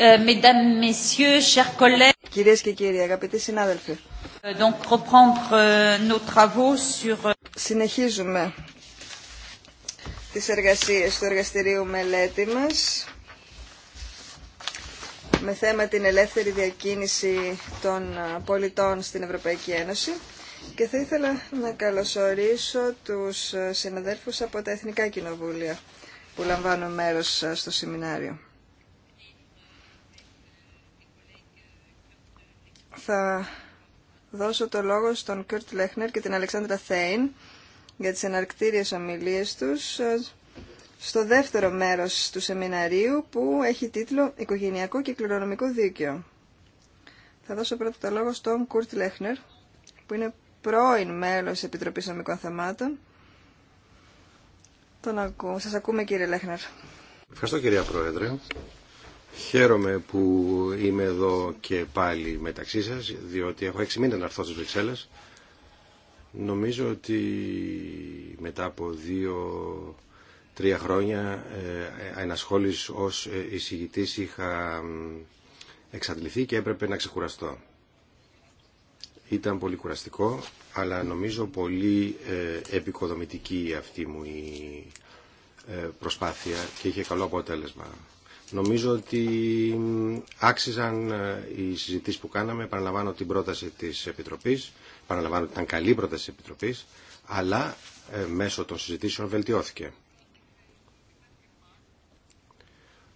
Euh, Κυρίες και κύριοι, αγαπητοί συνάδελφοι, euh, euh, συνεχίζουμε τις εργασίες του εργαστηρίου μελέτη μας με θέμα την ελεύθερη διακίνηση των ε, πολιτών στην Ευρωπαϊκή Ένωση και θα ήθελα να καλωσορίσω τους ε, συναδέλφους από τα Εθνικά Κοινοβούλια που λαμβάνουν μέρος ε, στο σεμινάριο. θα δώσω το λόγο στον Κιούρτ Λέχνερ και την Αλεξάνδρα Θέιν για τις εναρκτήριες ομιλίες τους ε, στο δεύτερο μέρος του σεμιναρίου που έχει τίτλο «Οικογενειακό και κληρονομικό δίκαιο». Θα δώσω πρώτα το λόγο στον Κούρτ Λέχνερ, που είναι πρώην μέλος της Επιτροπής Νομικών Θεμάτων. Τον ακούμε κύριε Λέχνερ. Ευχαριστώ κυρία Πρόεδρε. Χαίρομαι που είμαι εδώ και πάλι μεταξύ σας, διότι έχω έξι μήνες να έρθω στις Βρυξέλλες. Νομίζω ότι μετά από δύο, τρία χρόνια ε, ενασχόλης ως ε, εισηγητής είχα εξαντληθεί και έπρεπε να ξεκουραστώ. Ήταν πολύ κουραστικό, αλλά νομίζω πολύ ε, επικοδομητική αυτή μου η ε, προσπάθεια και είχε καλό αποτέλεσμα. Νομίζω ότι άξιζαν ε, οι συζητήσεις που κάναμε. Παραλαμβάνω την πρόταση της Επιτροπής. Παραλαμβάνω ότι ήταν καλή πρόταση της Επιτροπής. Αλλά ε, μέσω των συζητήσεων βελτιώθηκε.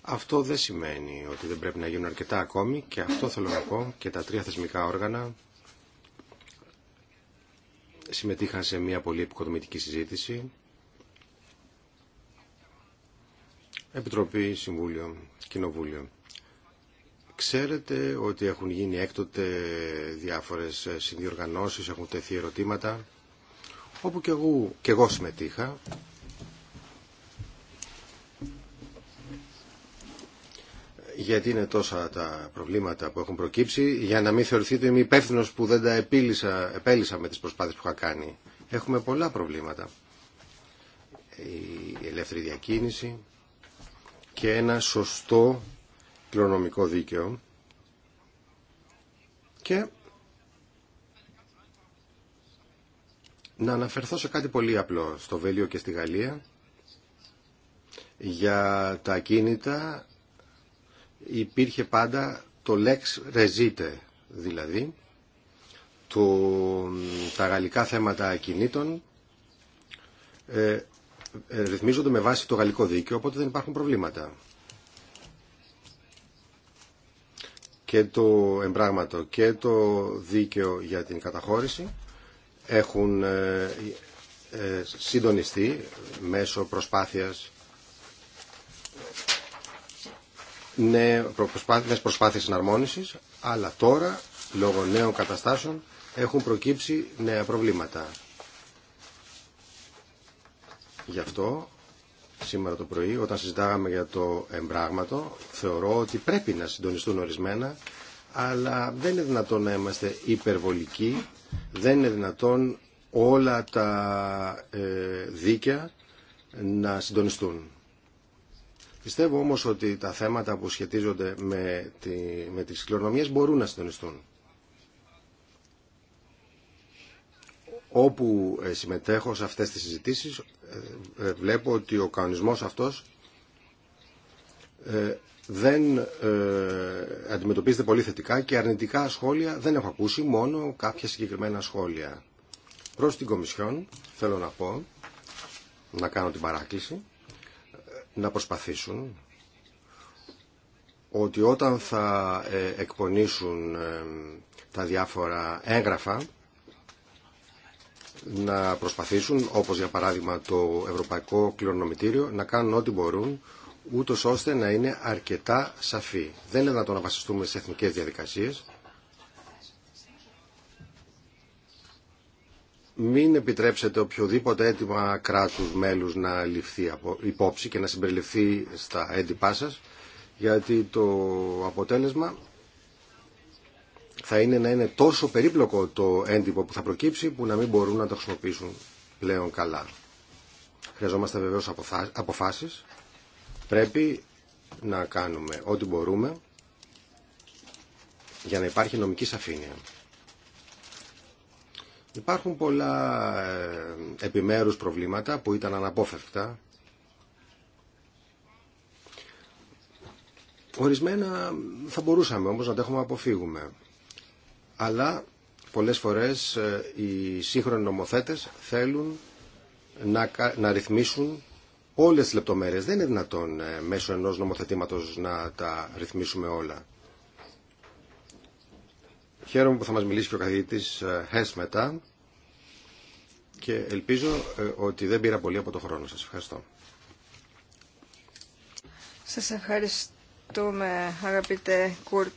Αυτό δεν σημαίνει ότι δεν πρέπει να γίνουν αρκετά ακόμη και αυτό θέλω να πω και τα τρία θεσμικά όργανα συμμετείχαν σε μια πολύ επικοδομητική συζήτηση Επιτροπή, Συμβούλιο, Κοινοβούλιο. Ξέρετε ότι έχουν γίνει έκτοτε διάφορες συνδιοργανώσεις, έχουν τεθεί ερωτήματα, όπου και εγώ, και εγώ συμμετείχα. Γιατί είναι τόσα τα προβλήματα που έχουν προκύψει, για να μην θεωρηθείτε είμαι υπεύθυνο που δεν τα επίλυσα, επέλυσα με τις προσπάθειες που είχα κάνει. Έχουμε πολλά προβλήματα. Η ελεύθερη διακίνηση, και ένα σωστό κληρονομικό δίκαιο και να αναφερθώ σε κάτι πολύ απλό στο Βέλιο και στη Γαλλία για τα ακίνητα υπήρχε πάντα το lex resite δηλαδή το, τα γαλλικά θέματα ακινήτων ε, ε, ρυθμίζονται με βάση το γαλλικό δίκαιο, οπότε δεν υπάρχουν προβλήματα. Και το εμπράγματο και το δίκαιο για την καταχώρηση έχουν ε, ε, συντονιστεί μέσω προσπάθειας ναι, προσπάθειες εναρμόνισης, αλλά τώρα, λόγω νέων καταστάσεων, έχουν προκύψει νέα προβλήματα. Γι' αυτό σήμερα το πρωί όταν συζητάγαμε για το εμπράγματο θεωρώ ότι πρέπει να συντονιστούν ορισμένα αλλά δεν είναι δυνατόν να είμαστε υπερβολικοί, δεν είναι δυνατόν όλα τα ε, δίκαια να συντονιστούν. Πιστεύω όμως ότι τα θέματα που σχετίζονται με, τη, με τις κληρονομίες μπορούν να συντονιστούν. Όπου ε, συμμετέχω σε αυτές τις συζητήσεις, ε, ε, βλέπω ότι ο κανονισμός αυτός ε, δεν αντιμετωπίζεται πολύ θετικά και αρνητικά σχόλια δεν έχω ακούσει, μόνο κάποια συγκεκριμένα σχόλια. Προς την Κομισιόν θέλω να πω, να κάνω την παράκληση, να προσπαθήσουν ότι όταν θα εκπονήσουν τα διάφορα έγγραφα να προσπαθήσουν, όπως για παράδειγμα το Ευρωπαϊκό Κληρονομητήριο, να κάνουν ό,τι μπορούν, ούτω ώστε να είναι αρκετά σαφή. Δεν είναι να το αναβασιστούμε σε εθνικές διαδικασίες. Μην επιτρέψετε οποιοδήποτε έτοιμα κράτους μέλους να ληφθεί υπόψη και να συμπεριληφθεί στα έντυπά σας, γιατί το αποτέλεσμα θα είναι να είναι τόσο περίπλοκο το έντυπο που θα προκύψει που να μην μπορούν να το χρησιμοποιήσουν πλέον καλά. Χρειαζόμαστε βεβαίως αποφάσεις. Πρέπει να κάνουμε ό,τι μπορούμε για να υπάρχει νομική σαφήνεια. Υπάρχουν πολλά ε, επιμέρους προβλήματα που ήταν αναπόφευκτα. Ορισμένα θα μπορούσαμε όμως να τα έχουμε αποφύγουμε αλλά πολλές φορές ε, οι σύγχρονοι νομοθέτες θέλουν να, να ρυθμίσουν όλες τις λεπτομέρειες. Δεν είναι δυνατόν ε, μέσω ενός νομοθετήματος να τα ρυθμίσουμε όλα. Χαίρομαι που θα μας μιλήσει και ο καθηγητής ε, Χες μετά και ελπίζω ότι δεν πήρα πολύ από το χρόνο σας. Ευχαριστώ. Σας ευχαριστούμε αγαπητέ Κουρτ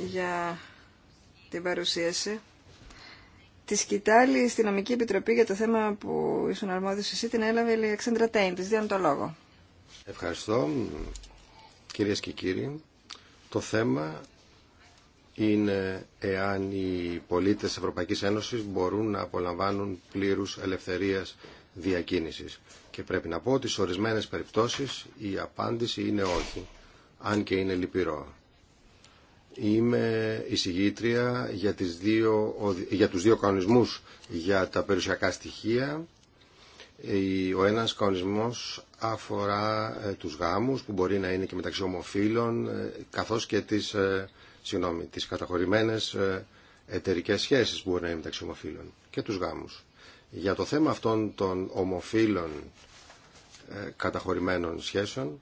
για την παρουσίαση. Τη σκητάλη στη νομική επιτροπή για το θέμα που ήσουν αρμόδιος εσύ την έλαβε η Αλεξάνδρα Τέιν. Της δίνω το λόγο. Ευχαριστώ κυρίες και κύριοι. Το θέμα είναι εάν οι πολίτες Ευρωπαϊκής Ένωσης μπορούν να απολαμβάνουν πλήρους ελευθερίας διακίνησης. Και πρέπει να πω ότι σε ορισμένες περιπτώσεις η απάντηση είναι όχι, αν και είναι λυπηρό. Είμαι εισηγήτρια για, τις δύο, για τους δύο κανονισμούς για τα περιουσιακά στοιχεία. Ε, ο ένας κανονισμός αφορά ε, τους γάμους που μπορεί να είναι και μεταξύ ομοφύλων ε, καθώς και τις, συγγνώμη, τις καταχωρημένες εταιρικές σχέσεις που μπορεί να είναι μεταξύ ομοφύλων και τους γάμους. Για το θέμα αυτών των ομοφύλων καταχωρημένων σχέσεων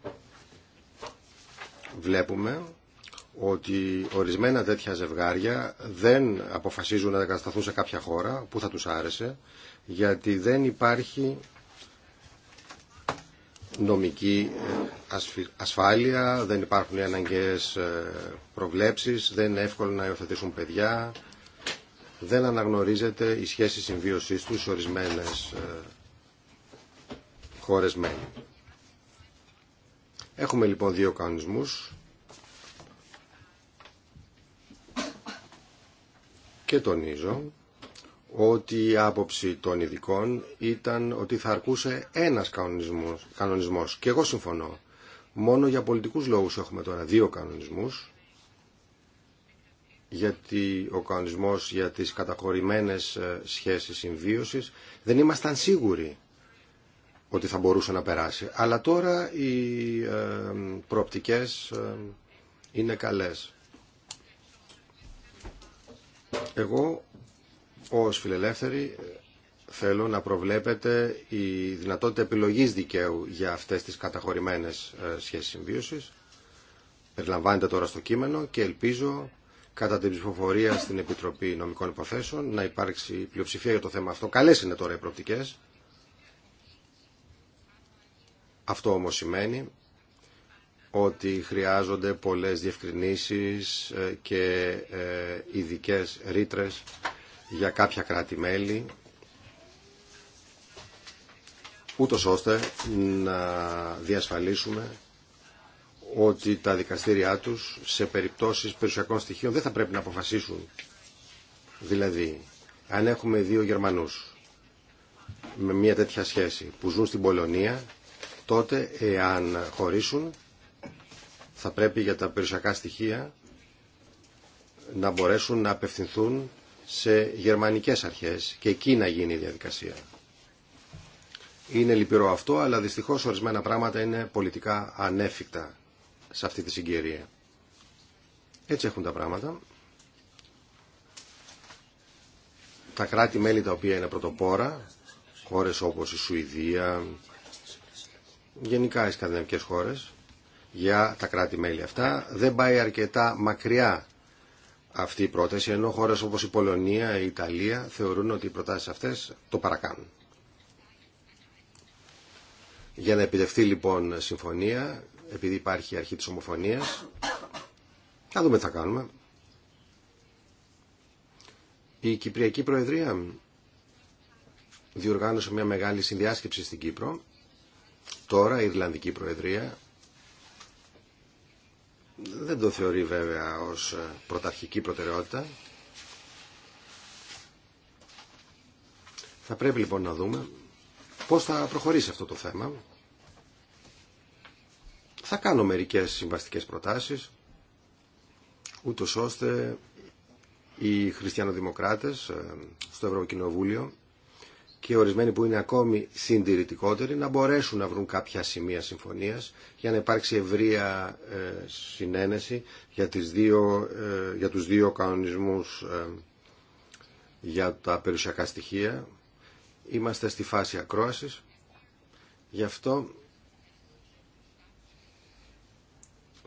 βλέπουμε ότι ορισμένα τέτοια ζευγάρια δεν αποφασίζουν να εγκατασταθούν σε κάποια χώρα που θα τους άρεσε γιατί δεν υπάρχει νομική ε, ασφάλεια, δεν υπάρχουν οι αναγκαίες ε, προβλέψεις, δεν είναι εύκολο να υιοθετήσουν παιδιά, δεν αναγνωρίζεται η σχέση συμβίωσής τους σε ορισμένες ε, χώρες μέλη. Έχουμε λοιπόν δύο κανονισμούς και τονίζω ότι η άποψη των ειδικών ήταν ότι θα αρκούσε ένας κανονισμός, κανονισμός. Και εγώ συμφωνώ. Μόνο για πολιτικούς λόγους έχουμε τώρα δύο κανονισμούς. Γιατί ο κανονισμός για τις καταχωρημένες ε, σχέσεις συμβίωσης δεν ήμασταν σίγουροι ότι θα μπορούσε να περάσει. Αλλά τώρα οι ε, προοπτικές ε, είναι καλές. Εγώ ως φιλελεύθερη θέλω να προβλέπετε η δυνατότητα επιλογής δικαίου για αυτές τις καταχωρημένες ε, σχέσεις συμβίωσης. Περιλαμβάνεται τώρα στο κείμενο και ελπίζω κατά την ψηφοφορία στην Επιτροπή Νομικών Υποθέσεων να υπάρξει πλειοψηφία για το θέμα αυτό. Καλές είναι τώρα οι προοπτικές. Αυτό όμως σημαίνει ότι χρειάζονται πολλές διευκρινήσεις ε, και ε, ειδικέ ρήτρε για κάποια κράτη-μέλη ούτως ώστε να διασφαλίσουμε ότι τα δικαστήριά τους σε περιπτώσεις περιουσιακών στοιχείων δεν θα πρέπει να αποφασίσουν. Δηλαδή, αν έχουμε δύο Γερμανούς με μια τέτοια σχέση που ζουν στην Πολωνία, τότε εάν χωρίσουν θα πρέπει για τα περιουσιακά στοιχεία να μπορέσουν να απευθυνθούν σε γερμανικές αρχές και εκεί να γίνει η διαδικασία. Είναι λυπηρό αυτό, αλλά δυστυχώς ορισμένα πράγματα είναι πολιτικά ανέφικτα σε αυτή τη συγκυρία. Έτσι έχουν τα πράγματα. Τα κράτη-μέλη τα οποία είναι πρωτοπόρα, χώρες όπως η Σουηδία, γενικά οι σκανδιναβικές χώρες, για τα κράτη-μέλη αυτά. Δεν πάει αρκετά μακριά αυτή η πρόταση, ενώ χώρες όπως η Πολωνία, η Ιταλία θεωρούν ότι οι προτάσεις αυτές το παρακάνουν. Για να επιτευχθεί λοιπόν συμφωνία, επειδή υπάρχει η αρχή της ομοφωνίας, θα δούμε τι θα κάνουμε. Η Κυπριακή Προεδρία διοργάνωσε μια μεγάλη συνδιάσκεψη στην Κύπρο. Τώρα η Ιρλανδική Προεδρία δεν το θεωρεί βέβαια ως ε, πρωταρχική προτεραιότητα. Θα πρέπει λοιπόν να δούμε πώς θα προχωρήσει αυτό το θέμα. Θα κάνω μερικές συμβαστικές προτάσεις, ούτως ώστε οι χριστιανοδημοκράτες ε, στο Ευρωκοινοβούλιο και ορισμένοι που είναι ακόμη συντηρητικότεροι να μπορέσουν να βρουν κάποια σημεία συμφωνίας για να υπάρξει ευρεία ε, συνένεση για, τις δύο, ε, για τους δύο κανονισμούς ε, για τα περιουσιακά στοιχεία. Είμαστε στη φάση ακρόασης. Γι' αυτό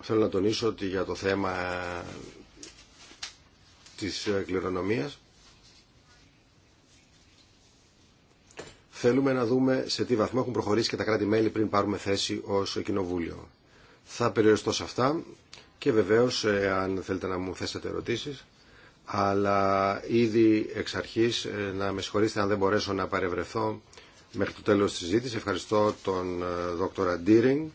θέλω να τονίσω ότι για το θέμα της κληρονομίας Θέλουμε να δούμε σε τι βαθμό έχουν προχωρήσει και τα κράτη-μέλη πριν πάρουμε θέση ως Κοινοβούλιο. Θα περιοριστώ σε αυτά και βεβαίως ε, αν θέλετε να μου θέσετε ερωτήσεις αλλά ήδη εξ ε, να με συγχωρήσετε αν δεν μπορέσω να παρευρεθώ μέχρι το τέλο τη συζήτηση. Ευχαριστώ τον ε, δόκτωρα Ντίρινγκ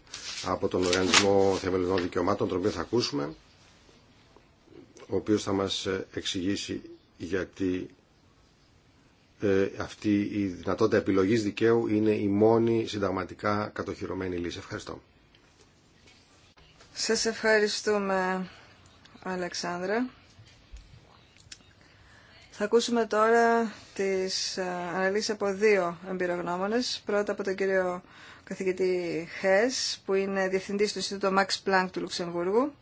από τον Οργανισμό Θεμελιωδών Δικαιωμάτων, τον οποίο θα ακούσουμε, ο οποίο θα μα εξηγήσει γιατί ε, αυτή η δυνατότητα επιλογής δικαίου είναι η μόνη συνταγματικά κατοχυρωμένη λύση. Ευχαριστώ. Σας ευχαριστούμε, Αλεξάνδρα. Θα ακούσουμε τώρα τις ε, αναλύσεις από δύο εμπειρογνώμονες. Πρώτα από τον κύριο καθηγητή Χες, που είναι διευθυντής του Ινστιτούτου Max Planck του Λουξεμβούργου.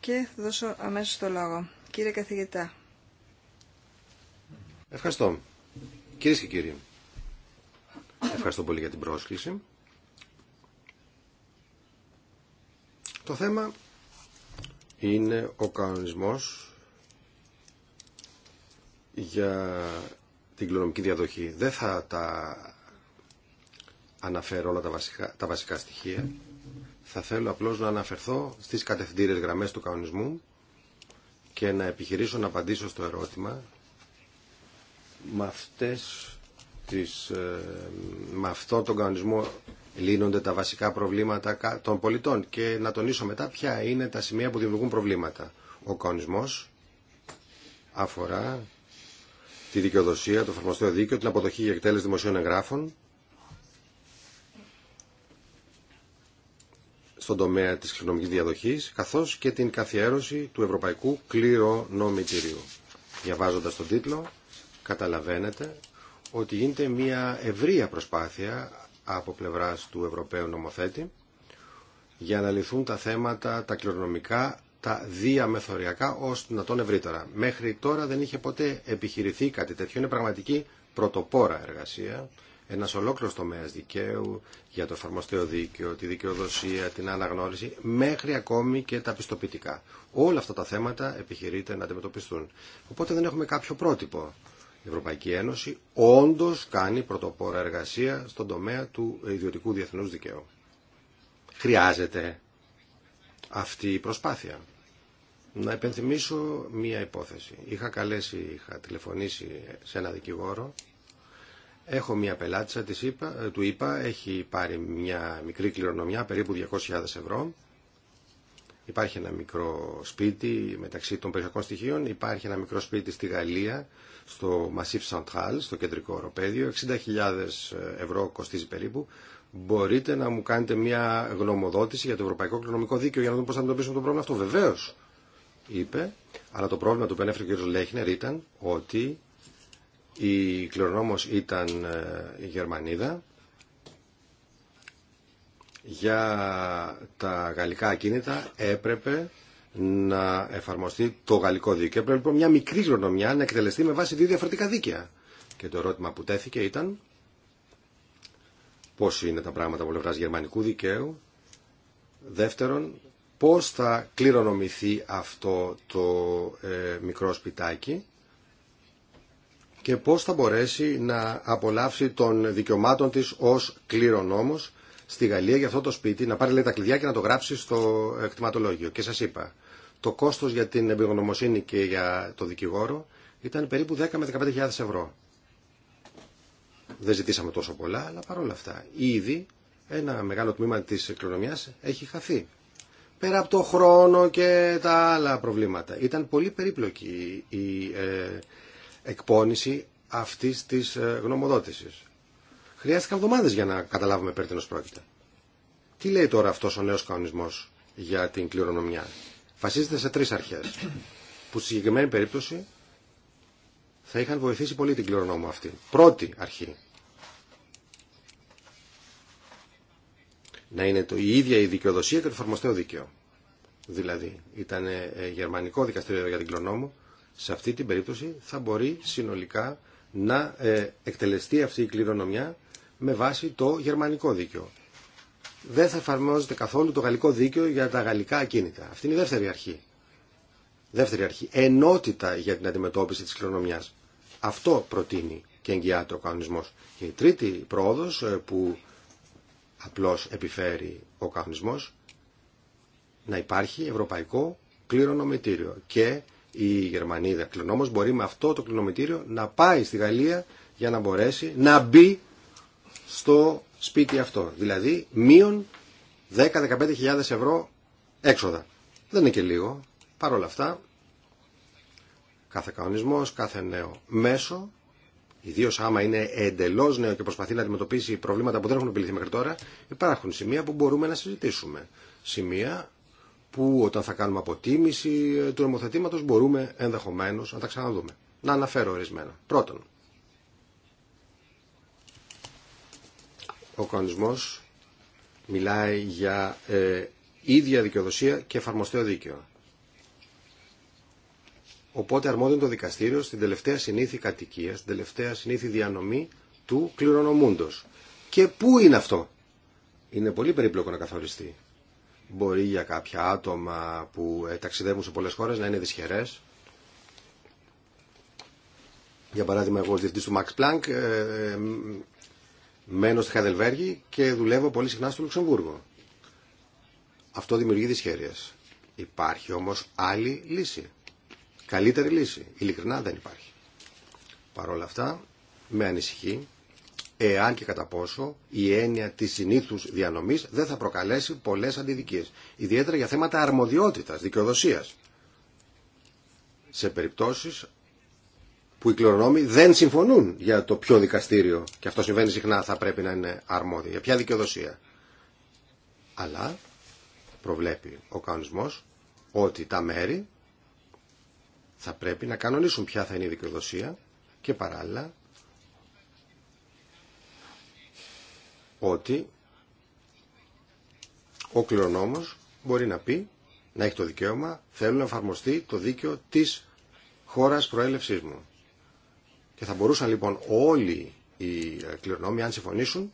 Και θα δώσω αμέσως το λόγο. Κύριε καθηγητά. Ευχαριστώ. Κυρίε και κύριοι, ευχαριστώ πολύ για την πρόσκληση. Το θέμα είναι ο κανονισμός για την κληρονομική διαδοχή. Δεν θα τα αναφέρω όλα τα βασικά, τα βασικά στοιχεία. Θα θέλω απλώς να αναφερθώ στις κατευθυντήρες γραμμές του κανονισμού και να επιχειρήσω να απαντήσω στο ερώτημα με, αυτές τις, ε, αυτόν τον κανονισμό λύνονται τα βασικά προβλήματα των πολιτών και να τονίσω μετά ποια είναι τα σημεία που δημιουργούν προβλήματα. Ο κανονισμός αφορά τη δικαιοδοσία, το εφαρμοστέο δίκαιο, την αποδοχή για εκτέλεση δημοσίων εγγράφων στον τομέα της κληρονομικής διαδοχής, καθώς και την καθιέρωση του Ευρωπαϊκού Κληρονομητηρίου. Διαβάζοντας τον τίτλο, καταλαβαίνετε ότι γίνεται μια ευρεία προσπάθεια από πλευράς του Ευρωπαίου νομοθέτη για να λυθούν τα θέματα, τα κληρονομικά, τα διαμεθοριακά ως να τον ευρύτερα. Μέχρι τώρα δεν είχε ποτέ επιχειρηθεί κάτι τέτοιο. Είναι πραγματική πρωτοπόρα εργασία. Ένας ολόκληρος τομέας δικαίου για το εφαρμοστέο δίκαιο, τη δικαιοδοσία, την αναγνώριση, μέχρι ακόμη και τα πιστοποιητικά. Όλα αυτά τα θέματα επιχειρείται να αντιμετωπιστούν. Οπότε δεν έχουμε κάποιο πρότυπο η Ευρωπαϊκή Ένωση όντως κάνει πρωτοπόρα εργασία στον τομέα του ιδιωτικού διεθνούς δικαίου. Χρειάζεται αυτή η προσπάθεια. Να επενθυμίσω μία υπόθεση. Είχα καλέσει, είχα τηλεφωνήσει σε ένα δικηγόρο. Έχω μία πελάτησα, της είπα, ε, του είπα, έχει πάρει μια μικρή δικηγορο εχω μια πελατησα ειπα του περίπου 200.000 ευρώ. Υπάρχει ένα μικρό σπίτι μεταξύ των περιοχικών στοιχείων, υπάρχει ένα μικρό σπίτι στη Γαλλία, στο Massif Central, στο κεντρικό οροπέδιο, 60.000 ευρώ κοστίζει περίπου. Μπορείτε να μου κάνετε μια γνωμοδότηση για το Ευρωπαϊκό Κληρονομικό Δίκαιο για να δούμε πώ θα αντιμετωπίσουμε το πρόβλημα αυτό. Βεβαίω, είπε, αλλά το πρόβλημα του πενέφερε κ. Λέχνερ ήταν ότι η κληρονόμος ήταν ε, η Γερμανίδα για τα γαλλικά ακίνητα έπρεπε να εφαρμοστεί το γαλλικό δίκαιο. Έπρεπε λοιπόν, μια μικρή κληρονομιά να εκτελεστεί με βάση δύο διαφορετικά δίκαια. Και το ερώτημα που τέθηκε ήταν πώς είναι τα πράγματα από πλευρά γερμανικού δικαίου. Δεύτερον, πώς θα κληρονομηθεί αυτό το ε, μικρό σπιτάκι και πώς θα μπορέσει να απολαύσει των δικαιωμάτων της ως κληρονόμος στη Γαλλία για αυτό το σπίτι, να πάρει λέει, τα κλειδιά και να το γράψει στο εκτιματολόγιο. Και σας είπα, το κόστος για την εμπειρογνωμοσύνη και για το δικηγόρο ήταν περίπου 10 με 15.000 ευρώ. Δεν ζητήσαμε τόσο πολλά, αλλά παρόλα αυτά. Ήδη ένα μεγάλο τμήμα της κληρονομιά έχει χαθεί. Πέρα από το χρόνο και τα άλλα προβλήματα. Ήταν πολύ περίπλοκη η ε, εκπόνηση αυτής της ε, γνωμοδότησης. Χρειάστηκαν εβδομάδε για να καταλάβουμε περί τίνο πρόκειται. Τι λέει τώρα αυτό ο νέο κανονισμό για την κληρονομιά. Φασίζεται σε τρει αρχέ. Που στη συγκεκριμένη περίπτωση θα είχαν βοηθήσει πολύ την κληρονόμο αυτή. Πρώτη αρχή. Να είναι το, η ίδια η δικαιοδοσία και το εφαρμοστέο δίκαιο. Δηλαδή, ήταν ε, γερμανικό δικαστήριο για την κληρονόμο. Σε αυτή την περίπτωση θα μπορεί συνολικά να ε, εκτελεστεί αυτή η κληρονομιά με βάση το γερμανικό δίκαιο. Δεν θα εφαρμόζεται καθόλου το γαλλικό δίκαιο για τα γαλλικά ακίνητα. Αυτή είναι η δεύτερη αρχή. Δεύτερη αρχή. Ενότητα για την αντιμετώπιση της κληρονομία. Αυτό προτείνει και εγγυάται ο κανονισμός. Και η τρίτη πρόοδος ε, που απλώς επιφέρει ο κανονισμός να υπάρχει ευρωπαϊκό κληρονομητήριο και η Γερμανίδα κληρονόμος μπορεί με αυτό το κληρονομητήριο να πάει στη Γαλλία για να μπορέσει να μπει στο σπίτι αυτό. Δηλαδή μείον 10-15 ευρώ έξοδα. Δεν είναι και λίγο. Παρ' όλα αυτά, κάθε κανονισμός, κάθε νέο μέσο, ιδίω άμα είναι εντελώ νέο και προσπαθεί να αντιμετωπίσει προβλήματα που δεν έχουν επιληθεί μέχρι τώρα, υπάρχουν σημεία που μπορούμε να συζητήσουμε. Σημεία που όταν θα κάνουμε αποτίμηση του νομοθετήματος μπορούμε ενδεχομένως να τα ξαναδούμε. Να αναφέρω ορισμένα. Πρώτον, Ο κανονισμός μιλάει για ε, ίδια δικαιοδοσία και εφαρμοστέο δίκαιο. Οπότε αρμόδιο το δικαστήριο στην τελευταία συνήθη κατοικία, στην τελευταία συνήθη διανομή του κληρονομούντος. Και πού είναι αυτό. Είναι πολύ περίπλοκο να καθοριστεί. Μπορεί για κάποια άτομα που ε, ταξιδεύουν σε πολλές χώρες να είναι δυσχερές. Για παράδειγμα, εγώ ως διευθυντής του Max Planck ε, ε, Μένω στη Χαδελβέργη και δουλεύω πολύ συχνά στο Λουξεμβούργο. Αυτό δημιουργεί δυσχέρειε. Υπάρχει όμως άλλη λύση. Καλύτερη λύση. Ειλικρινά δεν υπάρχει. Παρ' όλα αυτά, με ανησυχεί, εάν και κατά πόσο η έννοια της συνήθους διανομής δεν θα προκαλέσει πολλές αντιδικίες. Ιδιαίτερα για θέματα αρμοδιότητας, δικαιοδοσίας. Σε περιπτώσεις που οι κληρονόμοι δεν συμφωνούν για το ποιο δικαστήριο, και αυτό συμβαίνει συχνά, θα πρέπει να είναι αρμόδιο, για ποια δικαιοδοσία. Αλλά προβλέπει ο κανονισμός ότι τα μέρη θα πρέπει να κανονίσουν ποια θα είναι η δικαιοδοσία και παράλληλα ότι ο κληρονόμος μπορεί να πει, να έχει το δικαίωμα, θέλω να εφαρμοστεί το δίκαιο της χώρας προέλευσής μου. Και θα μπορούσαν λοιπόν όλοι οι ε, κληρονόμοι, αν συμφωνήσουν,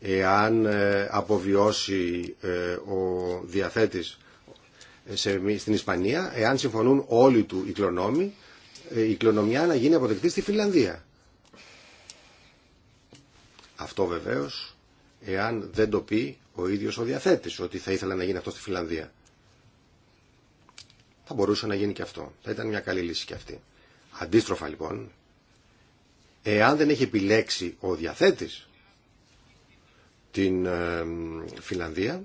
εάν ε, αποβιώσει ε, ο διαθέτης στην Ισπανία, εάν συμφωνούν όλοι του οι κληρονόμοι, η κληρονομιά να γίνει αποδεκτή στη Φιλανδία. Αυτό βεβαίως, εάν δεν το πει ο ίδιος ο διαθέτης, ότι θα ήθελα να γίνει αυτό στη Φιλανδία. Θα μπορούσε να γίνει και αυτό. Θα ήταν μια καλή λύση και αυτή. Αντίστροφα λοιπόν, εάν δεν έχει επιλέξει ο διαθέτης την ε, Φιλανδία,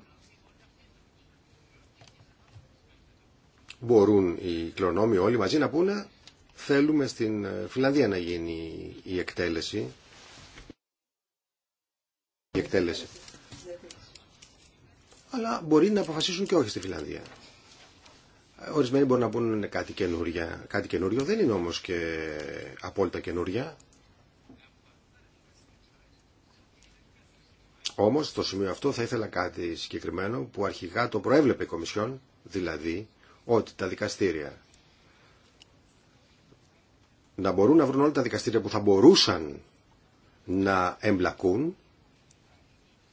μπορούν οι κληρονόμοι όλοι μαζί να πούνε θέλουμε στην ε, Φιλανδία να γίνει η εκτέλεση. Η εκτέλεση. Αλλά μπορεί να αποφασίσουν και όχι στη Φιλανδία. Ορισμένοι μπορούν να πούνε είναι κάτι, καινούρια, κάτι καινούριο, δεν είναι όμως και απόλυτα καινούρια. Όμως στο σημείο αυτό θα ήθελα κάτι συγκεκριμένο που αρχικά το προέβλεπε η Κομισιόν, δηλαδή ότι τα δικαστήρια να μπορούν να βρουν όλα τα δικαστήρια που θα μπορούσαν να εμπλακούν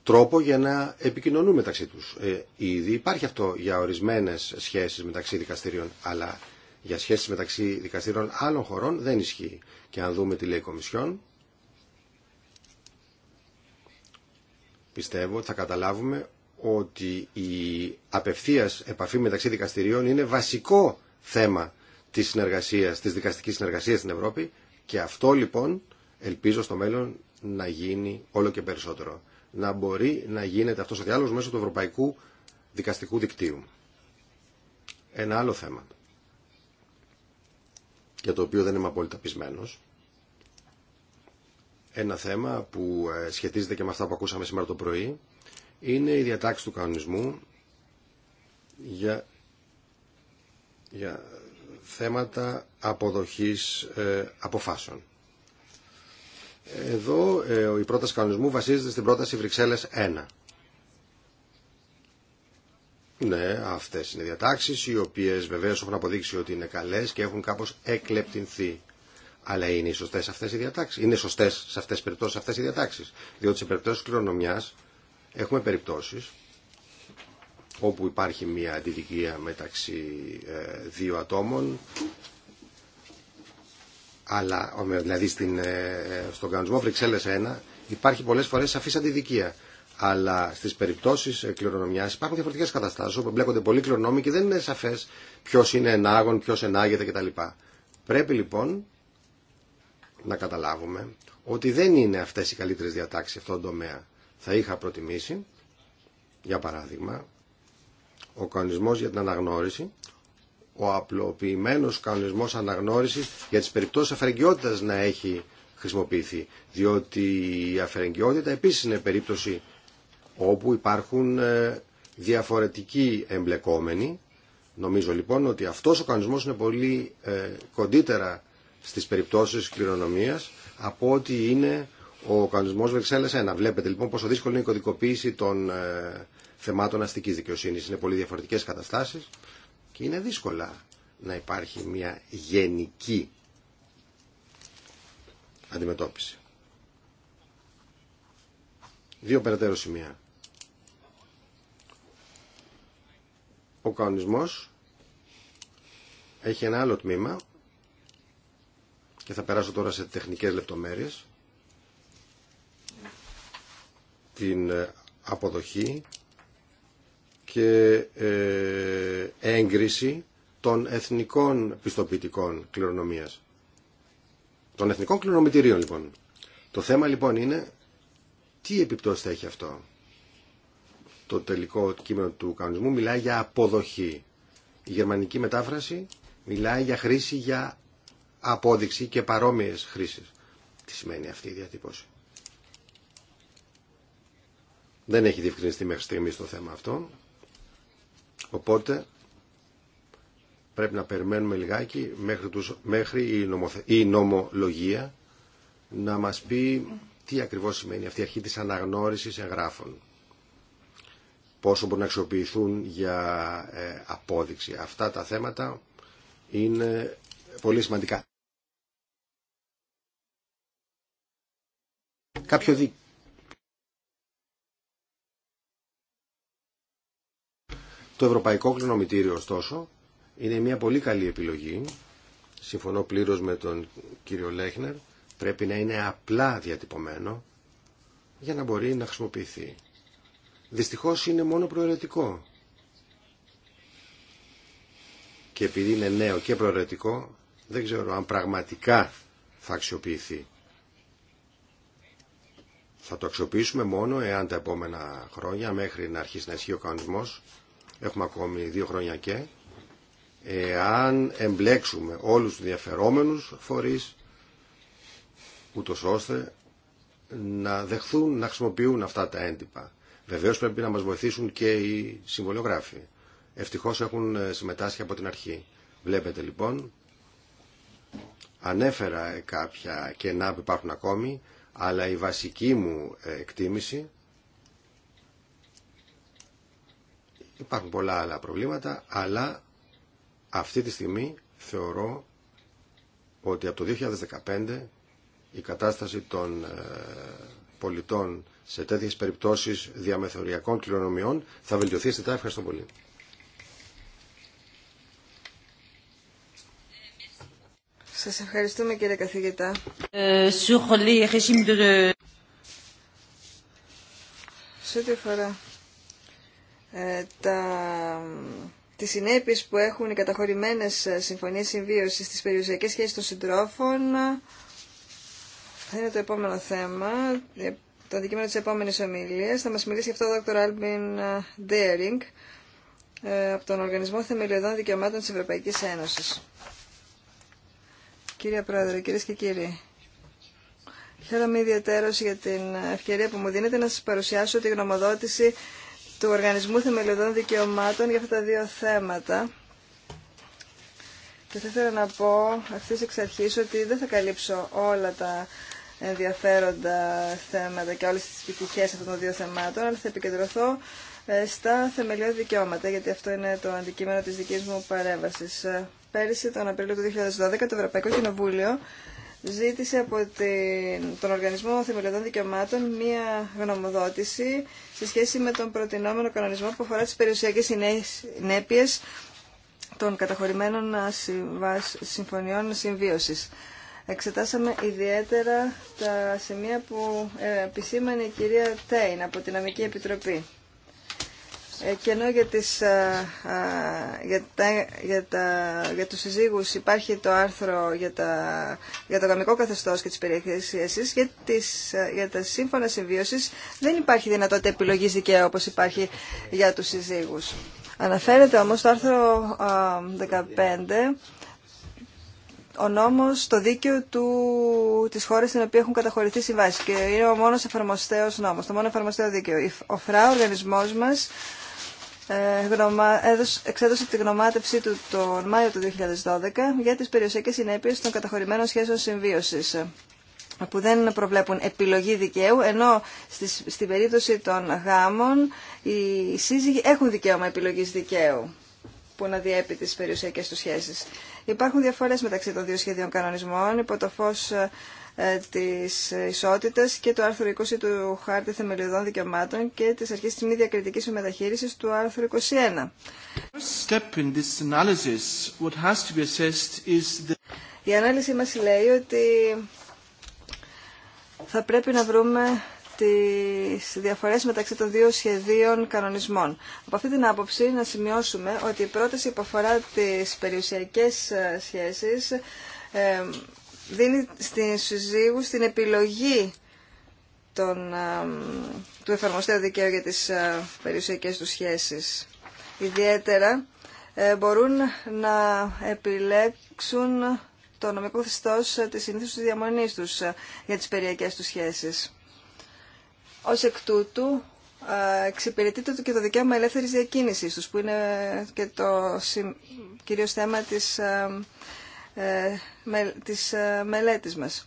τρόπο για να επικοινωνούν μεταξύ τους. Ε, ήδη υπάρχει αυτό για ορισμένες σχέσεις μεταξύ δικαστηρίων, αλλά για σχέσεις μεταξύ δικαστηρίων άλλων χωρών δεν ισχύει. Και αν δούμε τη λέει Κομισιόν, πιστεύω ότι θα καταλάβουμε ότι η απευθείας επαφή μεταξύ δικαστηρίων είναι βασικό θέμα της συνεργασίας, της δικαστικής συνεργασίας στην Ευρώπη και αυτό λοιπόν ελπίζω στο μέλλον να γίνει όλο και περισσότερο να μπορεί να γίνεται αυτός ο διάλογος μέσω του Ευρωπαϊκού Δικαστικού Δικτύου. Ένα άλλο θέμα, για το οποίο δεν είμαι απόλυτα πεισμένος, ένα θέμα που ε, σχετίζεται και με αυτά που ακούσαμε σήμερα το πρωί, είναι η διατάξη του κανονισμού για, για θέματα αποδοχής ε, αποφάσεων. Εδώ ε, η πρόταση κανονισμού βασίζεται στην πρόταση Βρυξέλλες 1. Ναι, αυτές είναι οι διατάξεις, οι οποίες βεβαίως έχουν αποδείξει ότι είναι καλές και έχουν κάπως εκλεπτυνθεί. Αλλά είναι οι σωστές αυτές οι διατάξεις. Είναι σωστές σε αυτές τις περιπτώσεις αυτές οι διατάξεις. Διότι σε περιπτώσεις κληρονομιάς έχουμε περιπτώσεις όπου υπάρχει μια αντιδικία μεταξύ ε, δύο ατόμων αλλά δηλαδή στην, ε, στον κανονισμό Βρυξέλλες 1 υπάρχει πολλές φορές σαφή αντιδικία. Αλλά στι περιπτώσει ε, κληρονομιά υπάρχουν διαφορετικέ καταστάσει όπου μπλέκονται πολλοί κληρονόμοι και δεν είναι σαφέ ποιο είναι ενάγων, ποιο ενάγεται κτλ. Πρέπει λοιπόν να καταλάβουμε ότι δεν είναι αυτέ οι καλύτερε διατάξει σε αυτόν τον τομέα. Θα είχα προτιμήσει, για παράδειγμα, ο κανονισμό για την αναγνώριση ο απλοποιημένος κανονισμός αναγνώρισης για τις περιπτώσεις αφαιρεγγιότητας να έχει χρησιμοποιηθεί. Διότι η αφαιρεγγιότητα επίσης είναι περίπτωση όπου υπάρχουν ε, διαφορετικοί εμπλεκόμενοι. Νομίζω λοιπόν ότι αυτός ο κανονισμός είναι πολύ ε, κοντύτερα στις περιπτώσεις κληρονομίας από ότι είναι ο κανονισμός Βεξέλλας 1. Βλέπετε λοιπόν πόσο δύσκολη είναι η κωδικοποίηση των ε, θεμάτων αστικής δικαιοσύνης. Είναι πολύ διαφορετικές καταστάσεις και είναι δύσκολα να υπάρχει μια γενική αντιμετώπιση. Δύο περαιτέρω σημεία. Ο κανονισμός έχει ένα άλλο τμήμα και θα περάσω τώρα σε τεχνικές λεπτομέρειες την αποδοχή και ε, έγκριση των εθνικών πιστοποιητικών κληρονομίας. Των εθνικών κληρονομητηρίων λοιπόν. Το θέμα λοιπόν είναι τι επιπτώσεις θα έχει αυτό. Το τελικό κείμενο του κανονισμού μιλάει για αποδοχή. Η γερμανική μετάφραση μιλάει για χρήση για απόδειξη και παρόμοιες χρήσεις. Τι σημαίνει αυτή η διατύπωση. Δεν έχει διευκρινιστεί μέχρι στιγμή το θέμα αυτό. Οπότε πρέπει να περιμένουμε λιγάκι μέχρι, τους, μέχρι η, η νομολογία να μας πει τι ακριβώς σημαίνει αυτή η αρχή της αναγνώρισης εγγράφων. Πόσο μπορούν να αξιοποιηθούν για ε, απόδειξη. Αυτά τα θέματα είναι πολύ σημαντικά. Κάποιο, Το Ευρωπαϊκό Κληρονομητήριο, ωστόσο, είναι μια πολύ καλή επιλογή. Συμφωνώ πλήρως με τον κύριο Λέχνερ. Πρέπει να είναι απλά διατυπωμένο για να μπορεί να χρησιμοποιηθεί. Δυστυχώς είναι μόνο προαιρετικό. Και επειδή είναι νέο και προαιρετικό, δεν ξέρω αν πραγματικά θα αξιοποιηθεί. Θα το αξιοποιήσουμε μόνο εάν τα επόμενα χρόνια, μέχρι να αρχίσει να ισχύει ο κανονισμός, Έχουμε ακόμη δύο χρόνια και. Εάν εμπλέξουμε όλους τους διαφερόμενους φορείς, ούτως ώστε να δεχθούν να χρησιμοποιούν αυτά τα έντυπα. Βεβαίως πρέπει να μας βοηθήσουν και οι συμβολιογράφοι. Ευτυχώς έχουν ε, συμμετάσχει από την αρχή. Βλέπετε λοιπόν, ανέφερα κάποια κενά που υπάρχουν ακόμη, αλλά η βασική μου ε, εκτίμηση Υπάρχουν πολλά άλλα προβλήματα, αλλά αυτή τη στιγμή θεωρώ ότι από το 2015 η κατάσταση των ε, πολιτών σε τέτοιες περιπτώσεις διαμεθοριακών κληρονομιών θα βελτιωθεί αισθητά. Ευχαριστώ πολύ. Σας ευχαριστούμε κύριε καθηγητά. Ε, σε ό,τι αφορά ε, τα, τις συνέπειες που έχουν οι καταχωρημένες ε, συμφωνίες συμβίωσης στις περιουσιακές σχέσεις των συντρόφων θα είναι το επόμενο θέμα, ε, το αντικείμενο της επόμενης ομιλίας. Θα μας μιλήσει αυτό ο Δ. Άλμπιν Daring από τον Οργανισμό Θεμελιωδών Δικαιωμάτων της Ευρωπαϊκής Ένωσης. Κύριε Πρόεδρε, κυρίε και κύριοι, χαίρομαι ιδιαίτερω για την ευκαιρία που μου δίνετε να σας παρουσιάσω τη γνωμοδότηση του Οργανισμού Θεμελιωδών Δικαιωμάτων για αυτά τα δύο θέματα. Και θα ήθελα να πω αυτής εξ αρχής ότι δεν θα καλύψω όλα τα ενδιαφέροντα θέματα και όλες τις πτυχές αυτών των δύο θεμάτων, αλλά θα επικεντρωθώ ε, στα θεμελιώδη δικαιώματα, γιατί αυτό είναι το αντικείμενο της δικής μου παρέμβασης. Ε, πέρυσι, τον Απρίλιο του 2012, το Ευρωπαϊκό Κοινοβούλιο ζήτησε από τον Οργανισμό Θεμελιωδών Δικαιωμάτων μία γνωμοδότηση σε σχέση με τον προτινόμενο κανονισμό που αφορά τις περιουσιακές συνέπειες των καταχωρημένων συμφωνιών συμβίωσης. Εξετάσαμε ιδιαίτερα τα σημεία που ε, επισήμανε η κυρία Τέιν από την αμική Επιτροπή. Ε, και για, τις, ε, ε, για, τα, για, τα, για τους συζύγους υπάρχει το άρθρο για, τα, για το γαμικό καθεστώς και τις περιεχθέσεις για, για τα σύμφωνα συμβίωσης δεν υπάρχει δυνατότητα επιλογής δικαίου όπως υπάρχει για τους συζύγους. Αναφέρεται όμως το άρθρο 15 ο νόμος, το δίκαιο του, της χώρας στην οποία έχουν καταχωρηθεί συμβάσεις και είναι ο μόνος εφαρμοστέος νόμος, το μόνο εφαρμοστέο δίκαιο. Ο ΦΡΑ, ο οργανισμός μας, ε, εξέδωσε τη γνωμάτευσή του τον Μάιο του 2012 για τις περιουσιακές συνέπειες των καταχωρημένων σχέσεων συμβίωσης που δεν προβλέπουν επιλογή δικαίου, ενώ στην περίπτωση των γάμων οι σύζυγοι έχουν δικαίωμα επιλογής δικαίου που να διέπει τις περιουσιακές του σχέσεις. Υπάρχουν διαφορές μεταξύ των δύο σχεδίων κανονισμών υπό το φως ε, ε, της ισότητας και του άρθρου 20 του Χάρτη Θεμελιωδών Δικαιωμάτων και της αρχής της μη διακριτικής μεταχείρισης του άρθρου 21. Η ανάλυση μας λέει ότι θα πρέπει να βρούμε τις διαφορές μεταξύ των δύο σχεδίων κανονισμών. Από αυτή την άποψη να σημειώσουμε ότι η πρόταση που αφορά τις περιουσιακές ε, σχέσεις ε, δίνει στη συζύγους την επιλογή των, του εφαρμοστέου δικαίου για τις περιουσιακές του σχέσεις. Ιδιαίτερα ε, μπορούν να επιλέξουν το νομικό θεστός ε, της συνήθως της διαμονής τους ε, για τις περιουσιακές τους σχέσεις. Ως εκ τούτου, εξυπηρετείται και το δικαίωμα ελεύθερης διακίνησης τους, που είναι και το κυρίως θέμα της ε, με, της ε, μελέτης μας.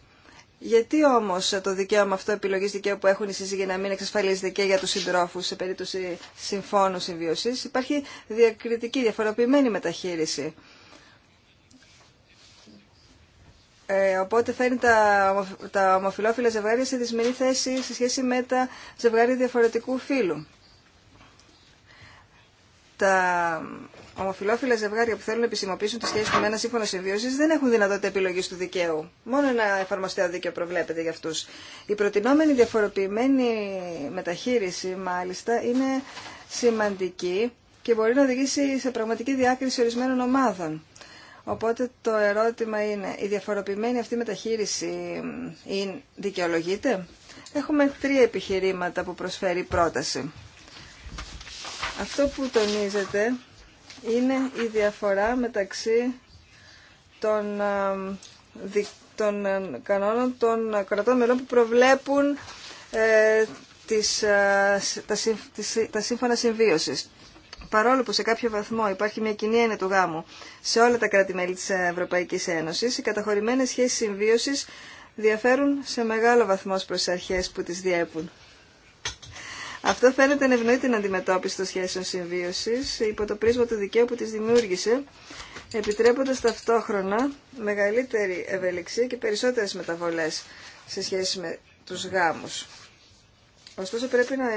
Γιατί όμως το δικαίωμα αυτό επιλογής δικαίου που έχουν οι σύζυγοι να μην εξασφαλίζεται και για τους συντρόφους σε περίπτωση συμφώνου συμβίωσης υπάρχει διακριτική, διαφοροποιημένη μεταχείριση. Ε, οπότε φέρνει τα, τα ζευγάρια σε δυσμενή θέση σε σχέση με τα ζευγάρια διαφορετικού φύλου. Τα Ομοφυλόφιλα ζευγάρια που θέλουν να επισημοποιήσουν τη σχέση του με ένα σύμφωνο συμβίωση δεν έχουν δυνατότητα επιλογή του δικαίου. Μόνο ένα εφαρμοστέο δίκαιο προβλέπεται για αυτού. Η προτινόμενη διαφοροποιημένη μεταχείριση, μάλιστα, είναι σημαντική και μπορεί να οδηγήσει σε πραγματική διάκριση ορισμένων ομάδων. Οπότε το ερώτημα είναι, η διαφοροποιημένη αυτή μεταχείριση δικαιολογείται. Έχουμε τρία επιχειρήματα που προσφέρει η πρόταση. Αυτό που τονίζεται είναι η διαφορά μεταξύ των, των κανόνων των κρατών μελών που προβλέπουν ε, τις, τα, τις, σύμφωνα συμβίωσης. Παρόλο που σε κάποιο βαθμό υπάρχει μια κοινή έννοια του γάμου σε όλα τα κράτη-μέλη της Ευρωπαϊκής Ένωσης, οι καταχωρημένες σχέσεις συμβίωσης διαφέρουν σε μεγάλο βαθμό προς αρχές που τις διέπουν. Αυτό φαίνεται να ευνοεί την αντιμετώπιση των σχέσεων συμβίωση, υπό το πρίσμα του δικαίου που τις δημιούργησε, επιτρέποντα ταυτόχρονα μεγαλύτερη ευελιξία και περισσότερε μεταβολέ σε σχέση με του γάμου. Ωστόσο, πρέπει να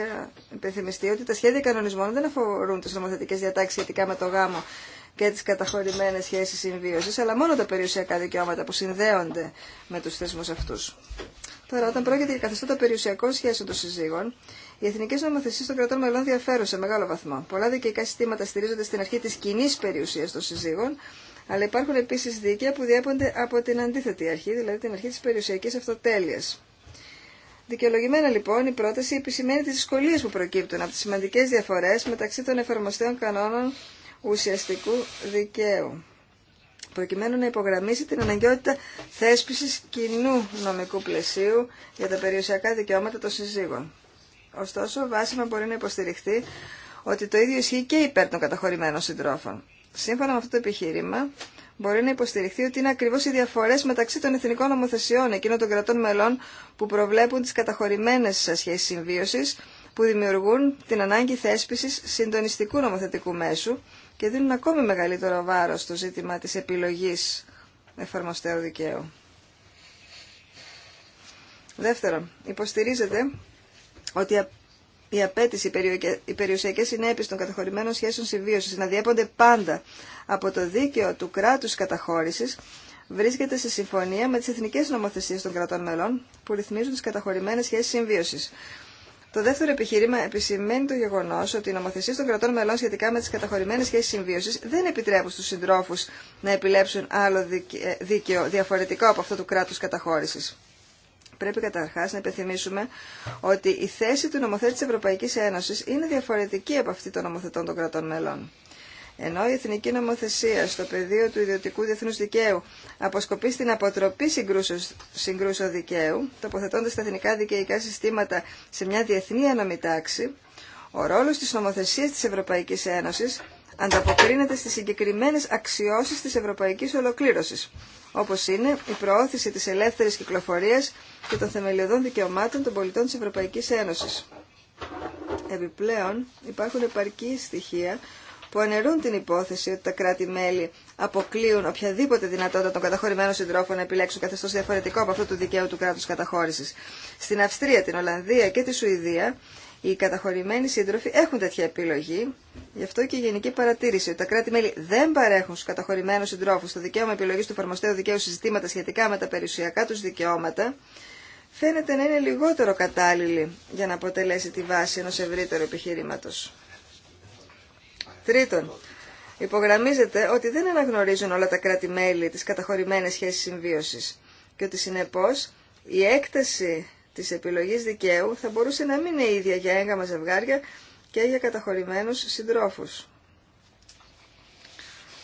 υπενθυμιστεί ότι τα σχέδια κανονισμών δεν αφορούν τι νομοθετικέ διατάξει σχετικά με το γάμο και τι καταχωρημένε σχέσει συμβίωση, αλλά μόνο τα περιουσιακά δικαιώματα που συνδέονται με του θεσμού αυτού. Τώρα, όταν πρόκειται για καθεστώτα περιουσιακών σχέσεων των συζύγων, οι εθνικέ νομοθεσίε των κρατών μελών διαφέρουν σε μεγάλο βαθμό. Πολλά δικαιικά συστήματα στηρίζονται στην αρχή τη κοινή περιουσία των συζύγων, αλλά υπάρχουν επίση δίκαια που διέπονται από την αντίθετη αρχή, δηλαδή την αρχή τη περιουσιακή αυτοτέλεια. Δικαιολογημένα λοιπόν η πρόταση επισημαίνει τι δυσκολίε που προκύπτουν από τι σημαντικέ διαφορέ μεταξύ των εφαρμοστέων κανόνων ουσιαστικού δικαίου προκειμένου να υπογραμμίσει την αναγκαιότητα θέσπιση κοινού νομικού πλαισίου για τα περιουσιακά δικαιώματα των συζύγων. Ωστόσο, βάσιμα μπορεί να υποστηριχθεί ότι το ίδιο ισχύει και υπέρ των καταχωρημένων συντρόφων. Σύμφωνα με αυτό το επιχείρημα, μπορεί να υποστηριχθεί ότι είναι ακριβώ οι διαφορέ μεταξύ των εθνικών νομοθεσιών εκείνων των κρατών μελών που προβλέπουν τι καταχωρημένε σχέσει συμβίωση που δημιουργούν την ανάγκη θέσπιση συντονιστικού νομοθετικού μέσου και δίνουν ακόμη μεγαλύτερο βάρο στο ζήτημα τη επιλογή εφαρμοστέου δικαίου. Δεύτερον, υποστηρίζεται ότι η απέτηση, οι περιουσιακές συνέπειε των καταχωρημένων σχέσεων συμβίωσης να διέπονται πάντα από το δίκαιο του κράτους καταχώρησης βρίσκεται σε συμφωνία με τις εθνικές νομοθεσίες των κρατών μελών που ρυθμίζουν τις καταχωρημένες σχέσεις συμβίωσης. Το δεύτερο επιχείρημα επισημαίνει το γεγονό ότι οι νομοθεσίε των κρατών μελών σχετικά με τι καταχωρημένε σχέσει συμβίωση δεν επιτρέπουν στου συντρόφου να επιλέξουν άλλο δίκαιο διαφορετικό από αυτό του κράτου καταχώρηση πρέπει καταρχά να υπενθυμίσουμε ότι η θέση του νομοθέτη της Ευρωπαϊκής Ένωσης είναι διαφορετική από αυτή των νομοθετών των κρατών μελών. Ενώ η εθνική νομοθεσία στο πεδίο του ιδιωτικού διεθνούς δικαίου αποσκοπεί στην αποτροπή συγκρούσεων δικαίου, τοποθετώντα τα εθνικά δικαιϊκά συστήματα σε μια διεθνή ανομή ο ρόλο τη νομοθεσία τη Ευρωπαϊκή Ένωση ανταποκρίνεται στις συγκεκριμένες αξιώσεις της ευρωπαϊκής ολοκλήρωσης, όπως είναι η προώθηση της ελεύθερης κυκλοφορίας και των θεμελιωδών δικαιωμάτων των πολιτών της Ευρωπαϊκής Ένωσης. Επιπλέον, υπάρχουν επαρκή στοιχεία που αναιρούν την υπόθεση ότι τα κράτη-μέλη αποκλείουν οποιαδήποτε δυνατότητα των καταχωρημένων συντρόφων να επιλέξουν καθεστώ διαφορετικό από αυτό του δικαίου του κράτου καταχώρηση. Στην Αυστρία, την Ολλανδία και τη Σουηδία οι καταχωρημένοι σύντροφοι έχουν τέτοια επιλογή, γι' αυτό και η γενική παρατήρηση ότι τα κράτη-μέλη δεν παρέχουν στου καταχωρημένου συντρόφου το δικαίωμα επιλογή του εφαρμοστέου δικαίου συζητήματα σχετικά με τα περιουσιακά του δικαιώματα, φαίνεται να είναι λιγότερο κατάλληλη για να αποτελέσει τη βάση ενό ευρύτερου επιχειρήματο. Τρίτον, υπογραμμίζεται ότι δεν αναγνωρίζουν όλα τα κράτη-μέλη τι καταχωρημένε σχέσει συμβίωση και ότι συνεπώ η έκταση Τη επιλογή δικαίου θα μπορούσε να μην είναι ίδια για έγκαμα ζευγάρια και για καταχωρημένου συντρόφου.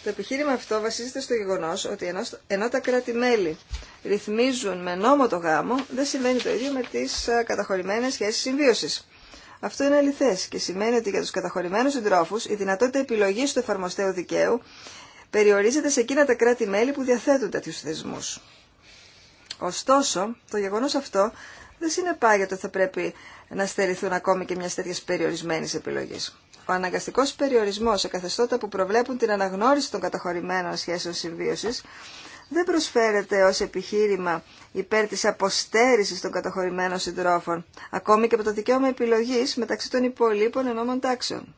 Το επιχείρημα αυτό βασίζεται στο γεγονό ότι ενώ, ενώ τα κράτη-μέλη ρυθμίζουν με νόμο το γάμο, δεν σημαίνει το ίδιο με τι καταχωρημένε σχέσει συμβίωση. Αυτό είναι αληθέ και σημαίνει ότι για του καταχωρημένου συντρόφου, η δυνατότητα επιλογή του εφαρμοστέου δικαίου περιορίζεται σε εκείνα τα κράτη-μέλη που διαθέτουν τέτοιου θεσμού. Ωστόσο, το γεγονό αυτό δεν συνεπάγεται ότι θα πρέπει να στερηθούν ακόμη και μια τέτοια περιορισμένη επιλογή. Ο αναγκαστικό περιορισμό σε καθεστώτα που προβλέπουν την αναγνώριση των καταχωρημένων σχέσεων συμβίωση δεν προσφέρεται ω επιχείρημα υπέρ τη αποστέρηση των καταχωρημένων συντρόφων, ακόμη και από το δικαίωμα επιλογή μεταξύ των υπολείπων ενόμων τάξεων.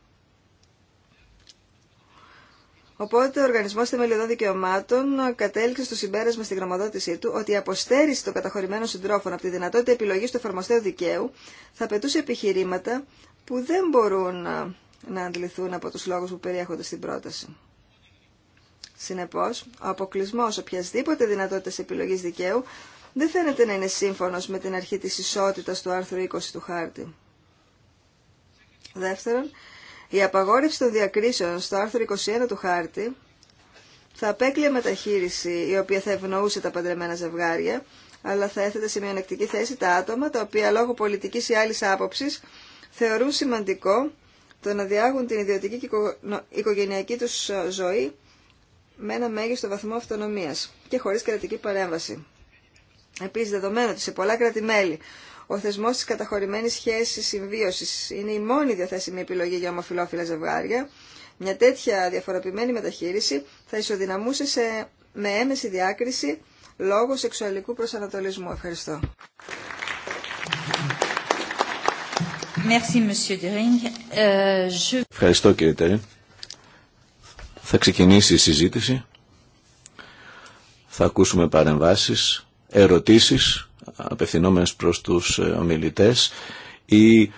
Οπότε ο Οργανισμό Θεμελιωδών Δικαιωμάτων κατέληξε στο συμπέρασμα στη γραμματότησή του ότι η αποστέρηση των καταχωρημένων συντρόφων από τη δυνατότητα επιλογή του εφαρμοστέου δικαίου θα πετούσε επιχειρήματα που δεν μπορούν να, αντληθούν αντιληθούν από του λόγου που περιέχονται στην πρόταση. Συνεπώ, ο αποκλεισμό οποιασδήποτε δυνατότητα επιλογή δικαίου δεν φαίνεται να είναι σύμφωνο με την αρχή τη ισότητα του άρθρου 20 του χάρτη. Δεύτερον, η απαγόρευση των διακρίσεων στο άρθρο 21 του χάρτη θα απέκλειε μεταχείριση η οποία θα ευνοούσε τα παντρεμένα ζευγάρια, αλλά θα έθετε σε μια ανεκτική θέση τα άτομα τα οποία λόγω πολιτικής ή άλλης άποψης θεωρούν σημαντικό το να διάγουν την ιδιωτική και οικογενειακή τους ζωή με ένα μέγιστο βαθμό αυτονομίας και χωρίς κρατική παρέμβαση. Επίσης, δεδομένου ότι σε πολλά κράτη-μέλη ο θεσμός τη καταχωρημένης σχέσης συμβίωσης είναι η μόνη διαθέσιμη επιλογή για ομοφυλόφιλα ζευγάρια. Μια τέτοια διαφοροποιημένη μεταχείριση θα ισοδυναμούσε σε, με έμεση διάκριση λόγω σεξουαλικού προσανατολισμού. Ευχαριστώ. Euh, Ευχαριστώ κύριε Τερίν. Θα ξεκινήσει η συζήτηση. Θα ακούσουμε παρεμβάσεις, ερωτήσεις απευθυνόμενες προς τους ε, ομιλητές ή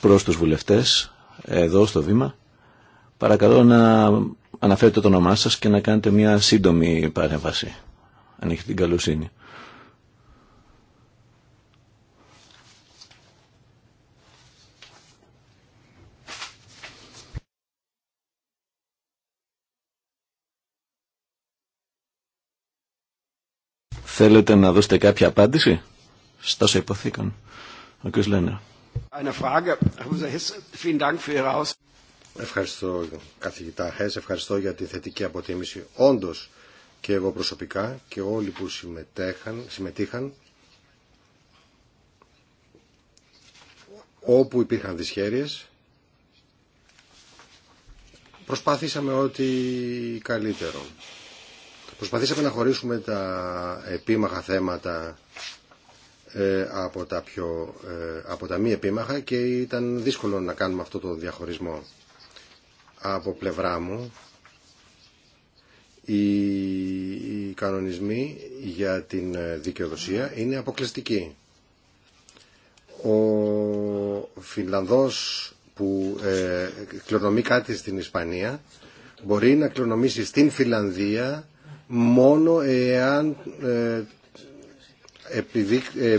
προς τους βουλευτές εδώ στο βήμα. Παρακαλώ να αναφέρετε το όνομά σας και να κάνετε μια σύντομη παρέμβαση. Ανοίχτε την καλοσύνη. Θέλετε να δώσετε κάποια απάντηση στα όσα υποθήκαν. Ο κ. Λένερ. Ευχαριστώ καθηγητά Χες, ευχαριστώ για τη θετική αποτίμηση. Όντως και εγώ προσωπικά και όλοι που συμμετέχαν, συμμετείχαν όπου υπήρχαν δυσχέρειες προσπάθησαμε ό,τι καλύτερο. Προσπαθήσαμε να χωρίσουμε τα επίμαχα θέματα ε, από, τα πιο, ε, από τα μη επίμαχα και ήταν δύσκολο να κάνουμε αυτό το διαχωρισμό. Από πλευρά μου, οι, κανονισμοί για την ε, δικαιοδοσία είναι αποκλειστικοί. Ο Φινλανδός που ε, κληρονομεί κάτι στην Ισπανία μπορεί να κληρονομήσει στην Φιλανδία μόνο εάν ε, ε, ε,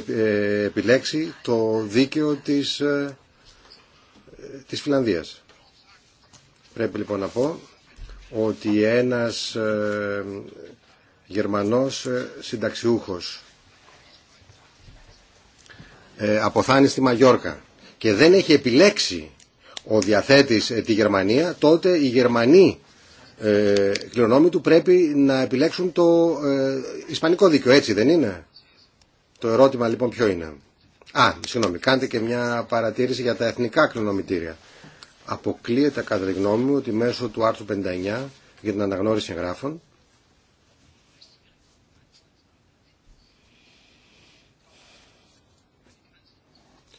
επιλέξει το δίκαιο της, της Φιλανδίας. Πρέπει λοιπόν να πω ότι ένας Γερμανός συνταξιούχος αποθάνει στη Μαγιόρκα και δεν έχει επιλέξει ο διαθέτης τη Γερμανία, τότε οι Γερμανοί ε, κληρονόμοι του πρέπει να επιλέξουν το ε, ισπανικό δίκαιο. Έτσι δεν είναι. Το ερώτημα λοιπόν ποιο είναι. Α, συγγνώμη, κάντε και μια παρατήρηση για τα εθνικά κληρονομητήρια. Αποκλείεται κατά τη γνώμη μου ότι μέσω του άρθρου 59 για την αναγνώριση εγγράφων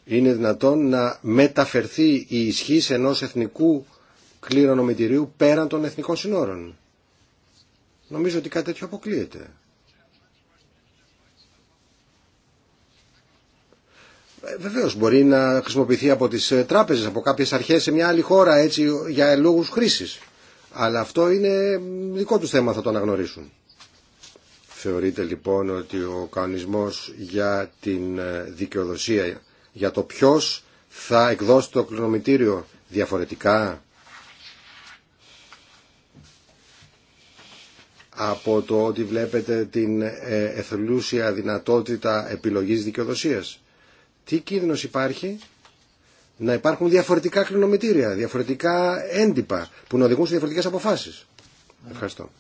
είναι δυνατόν να μεταφερθεί η ισχύ ενός εθνικού κληρονομητηρίου πέραν των εθνικών συνόρων. Νομίζω ότι κάτι τέτοιο αποκλείεται. Ε, βεβαίως μπορεί να χρησιμοποιηθεί από τις ε, τράπεζες, από κάποιες αρχές σε μια άλλη χώρα έτσι για λόγους χρήσης. Αλλά αυτό είναι δικό του θέμα θα το αναγνωρίσουν. Θεωρείται λοιπόν ότι ο κανονισμός για την ε, δικαιοδοσία, για το ποιος θα εκδώσει το κληρονομητήριο διαφορετικά από το ότι βλέπετε την ε, εθελούσια δυνατότητα επιλογής δικαιοδοσίας. Τι κίνδυνος υπάρχει να υπάρχουν διαφορετικά κληρονομητήρια, διαφορετικά έντυπα που να οδηγούν σε διαφορετικές αποφάσεις. Ευχαριστώ.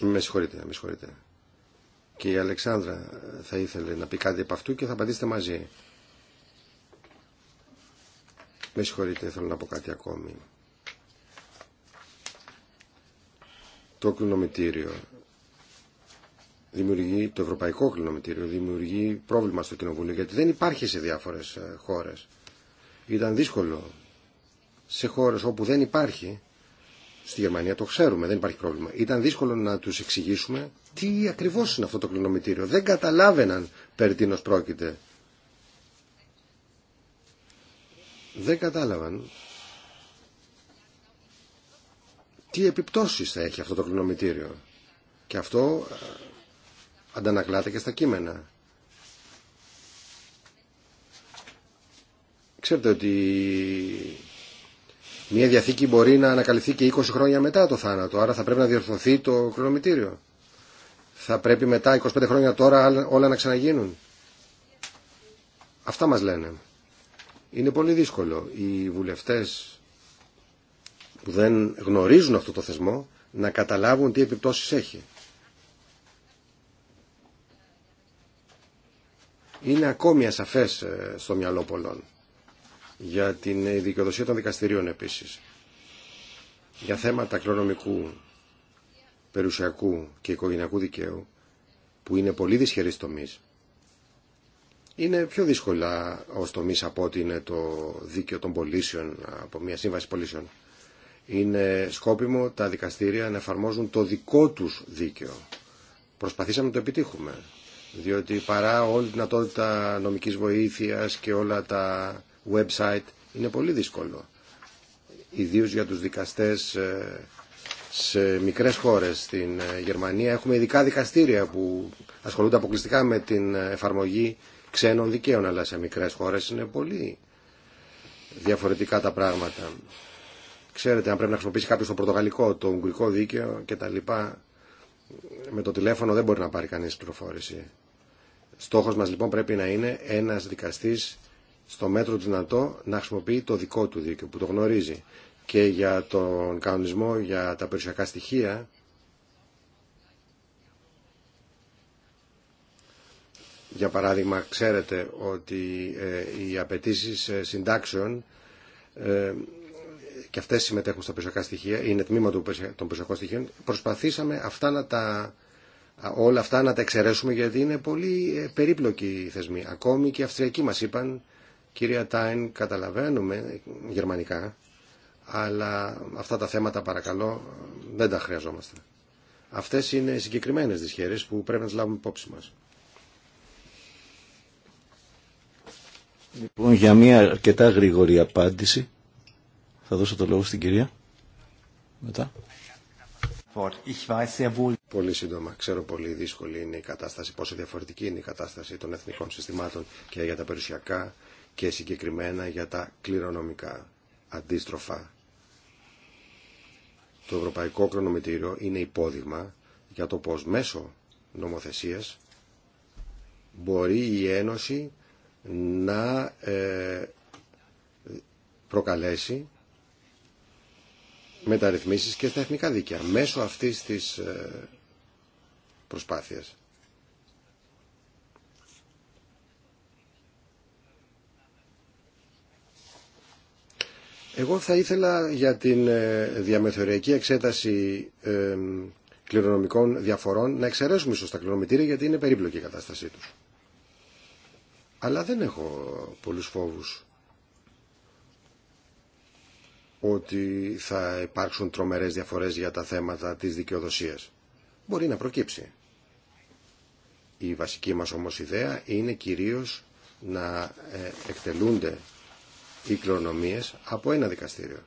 Με συγχωρείτε, με συγχωρείτε. Και η Αλεξάνδρα θα ήθελε να πει κάτι από αυτού και θα απαντήσετε μαζί. Με συγχωρείτε, θέλω να πω κάτι ακόμη. το κλινομητήριο δημιουργεί, το ευρωπαϊκό κλινομητήριο δημιουργεί πρόβλημα στο κοινοβούλιο γιατί δεν υπάρχει σε διάφορες ε, χώρες. Ήταν δύσκολο σε χώρες όπου δεν υπάρχει, στη Γερμανία το ξέρουμε, δεν υπάρχει πρόβλημα. Ήταν δύσκολο να τους εξηγήσουμε τι ακριβώς είναι αυτό το κλινομητήριο. Δεν καταλάβαιναν περί τίνος πρόκειται. Δεν κατάλαβαν τι επιπτώσεις θα έχει αυτό το κλινομητήριο. Και αυτό ε, αντανακλάται και στα κείμενα. Ξέρετε ότι μια διαθήκη μπορεί να ανακαλυφθεί και 20 χρόνια μετά το θάνατο, άρα θα πρέπει να διορθωθεί το κλινομητήριο. Θα πρέπει μετά 25 χρόνια τώρα όλα να ξαναγίνουν. Αυτά μας λένε. Είναι πολύ δύσκολο. Οι βουλευτές που δεν γνωρίζουν αυτό το θεσμό να καταλάβουν τι επιπτώσεις έχει. Είναι ακόμη ασαφές ε, στο μυαλό πολλών για την δικαιοδοσία των δικαστηρίων επίσης. Για θέματα κληρονομικού, περιουσιακού και οικογενειακού δικαίου που είναι πολύ δυσχερείς είναι πιο δύσκολα ω τομεί από ότι είναι το δίκαιο των πωλήσεων από μια σύμβαση πωλήσεων είναι σκόπιμο τα δικαστήρια να εφαρμόζουν το δικό τους δίκαιο. Προσπαθήσαμε να το επιτύχουμε, διότι παρά όλη την δυνατότητα νομικής βοήθειας και όλα τα website είναι πολύ δύσκολο. Ιδίω για τους δικαστές ε, σε μικρές χώρες στην ε, Γερμανία έχουμε ειδικά δικαστήρια που ασχολούνται αποκλειστικά με την ε, εφαρμογή ξένων δικαίων, αλλά σε μικρές χώρες είναι πολύ διαφορετικά τα πράγματα. Ξέρετε αν πρέπει να χρησιμοποιήσει κάποιο το πορτογαλικό, το ουγγρικό δίκαιο κτλ. Με το τηλέφωνο δεν μπορεί να πάρει κανεί πληροφόρηση. Στόχος μας λοιπόν πρέπει να είναι ένας δικαστής στο μέτρο του δυνατό να χρησιμοποιεί το δικό του δίκαιο που το γνωρίζει. Και για τον κανονισμό για τα περιουσιακά στοιχεία Για παράδειγμα, ξέρετε ότι ε, οι απαιτήσει ε, συντάξεων ε, και αυτές συμμετέχουν στα περισσοκά στοιχεία, είναι τμήμα των περισσοκά στοιχείων, προσπαθήσαμε αυτά να τα, όλα αυτά να τα εξαιρέσουμε γιατί είναι πολύ ε, περίπλοκοι οι θεσμοί. Ακόμη και οι Αυστριακοί μας είπαν, κυρία Τάιν, καταλαβαίνουμε γερμανικά, αλλά αυτά τα θέματα παρακαλώ δεν τα χρειαζόμαστε. Αυτές είναι συγκεκριμένες δυσχέρειες που πρέπει να τις λάβουμε υπόψη μας. Λοιπόν, για μια αρκετά γρήγορη απάντηση θα δώσω το λόγο στην κυρία. Μετά. Πολύ σύντομα. Ξέρω πολύ δύσκολη είναι η κατάσταση, πόσο διαφορετική είναι η κατάσταση των εθνικών συστημάτων και για τα περιουσιακά και συγκεκριμένα για τα κληρονομικά. Αντίστροφα, το Ευρωπαϊκό Κρονομητήριο είναι υπόδειγμα για το πώς μέσω νομοθεσίας μπορεί η Ένωση να ε, προκαλέσει μεταρρυθμίσεις και στα εθνικά δίκαια μέσω αυτής της ε, προσπάθειας. Εγώ θα ήθελα για την ε, διαμεθοριακή εξέταση ε, κληρονομικών διαφορών να εξαιρέσουμε ίσως τα κληρονομητήρια γιατί είναι περίπλοκη η κατάστασή τους. Αλλά δεν έχω πολλούς φόβους ότι θα υπάρξουν τρομερές διαφορές για τα θέματα της δικαιοδοσίας. Μπορεί να προκύψει. Η βασική μας όμως ιδέα είναι κυρίως να ε, εκτελούνται οι κληρονομίες από ένα δικαστήριο.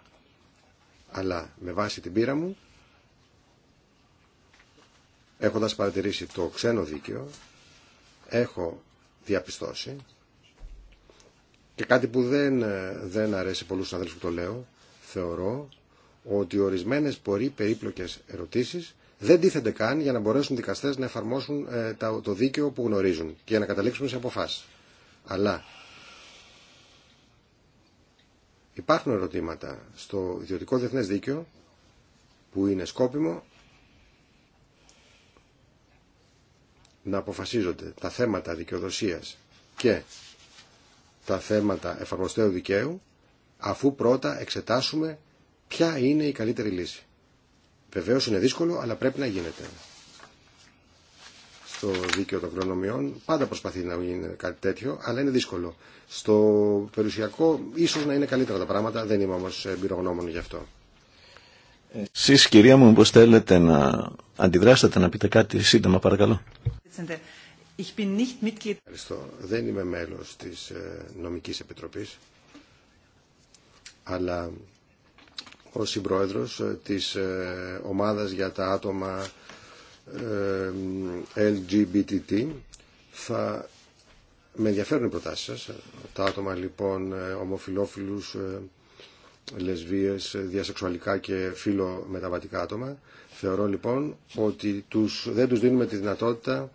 Αλλά με βάση την πείρα μου, έχοντας παρατηρήσει το ξένο δίκαιο, έχω διαπιστώσει και κάτι που δεν, ε, δεν αρέσει πολλούς συναδέλφους που το λέω, θεωρώ ότι ορισμένες πορεί περίπλοκες ερωτήσεις δεν τίθενται καν για να μπορέσουν οι δικαστές να εφαρμόσουν ε, το δίκαιο που γνωρίζουν και για να καταλήξουν σε αποφάσεις. Αλλά υπάρχουν ερωτήματα στο ιδιωτικό διεθνές δίκαιο που είναι σκόπιμο να αποφασίζονται τα θέματα δικαιοδοσίας και τα θέματα εφαρμοστέου δικαίου αφού πρώτα εξετάσουμε ποια είναι η καλύτερη λύση. Βεβαίω είναι δύσκολο, αλλά πρέπει να γίνεται. Στο δίκαιο των προνομιών πάντα προσπαθεί να γίνει κάτι τέτοιο, αλλά είναι δύσκολο. Στο περιουσιακό ίσω να είναι καλύτερα τα πράγματα, δεν είμαι όμω εμπειρογνώμων γι' αυτό. Εσεί, κυρία μου, πώ θέλετε να αντιδράσετε, να πείτε κάτι σύντομα, παρακαλώ. Ευχαριστώ. Δεν είμαι μέλο τη ε, νομική επιτροπή αλλά ο συμπρόεδρος της ε, ομάδας για τα άτομα ε, LGBTT θα με ενδιαφέρουν οι προτάσεις σας. Τα άτομα λοιπόν ε, ομοφιλόφιλους, λεσβίες, διασεξουαλικά και μεταβατικά άτομα. Θεωρώ λοιπόν ότι τους, δεν τους δίνουμε τη δυνατότητα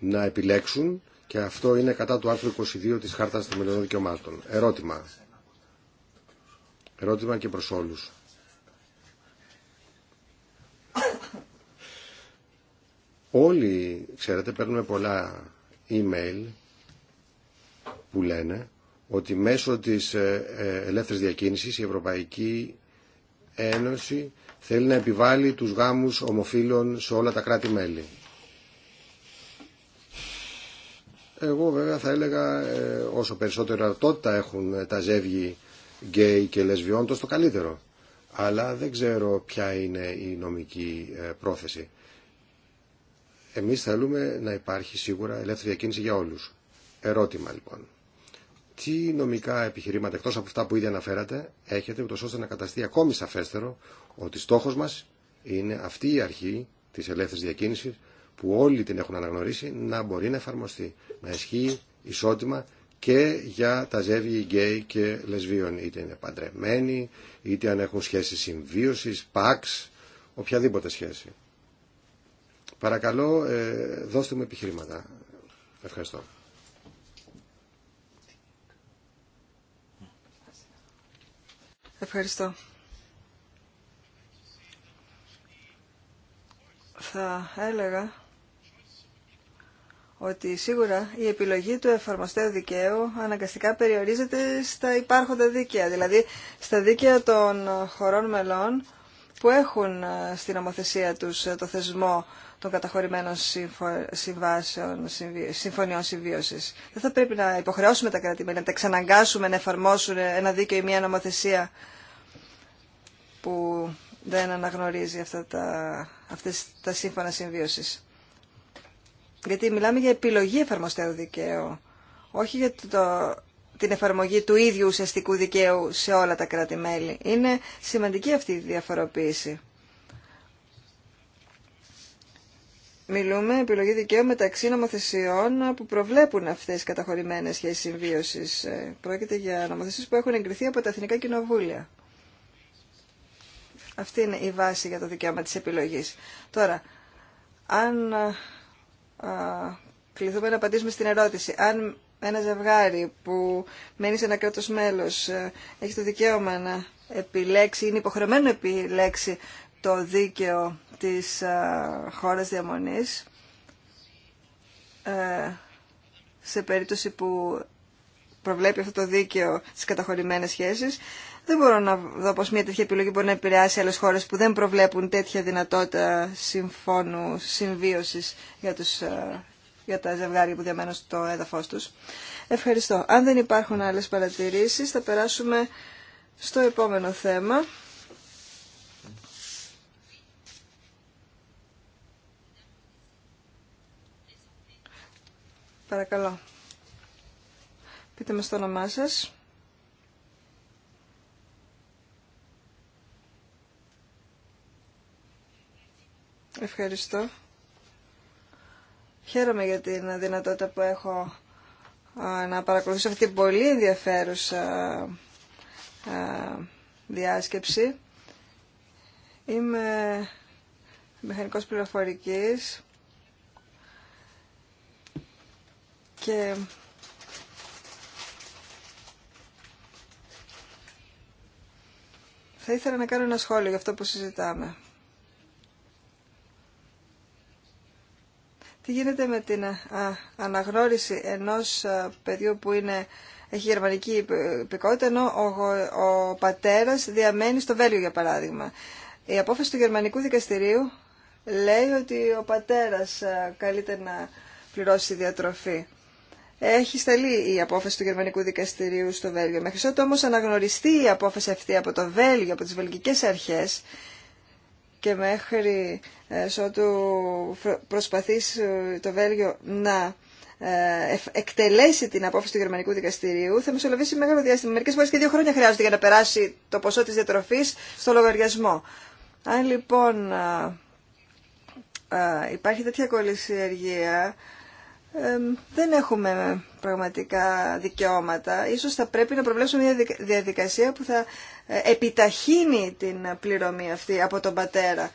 να επιλέξουν και αυτό είναι κατά του άρθρου 22 της Χάρτας των Δικαιωμάτων. Ερώτημα ερώτημα και προς όλους. Όλοι, ξέρετε, παίρνουμε πολλά email που λένε ότι μέσω της ε, ε, ελεύθερης διακίνησης η Ευρωπαϊκή Ένωση θέλει να επιβάλλει τους γάμους ομοφύλων σε όλα τα κράτη-μέλη. Εγώ βέβαια θα έλεγα ε, όσο περισσότερη αρτότητα έχουν τα ζεύγη γκέι και λεσβιών το καλύτερο. Αλλά δεν ξέρω ποια είναι η νομική ε, πρόθεση. Εμείς θέλουμε να υπάρχει σίγουρα ελεύθερη διακίνηση για όλους. Ερώτημα λοιπόν. Τι νομικά επιχειρήματα εκτός από αυτά που ήδη αναφέρατε έχετε ούτως ώστε να καταστεί ακόμη σαφέστερο ότι στόχος μας είναι αυτή η αρχή της ελεύθερης διακίνησης που όλοι την έχουν αναγνωρίσει να μπορεί να εφαρμοστεί, να ισχύει ισότιμα και για τα ζεύγη γκέι και λεσβίων, είτε είναι παντρεμένοι, είτε αν έχουν σχέση συμβίωσης, παξ, οποιαδήποτε σχέση. Παρακαλώ, ε, δώστε μου επιχειρήματα. Ευχαριστώ. Ευχαριστώ. Θα έλεγα ότι σίγουρα η επιλογή του εφαρμοστέου δικαίου αναγκαστικά περιορίζεται στα υπάρχοντα δίκαια, δηλαδή στα δίκαια των χωρών μελών που έχουν ε, στην ομοθεσία τους ε, το θεσμό των καταχωρημένων συμβάσεων, συμφωνιών συμβίωση. Δεν θα πρέπει να υποχρεώσουμε τα κράτη-μέλη, να τα ξαναγκάσουμε να εφαρμόσουν ένα δίκαιο ή μια νομοθεσία που δεν αναγνωρίζει αυτά τα, αυτές τα σύμφωνα συμβίωσης. Γιατί μιλάμε για επιλογή εφαρμοστέου δικαίου, όχι για το, την εφαρμογή του ίδιου ουσιαστικού δικαίου σε όλα τα κράτη-μέλη. Είναι σημαντική αυτή η διαφοροποίηση. Μιλούμε επιλογή δικαίου μεταξύ νομοθεσιών που προβλέπουν αυτές οι καταχωρημένες σχέσεις συμβίωσης. Ε, πρόκειται για νομοθεσίες που έχουν εγκριθεί από τα Εθνικά Κοινοβούλια. Αυτή είναι η βάση για το δικαίωμα της επιλογής. Τώρα, αν κληθούμε να απαντήσουμε στην ερώτηση. Αν ένα ζευγάρι που μένει σε ένα κράτο μέλο ε, έχει το δικαίωμα να επιλέξει, είναι υποχρεωμένο να επιλέξει το δίκαιο της ε, χώρας διαμονής ε, σε περίπτωση που προβλέπει αυτό το δίκαιο στις καταχωρημένες σχέσεις δεν μπορώ να δω πως μια τέτοια επιλογή μπορεί να επηρεάσει άλλες χώρες που δεν προβλέπουν τέτοια δυνατότητα συμφώνου συμβίωσης για, τους, ε, για τα ζευγάρια που διαμένουν στο έδαφος τους. Ευχαριστώ. Αν δεν υπάρχουν άλλες παρατηρήσεις θα περάσουμε στο επόμενο θέμα. Παρακαλώ. Πείτε μας το όνομά σας. Ευχαριστώ. Χαίρομαι για την δυνατότητα που έχω να παρακολουθήσω αυτή την πολύ ενδιαφέρουσα διάσκεψη. Είμαι μηχανικός πληροφορικής και θα ήθελα να κάνω ένα σχόλιο για αυτό που συζητάμε. Τι γίνεται με την αναγνώριση ενός παιδιού που είναι, έχει γερμανική υπηκότητα, ενώ ο, ο πατέρας διαμένει στο Βέλγιο, για παράδειγμα. Η απόφαση του γερμανικού δικαστηρίου λέει ότι ο πατέρας καλείται να πληρώσει διατροφή. Έχει σταλεί η απόφαση του Γερμανικού Δικαστηρίου στο Βέλγιο. Μέχρι ότου όμως αναγνωριστεί η απόφαση αυτή από το Βέλγιο, από τις βελγικές αρχές, και μέχρι ε, ότου προσπαθήσει ε, το Βέλγιο να ε, εκτελέσει την απόφαση του Γερμανικού Δικαστηρίου, θα μεσολαβήσει μεγάλο διάστημα. Μερικέ φορέ και δύο χρόνια χρειάζονται για να περάσει το ποσό τη διατροφή στο λογαριασμό. Αν λοιπόν υπάρχει τέτοια κολλησιεργία, δεν έχουμε πραγματικά δικαιώματα. Ίσως θα πρέπει να προβλέψουμε μια διαδικασία που θα ε, επιταχύνει την πληρωμή αυτή από τον πατέρα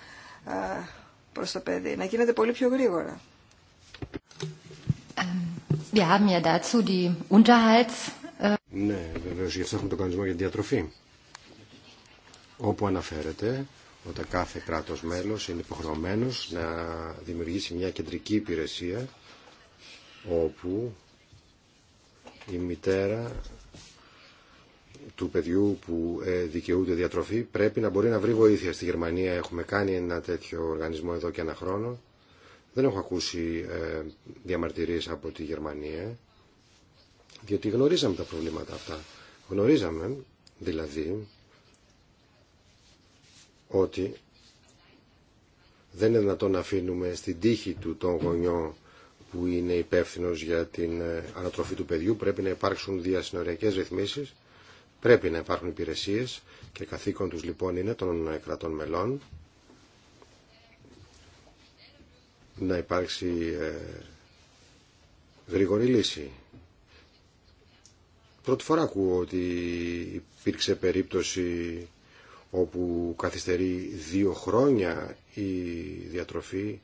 προς το παιδί. Να γίνεται πολύ πιο γρήγορα. Ε, ναι, βεβαίως, γι' αυτό έχουμε τον κανονισμό για διατροφή. Όπου αναφέρεται ότι κάθε κράτος μέλος είναι υποχρεωμένος να δημιουργήσει μια κεντρική υπηρεσία όπου η μητέρα του παιδιού που ε, δικαιούται διατροφή πρέπει να μπορεί να βρει βοήθεια. Στη Γερμανία έχουμε κάνει ένα τέτοιο οργανισμό εδώ και ένα χρόνο. Δεν έχω ακούσει ε, διαμαρτυρίες από τη Γερμανία, διότι γνωρίζαμε τα προβλήματα αυτά. Γνωρίζαμε, δηλαδή, ότι δεν είναι δυνατόν να αφήνουμε στην τύχη του τον γονιό που είναι υπεύθυνο για την ε, ανατροφή του παιδιού. Πρέπει να υπάρξουν διασυνοριακές ρυθμίσεις, πρέπει να υπάρχουν υπηρεσίες και καθήκον τους λοιπόν είναι των ε, κρατών μελών να υπάρξει ε, γρήγορη λύση. Πρώτη φορά ακούω ότι υπήρξε περίπτωση όπου καθυστερεί δύο χρόνια η διατροφή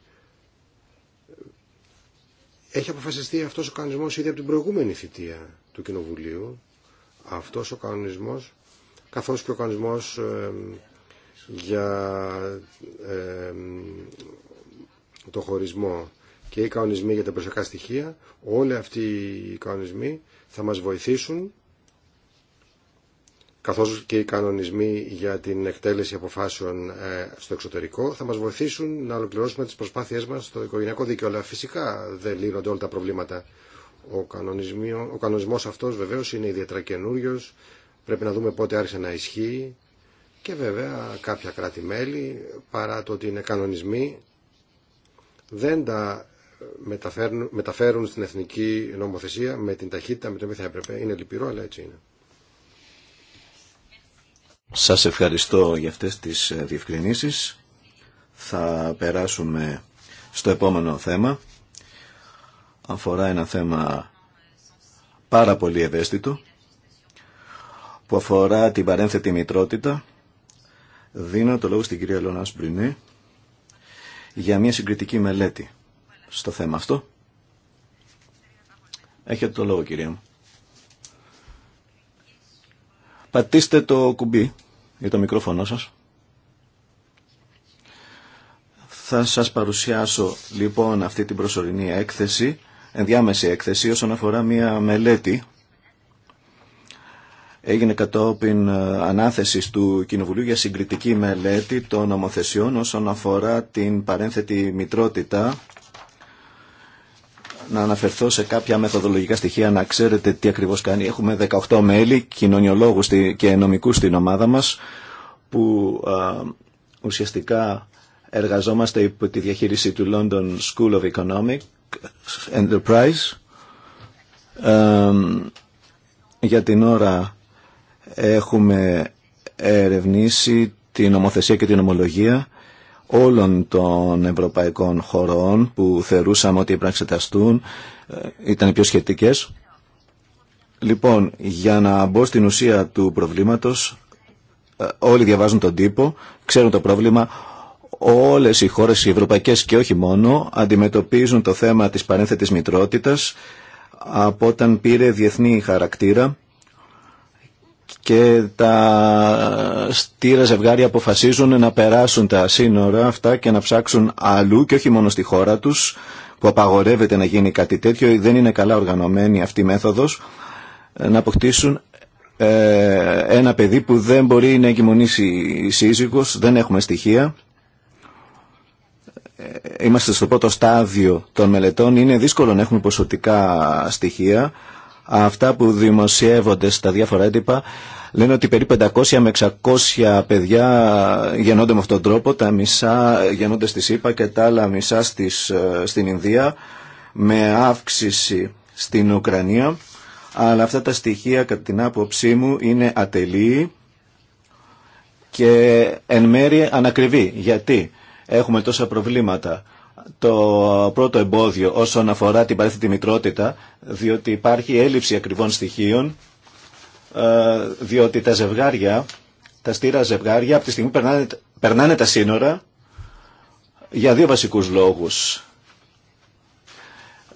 έχει αποφασιστεί αυτός ο κανονισμός ήδη από την προηγούμενη θητεία του Κοινοβουλίου. Αυτός ο κανονισμός, καθώς και ο κανονισμός για το χωρισμό και οι κανονισμοί για τα προσωπικά στοιχεία, όλοι αυτοί οι κανονισμοί θα μας βοηθήσουν καθώς και οι κανονισμοί για την εκτέλεση αποφάσεων ε, στο εξωτερικό θα μας βοηθήσουν να ολοκληρώσουμε τις προσπάθειές μας στο οικογενειακό δίκαιο. Αλλά φυσικά δεν λύνονται όλα τα προβλήματα. Ο, ο κανονισμός αυτός βεβαίως είναι ιδιαίτερα καινούριο. Πρέπει να δούμε πότε άρχισε να ισχύει. Και βέβαια κάποια κράτη-μέλη, παρά το ότι είναι κανονισμοί, δεν τα ε, μεταφέρουν, μεταφέρουν στην εθνική νομοθεσία με την ταχύτητα με την οποία θα έπρεπε. Είναι λυπηρό, αλλά έτσι είναι. Σας ευχαριστώ για αυτές τις ε, διευκρινήσεις. Θα περάσουμε στο επόμενο θέμα. Αφορά ένα θέμα πάρα πολύ ευαίσθητο που αφορά την παρένθετη μητρότητα. Δίνω το λόγο στην κυρία Λονάς Μπρινέ για μια συγκριτική μελέτη στο θέμα αυτό. Έχετε το λόγο κυρία μου πατήστε το κουμπί για το μικρόφωνο σας. Θα σας παρουσιάσω λοιπόν αυτή την προσωρινή έκθεση, ενδιάμεση έκθεση όσον αφορά μια μελέτη έγινε κατόπιν ε, ανάθεσης του Κοινοβουλίου για συγκριτική μελέτη των νομοθεσιών όσον αφορά την παρένθετη μητρότητα να αναφερθώ σε κάποια μεθοδολογικά στοιχεία να ξέρετε τι ακριβώς κάνει. Έχουμε 18 μέλη, κοινωνιολόγους και νομικούς στην ομάδα μας που α, ουσιαστικά εργαζόμαστε υπό τη διαχείριση του London School of Economic Enterprise. Α, για την ώρα έχουμε ερευνήσει την ομοθεσία και την ομολογία όλων των ευρωπαϊκών χωρών που θεωρούσαμε ότι πρέπει να εξεταστούν ε, ήταν οι πιο σχετικές. Λοιπόν, για να μπω στην ουσία του προβλήματος, ε, όλοι διαβάζουν τον τύπο, ξέρουν το πρόβλημα, όλες οι χώρες οι ευρωπαϊκές και όχι μόνο αντιμετωπίζουν το θέμα της παρένθετης μητρότητας από όταν πήρε διεθνή χαρακτήρα και τα στήρα ζευγάρια αποφασίζουν να περάσουν τα σύνορα αυτά και να ψάξουν αλλού και όχι μόνο στη χώρα τους που απαγορεύεται να γίνει κάτι τέτοιο, δεν είναι καλά οργανωμένη αυτή η μέθοδος, ε, να αποκτήσουν ε, ένα παιδί που δεν μπορεί να εγκυμονήσει η σύζυγος, δεν έχουμε στοιχεία. Ε, είμαστε στο πρώτο στάδιο των μελετών, είναι δύσκολο να έχουμε ποσοτικά στοιχεία. Αυτά που δημοσιεύονται στα διάφορα έντυπα λένε ότι περίπου 500 με 600 παιδιά γεννώνται με αυτόν τον τρόπο. Τα μισά γεννώνται στη ΣΥΠΑ και τα άλλα μισά ε, στην Ινδία με αύξηση στην Ουκρανία. Αλλά αυτά τα στοιχεία κατά την άποψή μου είναι ατελή και εν μέρει ανακριβή. Γιατί έχουμε τόσα προβλήματα το πρώτο εμπόδιο όσον αφορά την παρέθετη μητρότητα, διότι υπάρχει έλλειψη ακριβών στοιχείων, ε, διότι τα ζευγάρια, τα στήρα ζευγάρια, από τη στιγμή περνάνε, περνάνε τα σύνορα για δύο βασικούς λόγους.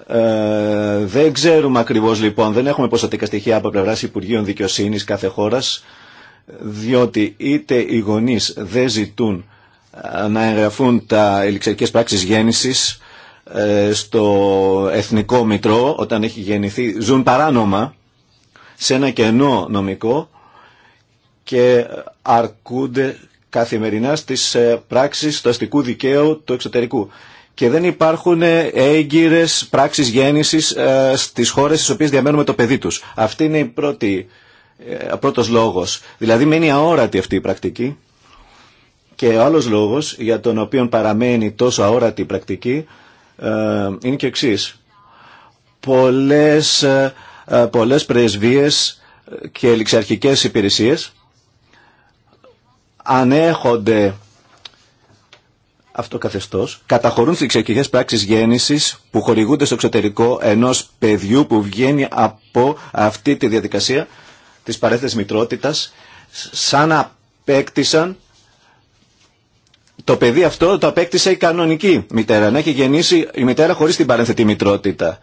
Ε, δεν ξέρουμε ακριβώς λοιπόν, δεν έχουμε ποσοτικά στοιχεία από πλευρά Υπουργείων Δικαιοσύνης κάθε χώρας, διότι είτε οι γονείς δεν ζητούν να εγγραφούν τα ελιξερικές πράξεις γέννησης ε, στο εθνικό μητρό όταν έχει γεννηθεί ζουν παράνομα σε ένα κενό νομικό και αρκούνται καθημερινά στις ε, πράξεις του αστικού δικαίου του εξωτερικού. Και δεν υπάρχουν ε, έγκυρες πράξεις γέννησης στις χώρες στις οποίες διαμένουμε το παιδί τους. Αυτή είναι η πρώτη, πρώτος λόγος. Δηλαδή μένει αόρατη αυτή η πρακτική και ο άλλος λόγος για τον οποίο παραμένει τόσο αόρατη η πρακτική ε, είναι και εξή. Πολλές, ε, ε, πολλές πρεσβείες και ληξιαρχικές υπηρεσίες ανέχονται αυτό καθεστώ, καταχωρούν τι εξαιρετικέ πράξει γέννηση που χορηγούνται στο εξωτερικό ενό παιδιού που βγαίνει από αυτή τη διαδικασία της παρέθεση μητρότητα, σαν να το παιδί αυτό το απέκτησε η κανονική μητέρα, να έχει γεννήσει η μητέρα χωρίς την παρένθετη μητρότητα.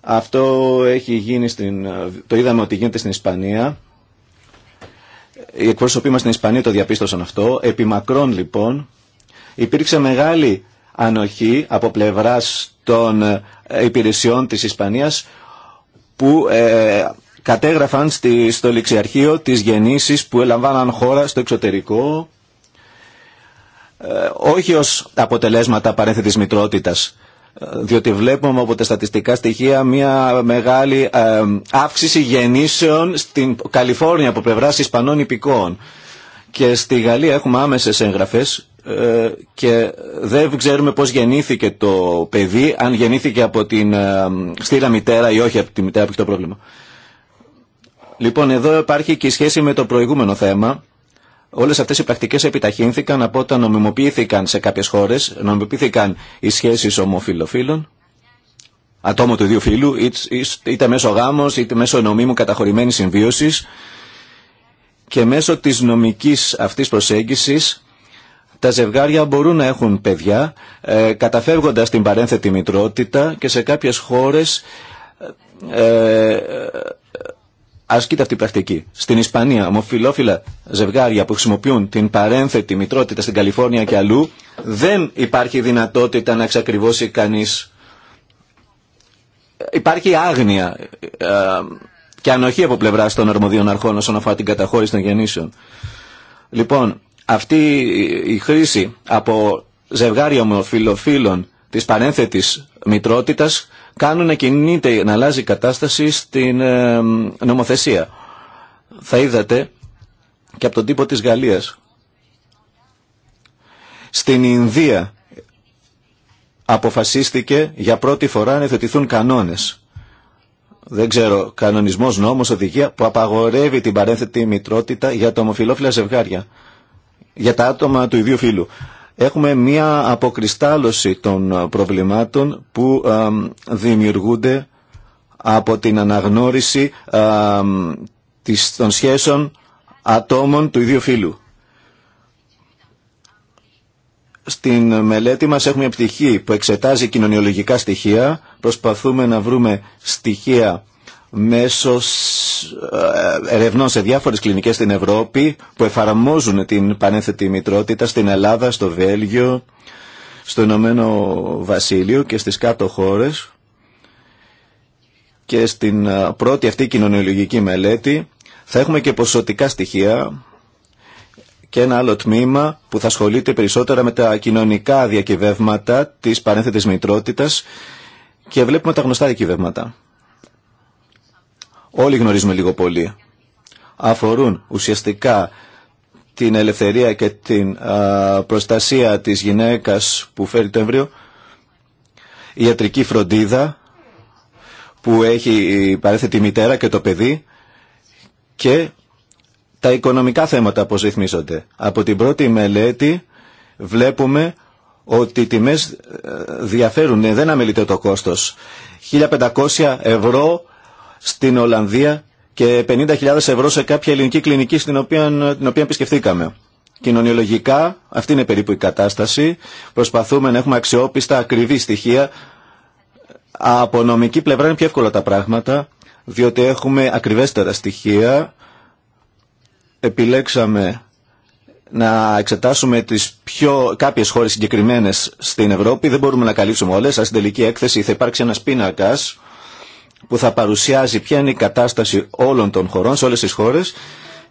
Αυτό έχει γίνει στην, το είδαμε ότι γίνεται στην Ισπανία. Οι εκπρόσωποι μας στην Ισπανία το διαπίστωσαν αυτό. Επί μακρόν, λοιπόν υπήρξε μεγάλη ανοχή από πλευράς των ε, υπηρεσιών της Ισπανίας που ε, κατέγραφαν στη, στο ληξιαρχείο τις γεννήσεις που έλαμβαναν χώρα στο εξωτερικό ε, όχι ως αποτελέσματα παρένθετης μητρότητας ε, διότι βλέπουμε από τα στατιστικά στοιχεία μια μεγάλη ε, αύξηση γεννήσεων στην Καλιφόρνια από πλευρά Ισπανών υπηκόων. Και στη Γαλλία έχουμε άμεσες εγγραφές και δεν ξέρουμε πώς γεννήθηκε το παιδί, αν γεννήθηκε από την στήρα μητέρα ή όχι από τη μητέρα που έχει το πρόβλημα. Λοιπόν, εδώ υπάρχει και η σχέση με το προηγούμενο θέμα Όλες αυτές οι πρακτικές επιταχύνθηκαν από όταν νομιμοποιήθηκαν σε κάποιες χώρες, νομιμοποιήθηκαν οι σχέσεις ομοφιλοφίλων, ατόμο του ίδιου φίλου, είτε μέσω γάμος, είτε μέσω νομίμου καταχωρημένης συμβίωσης και μέσω της νομικής αυτής προσέγγισης τα ζευγάρια μπορούν να έχουν παιδιά ε, καταφεύγοντας την παρένθετη μητρότητα και σε κάποιες χώρες ε, ε ασκείται αυτή η πρακτική. Στην Ισπανία, ομοφυλόφιλα ζευγάρια που χρησιμοποιούν την παρένθετη μητρότητα στην Καλιφόρνια και αλλού, δεν υπάρχει δυνατότητα να εξακριβώσει κανείς. Υπάρχει άγνοια ε, και ανοχή από πλευρά των αρμοδίων αρχών όσον αφορά την καταχώρηση των γεννήσεων. Λοιπόν, αυτή η χρήση από ζευγάρια ομοφυλοφίλων τη παρένθετη μητρότητα κάνουν να κινείται, να αλλάζει η κατάσταση στην ε, νομοθεσία. Θα είδατε και από τον τύπο της Γαλλίας. Στην Ινδία αποφασίστηκε για πρώτη φορά να εθετηθούν κανόνες. Δεν ξέρω, κανονισμός, νόμος, οδηγία που απαγορεύει την παρένθετη μητρότητα για τα ομοφιλόφιλα ζευγάρια. Για τα άτομα του ιδίου φίλου έχουμε μία αποκριστάλλωση των προβλημάτων που δημιουργούνται από την αναγνώριση των σχέσεων ατόμων του ίδιου φύλου. Στην μελέτη μας έχουμε μια αποκρισταλωση των προβληματων που εξετάζει κοινωνιολογικά στοιχεία. Προσπαθούμε να βρούμε στοιχεία μέσω ε, ερευνών σε διάφορες κλινικές στην Ευρώπη που εφαρμόζουν την πανέθετη μητρότητα στην Ελλάδα, στο Βέλγιο, στο Ηνωμένο Βασίλειο και στις κάτω χώρες και στην ε, πρώτη αυτή κοινωνιολογική μελέτη θα έχουμε και ποσοτικά στοιχεία και ένα άλλο τμήμα που θα ασχολείται περισσότερα με τα κοινωνικά διακυβεύματα της πανέθετης μητρότητας και βλέπουμε τα γνωστά διακυβεύματα όλοι γνωρίζουμε λίγο πολύ, αφορούν ουσιαστικά την ελευθερία και την προστασία της γυναίκας που φέρει το εμβρίο, η ιατρική φροντίδα που έχει παρέθετη μητέρα και το παιδί και τα οικονομικά θέματα που ρυθμίζονται. Από την πρώτη μελέτη βλέπουμε ότι οι τιμές ε, διαφέρουν, ναι, δεν αμελείται το κόστος. 1500 ευρώ στην Ολλανδία και 50.000 ευρώ σε κάποια ελληνική κλινική στην οποία, την οποία επισκεφθήκαμε. Κοινωνιολογικά αυτή είναι περίπου η κατάσταση. Προσπαθούμε να έχουμε αξιόπιστα ακριβή στοιχεία. Από νομική πλευρά είναι πιο εύκολα τα πράγματα, διότι έχουμε ακριβέστερα στοιχεία. Επιλέξαμε να εξετάσουμε τις πιο, κάποιες χώρες συγκεκριμένες στην Ευρώπη. Δεν μπορούμε να καλύψουμε όλες. στην τελική έκθεση θα υπάρξει ένας πίνακας που θα παρουσιάζει ποια είναι η κατάσταση όλων των χωρών, σε όλες τις χώρες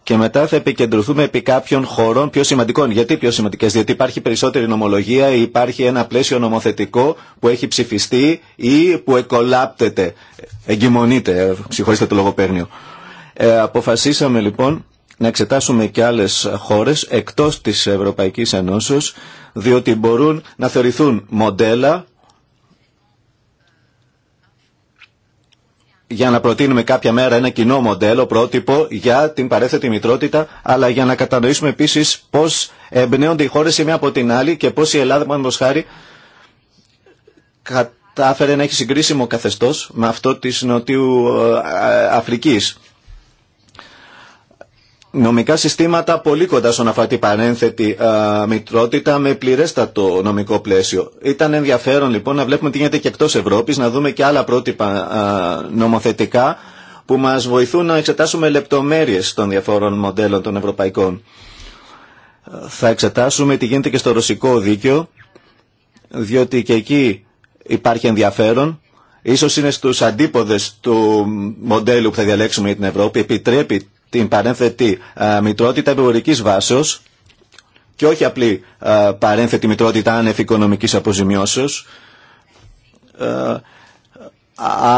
και μετά θα επικεντρωθούμε επί κάποιων χωρών πιο σημαντικών. Γιατί πιο σημαντικέ, Διότι υπάρχει περισσότερη νομολογία, υπάρχει ένα πλαίσιο νομοθετικό που έχει ψηφιστεί ή που εκολάπτεται, εγκυμονείται, ε, συγχωρήστε το λογοπαίγνιο. Ε, αποφασίσαμε λοιπόν να εξετάσουμε και άλλε χώρε, εκτό τη Ευρωπαϊκή Ενώσεω, διότι μπορούν να θεωρηθούν μοντέλα για να προτείνουμε κάποια μέρα ένα κοινό μοντέλο, πρότυπο για την παρέθετη μητρότητα, αλλά για να κατανοήσουμε επίση πώ εμπνέονται οι χώρε η μία από την άλλη και πώ η Ελλάδα, παραδείγματο χάρη, κατάφερε να έχει συγκρίσιμο καθεστώ με αυτό τη Νοτιού ε, Αφρική νομικά συστήματα πολύ κοντά στον αφάτη παρένθετη α, μητρότητα με πληρέστατο νομικό πλαίσιο. Ήταν ενδιαφέρον λοιπόν να βλέπουμε τι γίνεται και εκτός Ευρώπης, να δούμε και άλλα πρότυπα νομοθετικά που μας βοηθούν να εξετάσουμε λεπτομέρειες των διαφόρων μοντέλων των ευρωπαϊκών. Θα εξετάσουμε τι γίνεται και στο ρωσικό δίκαιο, διότι και εκεί υπάρχει ενδιαφέρον. Ίσως είναι στους αντίποδες του μοντέλου που θα διαλέξουμε για την Ευρώπη, επιτρέπει την παρένθετη ε, μητρότητα εμπορικής βάσεως και όχι απλή ε, παρένθετη μητρότητα άνευ οικονομικής αποζημιώσεως. Ε,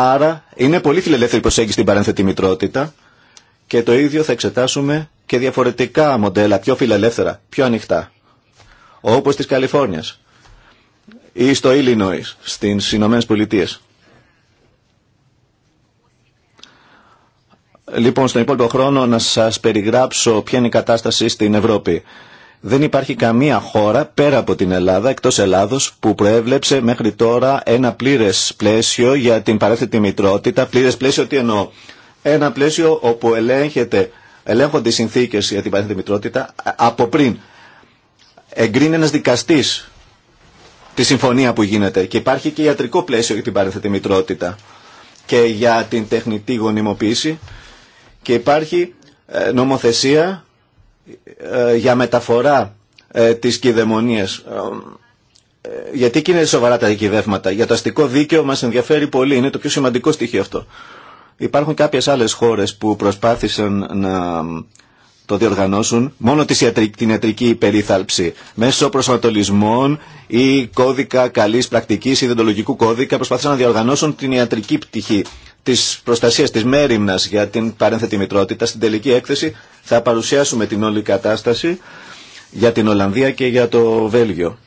άρα είναι πολύ φιλελεύθερη προσέγγιση στην παρένθετη μητρότητα και το ίδιο θα εξετάσουμε και διαφορετικά μοντέλα, πιο φιλελεύθερα, πιο ανοιχτά, όπως της Καλιφόρνιας ή στο Illinois, στις Ηνωμένες Πολιτείες. Λοιπόν, στον υπόλοιπο χρόνο να σας περιγράψω ποια είναι η κατάσταση στην Ευρώπη. Δεν υπάρχει καμία χώρα πέρα από την Ελλάδα, εκτός Ελλάδος, που προέβλεψε μέχρι τώρα ένα πλήρες πλαίσιο για την παρέθετη μητρότητα. Πλήρες πλαίσιο τι εννοώ. Ένα πλαίσιο όπου ελέγχεται, ελέγχονται οι συνθήκες για την παρέθετη μητρότητα ε, από πριν. Εγκρίνει ένας δικαστής τη συμφωνία που γίνεται και υπάρχει και ιατρικό πλαίσιο για την παρέθετη μητρότητα και για την τεχνητή γονιμοποίηση και υπάρχει ε, νομοθεσία ε, για μεταφορά ε, της κυδαιμονίας. Γιατί εκεί είναι σοβαρά τα δικηδεύματα. Για το αστικό δίκαιο μας ενδιαφέρει πολύ. Είναι το πιο σημαντικό στοιχείο αυτό. Υπάρχουν κάποιες άλλες χώρες που προσπάθησαν να το διοργανώσουν μόνο την ιατρική υπερίθαλψη μέσω προσανατολισμών ή κώδικα καλής πρακτικής ή κώδικα προσπάθησαν να διοργανώσουν την ιατρική πτυχή της προστασίας της μέρημνα για την παρένθετη μητρότητα στην τελική έκθεση θα παρουσιάσουμε την όλη κατάσταση για την Ολλανδία και για το Βέλγιο.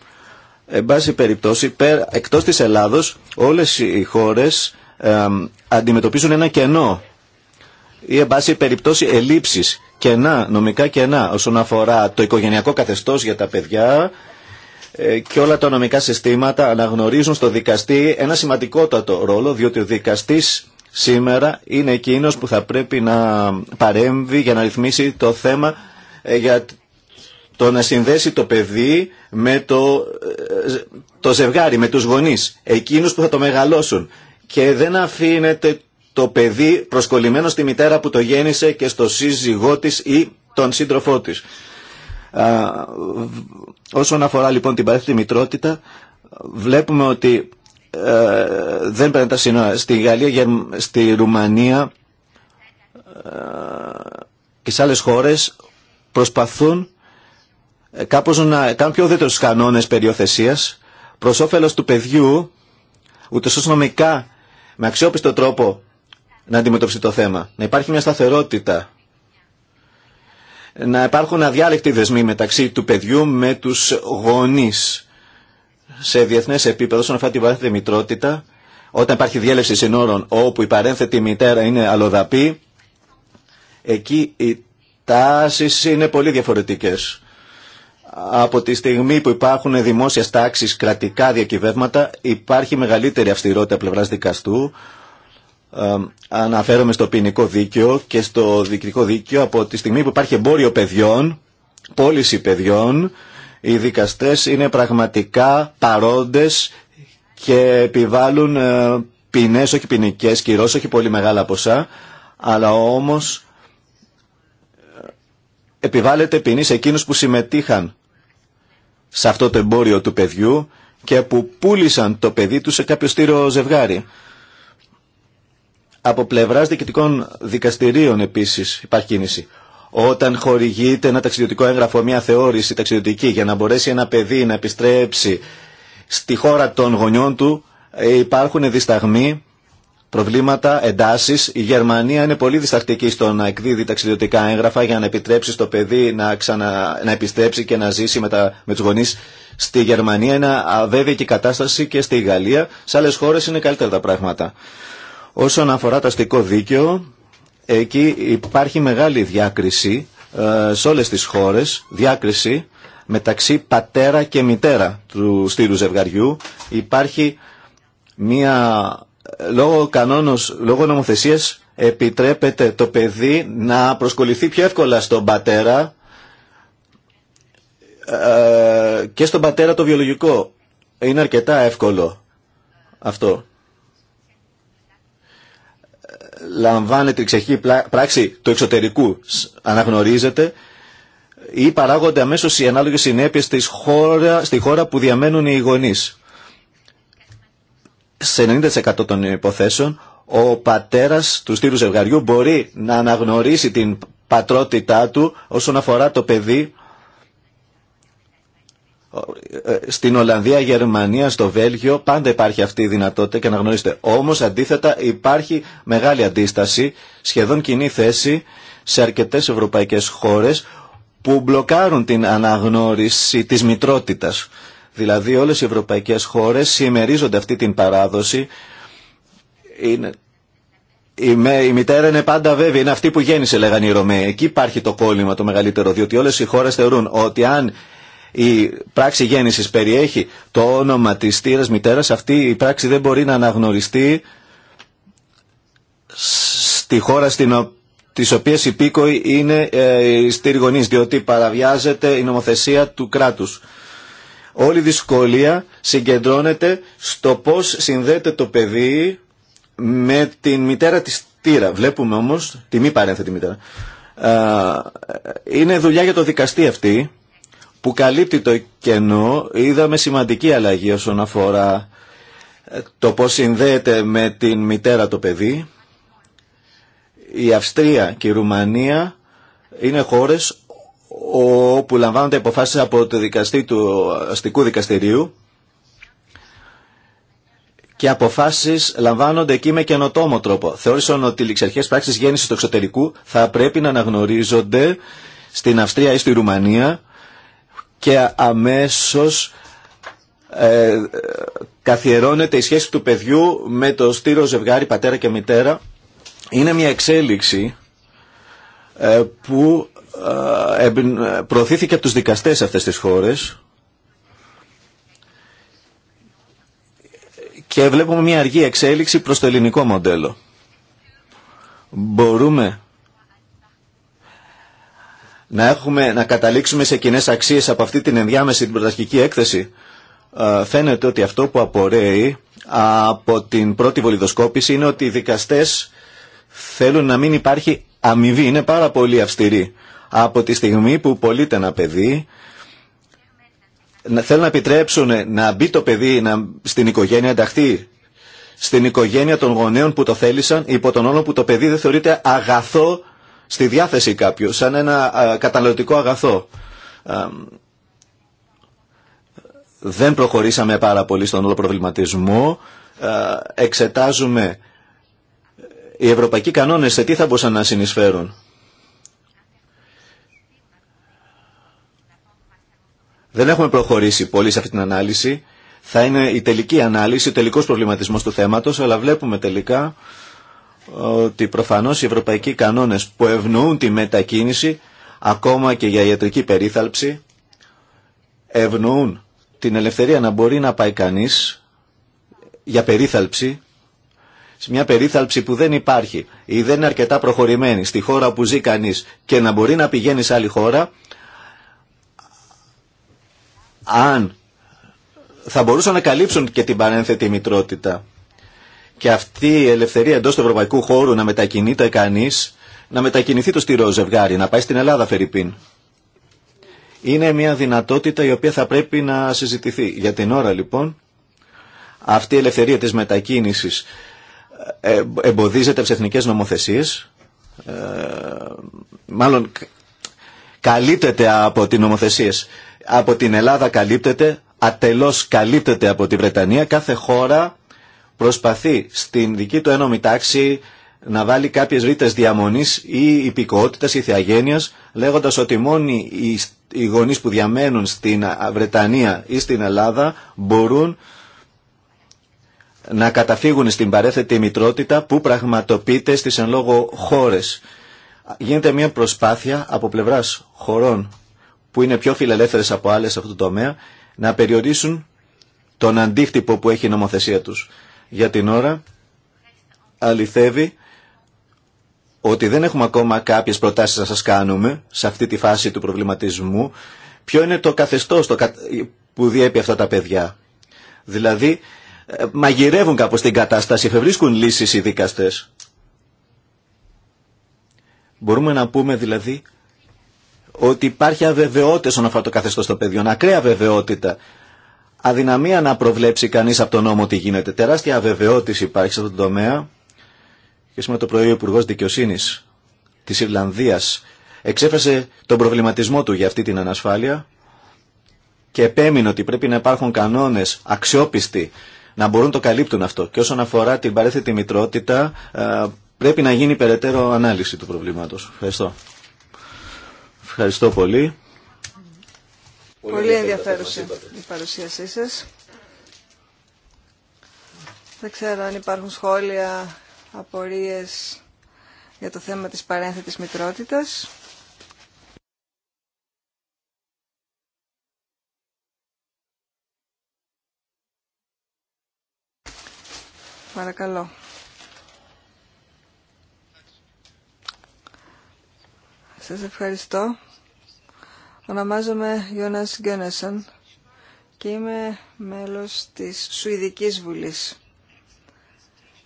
Εν πάση περιπτώσει, εκτός της Ελλάδος όλες οι χώρες αντιμετωπίζουν ένα κενό ή εν πάση περιπτώσει ελλείψεις, κενά, νομικά κενά όσον αφορά το οικογενειακό καθεστώς για τα παιδιά ε, και όλα τα νομικά συστήματα αναγνωρίζουν στο δικαστή ένα σημαντικότατο ρόλο διότι ο δικαστής σήμερα είναι εκείνος που θα πρέπει να παρέμβει για να ρυθμίσει το θέμα ε, για το να συνδέσει το παιδί με το, ε, το ζευγάρι, με τους γονείς, εκείνους που θα το μεγαλώσουν. Και δεν αφήνεται το παιδί προσκολλημένο στη μητέρα που το γέννησε και στο σύζυγό της ή τον σύντροφό της. όσον αφορά λοιπόν την παρέθυνη μητρότητα, βλέπουμε ότι ε, δεν παίρνει τα σύνορα. Στη Γαλλία, στη Ρουμανία ε, και σε άλλες χώρες προσπαθούν ε, κάπως να κάνουν πιο τους κανόνες περιοθεσίας προς όφελος του παιδιού ούτε ώστε νομικά με αξιόπιστο τρόπο να αντιμετωπίσει το θέμα. Να υπάρχει μια σταθερότητα. Να υπάρχουν αδιάλεκτοι δεσμοί μεταξύ του παιδιού με τους γονείς σε διεθνέ επίπεδο, όσον αφορά τη μητρότητα, όταν υπάρχει διέλευση συνόρων όπου η παρένθετη μητέρα είναι αλλοδαπή, εκεί οι τάσει είναι πολύ διαφορετικέ. Από τη στιγμή που υπάρχουν δημόσια τάξει, κρατικά διακυβεύματα, υπάρχει μεγαλύτερη αυστηρότητα πλευρά δικαστού. Ε, αναφέρομαι στο ποινικό δίκαιο και στο διοικητικό δίκαιο από τη στιγμή που υπάρχει εμπόριο παιδιών, πώληση παιδιών, οι δικαστές είναι πραγματικά παρόντες και επιβάλλουν ε, ποινές, όχι ποινικέ κυρώσεις, όχι πολύ μεγάλα ποσά, αλλά όμως ε, επιβάλλεται ποινή σε εκείνους που συμμετείχαν σε αυτό το εμπόριο του παιδιού και που πούλησαν το παιδί του σε κάποιο στήρο ζευγάρι. Από πλευράς διοικητικών δικαστηρίων επίσης υπάρχει κίνηση όταν χορηγείται ένα ταξιδιωτικό έγγραφο, μια θεώρηση ταξιδιωτική για να μπορέσει ένα παιδί να επιστρέψει στη χώρα των γονιών του, ε, υπάρχουν δισταγμοί, προβλήματα, εντάσεις. Η Γερμανία είναι πολύ διστακτική στο να εκδίδει ταξιδιωτικά έγγραφα για να επιτρέψει στο παιδί να, ξανα, να επιστρέψει και να ζήσει με, τα, με τους γονείς στη Γερμανία. Είναι αβέβαιη και η κατάσταση και στη Γαλλία. Σε άλλες χώρες είναι καλύτερα τα πράγματα. Όσον αφορά το αστικό δίκαιο, Εκεί υπάρχει μεγάλη διάκριση ε, σε όλες τις χώρες, διάκριση μεταξύ πατέρα και μητέρα του στήρου ζευγαριού. Υπάρχει μία, λόγω κανόνος, λόγω νομοθεσίας επιτρέπεται το παιδί να προσκοληθεί πιο εύκολα στον πατέρα ε, και στον πατέρα το βιολογικό. Είναι αρκετά εύκολο αυτό λαμβάνεται η ξεχή πράξη του εξωτερικού αναγνωρίζεται ή παράγονται αμέσως οι ανάλογες συνέπειες στη χώρα, στη χώρα που διαμένουν οι γονείς. Σε 90% των υποθέσεων ο πατέρας του στήρου ζευγαριού μπορεί να αναγνωρίσει την πατρότητά του όσον αφορά το παιδί στην Ολλανδία, Γερμανία, στο Βέλγιο πάντα υπάρχει αυτή η δυνατότητα και αναγνωρίζετε. Όμως αντίθετα υπάρχει μεγάλη αντίσταση, σχεδόν κοινή θέση σε αρκετές ευρωπαϊκές χώρες που μπλοκάρουν την αναγνώριση της μητρότητα. Δηλαδή όλες οι ευρωπαϊκές χώρες συμμερίζονται αυτή την παράδοση. Είναι... Η, μητέρα είναι πάντα βέβαιη, είναι αυτή που γέννησε λέγανε οι Ρωμαίοι. Εκεί υπάρχει το κόλλημα το μεγαλύτερο, διότι όλες οι χώρες θεωρούν ότι αν η πράξη γέννησης περιέχει το όνομα της θύρας μητέρας, αυτή η πράξη δεν μπορεί να αναγνωριστεί στη χώρα στην οποία τις οποίες υπήκοοι είναι ε, διότι παραβιάζεται η νομοθεσία του κράτους. Όλη η δυσκολία συγκεντρώνεται στο πώς συνδέεται το παιδί με την μητέρα της τύρα. Βλέπουμε όμως, τη μη παρένθετη μητέρα, ε, είναι δουλειά για το δικαστή αυτή, που καλύπτει το κενό είδαμε σημαντική αλλαγή όσον αφορά ε, το πώς συνδέεται με την μητέρα το παιδί. Η Αυστρία και η Ρουμανία είναι χώρες όπου λαμβάνονται αποφάσεις από το δικαστή του αστικού δικαστηρίου και αποφάσεις λαμβάνονται εκεί με καινοτόμο τρόπο. Θεώρησαν ότι οι ληξιαρχές πράξεις γέννησης του εξωτερικού θα πρέπει να αναγνωρίζονται στην Αυστρία ή στη Ρουμανία και αμέσως ε, καθιερώνεται η σχέση του παιδιού με το στήρο ζευγάρι πατέρα και μητέρα. Είναι μια εξέλιξη ε, που ε, προωθήθηκε από τους δικαστές αυτές τις χώρες και βλέπουμε μια αργή εξέλιξη προς το ελληνικό μοντέλο. Μπορούμε να, έχουμε, να καταλήξουμε σε κοινέ αξίες από αυτή την ενδιάμεση την πρωταρχική έκθεση. Ε, φαίνεται ότι αυτό που απορρέει από την πρώτη βολιδοσκόπηση είναι ότι οι δικαστές θέλουν να μην υπάρχει αμοιβή. Είναι πάρα πολύ αυστηρή. Από τη στιγμή που πωλείται ένα παιδί, θέλουν να επιτρέψουν να μπει το παιδί να, στην οικογένεια, ενταχθεί στην οικογένεια των γονέων που το θέλησαν, υπό τον όλο που το παιδί δεν θεωρείται αγαθό στη διάθεση κάποιου, σαν ένα καταναλωτικό αγαθό. Δεν προχωρήσαμε πάρα πολύ στον όλο προβληματισμό. Εξετάζουμε οι ευρωπαϊκοί κανόνες σε τι θα μπορούσαν να συνεισφέρουν. Δεν έχουμε προχωρήσει πολύ σε αυτή την ανάλυση. Θα είναι η τελική ανάλυση, ο τελικός προβληματισμός του θέματος, αλλά βλέπουμε τελικά ότι προφανώς οι ευρωπαϊκοί κανόνες που ευνοούν τη μετακίνηση ακόμα και για ιατρική περίθαλψη ευνοούν την ελευθερία να μπορεί να πάει κανείς για περίθαλψη σε μια περίθαλψη που δεν υπάρχει ή δεν είναι αρκετά προχωρημένη στη χώρα που ζει κανείς και να μπορεί να πηγαίνει σε άλλη χώρα αν θα μπορούσαν να καλύψουν και την παρένθετη μητρότητα και αυτή η ελευθερία εντό του ευρωπαϊκού χώρου να μετακινείται κανεί, να μετακινηθεί το στυρό ζευγάρι, να πάει στην Ελλάδα, Φερρυπίν. Είναι μια δυνατότητα η οποία θα πρέπει να συζητηθεί. Για την ώρα λοιπόν, αυτή η ελευθερία της μετακίνησης ε, εμποδίζεται από τι εθνικές νομοθεσίες, ε, μάλλον καλύπτεται από τις νομοθεσίες. Από την Ελλάδα καλύπτεται, ατελώς καλύπτεται από τη Βρετανία, κάθε χώρα προσπαθεί στην δική του ένωμη τάξη να βάλει κάποιες ρήτες διαμονής ή υπηκότητας ή θεαγένειας λέγοντας ότι μόνοι οι γονείς που διαμένουν στην Βρετανία ή στην Ελλάδα μπορούν να καταφύγουν στην παρέθετη μητρότητα που πραγματοποιείται στις εν λόγω χώρες. Γίνεται μια προσπάθεια από πλευράς χωρών που είναι πιο φιλελεύθερες από άλλες σε αυτό το τομέα να περιορίσουν τον αντίκτυπο που έχει η νομοθεσία τους. Για την ώρα αληθεύει ότι δεν έχουμε ακόμα κάποιες προτάσεις να σας κάνουμε σε αυτή τη φάση του προβληματισμού. Ποιο είναι το καθεστώς το που διέπει αυτά τα παιδιά. Δηλαδή ε, μαγειρεύουν κάπως την κατάσταση, βρίσκουν λύσεις οι δίκαστες. Μπορούμε να πούμε δηλαδή ότι υπάρχει αβεβαιότητα στον αυτό το καθεστώς των παιδιών, ακραία βεβαιότητα αδυναμία να προβλέψει κανεί από τον νόμο τι γίνεται. Τεράστια αβεβαιότηση υπάρχει σε αυτόν τον τομέα και σήμερα το πρωί ο Υπουργό Δικαιοσύνη της Ιρλανδίας εξέφρασε τον προβληματισμό του για αυτή την ανασφάλεια και επέμεινε ότι πρέπει να υπάρχουν κανόνε αξιόπιστοι να μπορούν το καλύπτουν αυτό. Και όσον αφορά την παρέθετη μητρότητα, ε, πρέπει να γίνει περαιτέρω ανάλυση του προβλήματος. Ευχαριστώ. Ευχαριστώ πολύ. Πολύ, Πολύ ενδιαφέρουσα η παρουσίασή σας. Δεν ξέρω αν υπάρχουν σχόλια, απορίες για το θέμα της παρένθετης μητρότητα. Παρακαλώ. Σας ευχαριστώ. Ονομάζομαι Γιώνας Γκένεσον και είμαι μέλος της Σουηδικής Βουλής.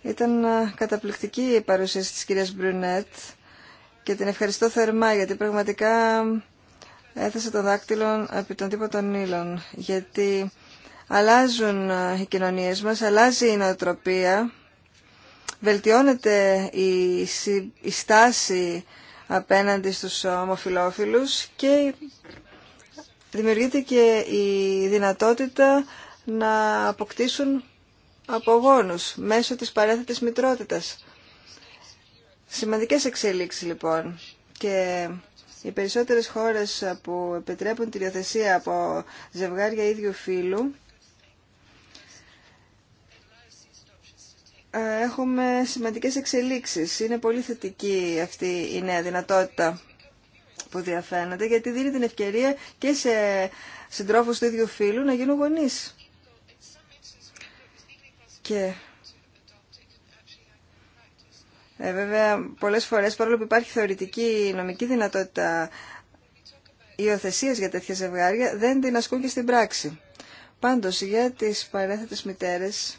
Ήταν ε, καταπληκτική η παρουσίαση της κυρίας Μπρουνέτ και την ευχαριστώ θερμά γιατί πραγματικά ε, έθεσε το δάκτυλο επί των ήλων, γιατί αλλάζουν ε, οι κοινωνίες μας, αλλάζει η νοοτροπία, βελτιώνεται η στάση απέναντι στους ομοφιλόφιλους και δημιουργείται και η δυνατότητα να αποκτήσουν απογόνους μέσω της παρέθετης μητρότητας. Σημαντικές εξελίξεις λοιπόν και οι περισσότερες χώρες που επιτρέπουν τη διαθεσία από ζευγάρια ίδιου φύλου Ε, έχουμε σημαντικές εξελίξεις. Είναι πολύ θετική αυτή η νέα δυνατότητα που διαφαίνεται, γιατί δίνει την ευκαιρία και σε συντρόφους του ίδιου φίλου να γίνουν γονείς. Και ε, βέβαια, πολλές φορές, παρόλο που υπάρχει θεωρητική νομική δυνατότητα υιοθεσίας για τέτοια ζευγάρια, δεν την ασκούν και στην πράξη. Πάντως, για τις παρέθετες μητέρες,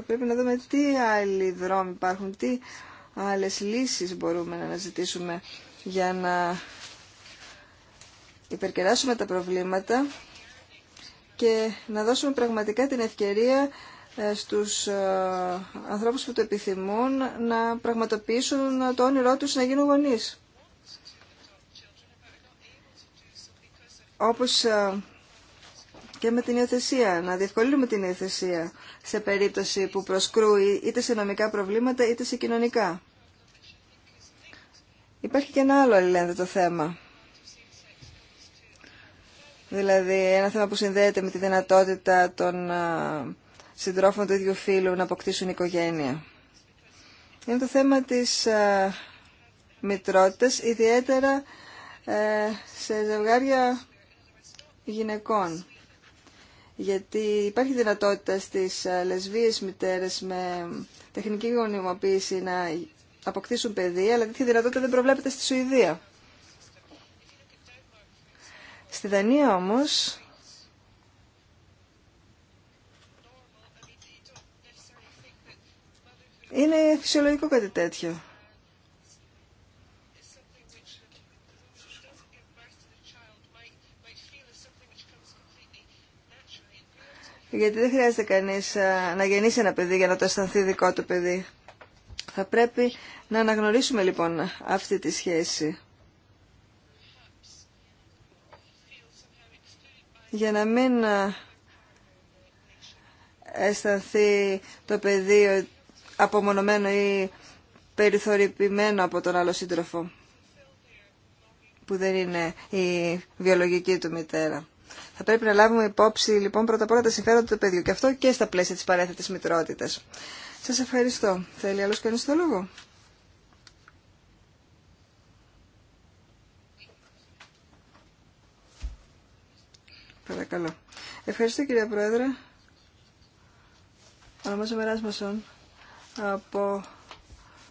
θα πρέπει να δούμε τι άλλοι δρόμοι υπάρχουν, τι άλλες λύσεις μπορούμε να αναζητήσουμε για να υπερκεράσουμε τα προβλήματα και να δώσουμε πραγματικά την ευκαιρία ε, στους ε, ανθρώπους που το επιθυμούν να πραγματοποιήσουν το όνειρό τους να γίνουν γονείς. Όπως ε, και με την υιοθεσία, να διευκολύνουμε την υιοθεσία σε περίπτωση που προσκρούει είτε σε νομικά προβλήματα είτε σε κοινωνικά. Υπάρχει και ένα άλλο αλληλένδετο θέμα. Δηλαδή ένα θέμα που συνδέεται με τη δυνατότητα των συντρόφων του ίδιου φίλου να αποκτήσουν οικογένεια. Είναι το θέμα της μητρότητας, ιδιαίτερα ε, σε ζευγάρια γυναικών γιατί υπάρχει δυνατότητα στις ε, λεσβείες μητέρες με τεχνική γονιμοποίηση να αποκτήσουν παιδί, αλλά τέτοια δυνατότητα δεν προβλέπεται στη Σουηδία. Στη Δανία όμως είναι φυσιολογικό κάτι τέτοιο. Γιατί δεν χρειάζεται κανείς ε, να γεννήσει ένα παιδί για να το αισθανθεί δικό του παιδί. Θα πρέπει να αναγνωρίσουμε λοιπόν αυτή τη σχέση. Για να μην ε, αισθανθεί το παιδί απομονωμένο ή περιθωριπημένο από τον άλλο σύντροφο που δεν είναι η βιολογική του μητέρα. Θα πρέπει να λάβουμε υπόψη λοιπόν πρώτα απ' όλα τα συμφέροντα του παιδιού και αυτό και στα πλαίσια τη παρέθετη μητρότητα. Σα ευχαριστώ. Θέλει άλλο κανεί το λόγο. Παρακαλώ. Ευχαριστώ κύριε Πρόεδρε. Ονομάζομαι Ράσμασον από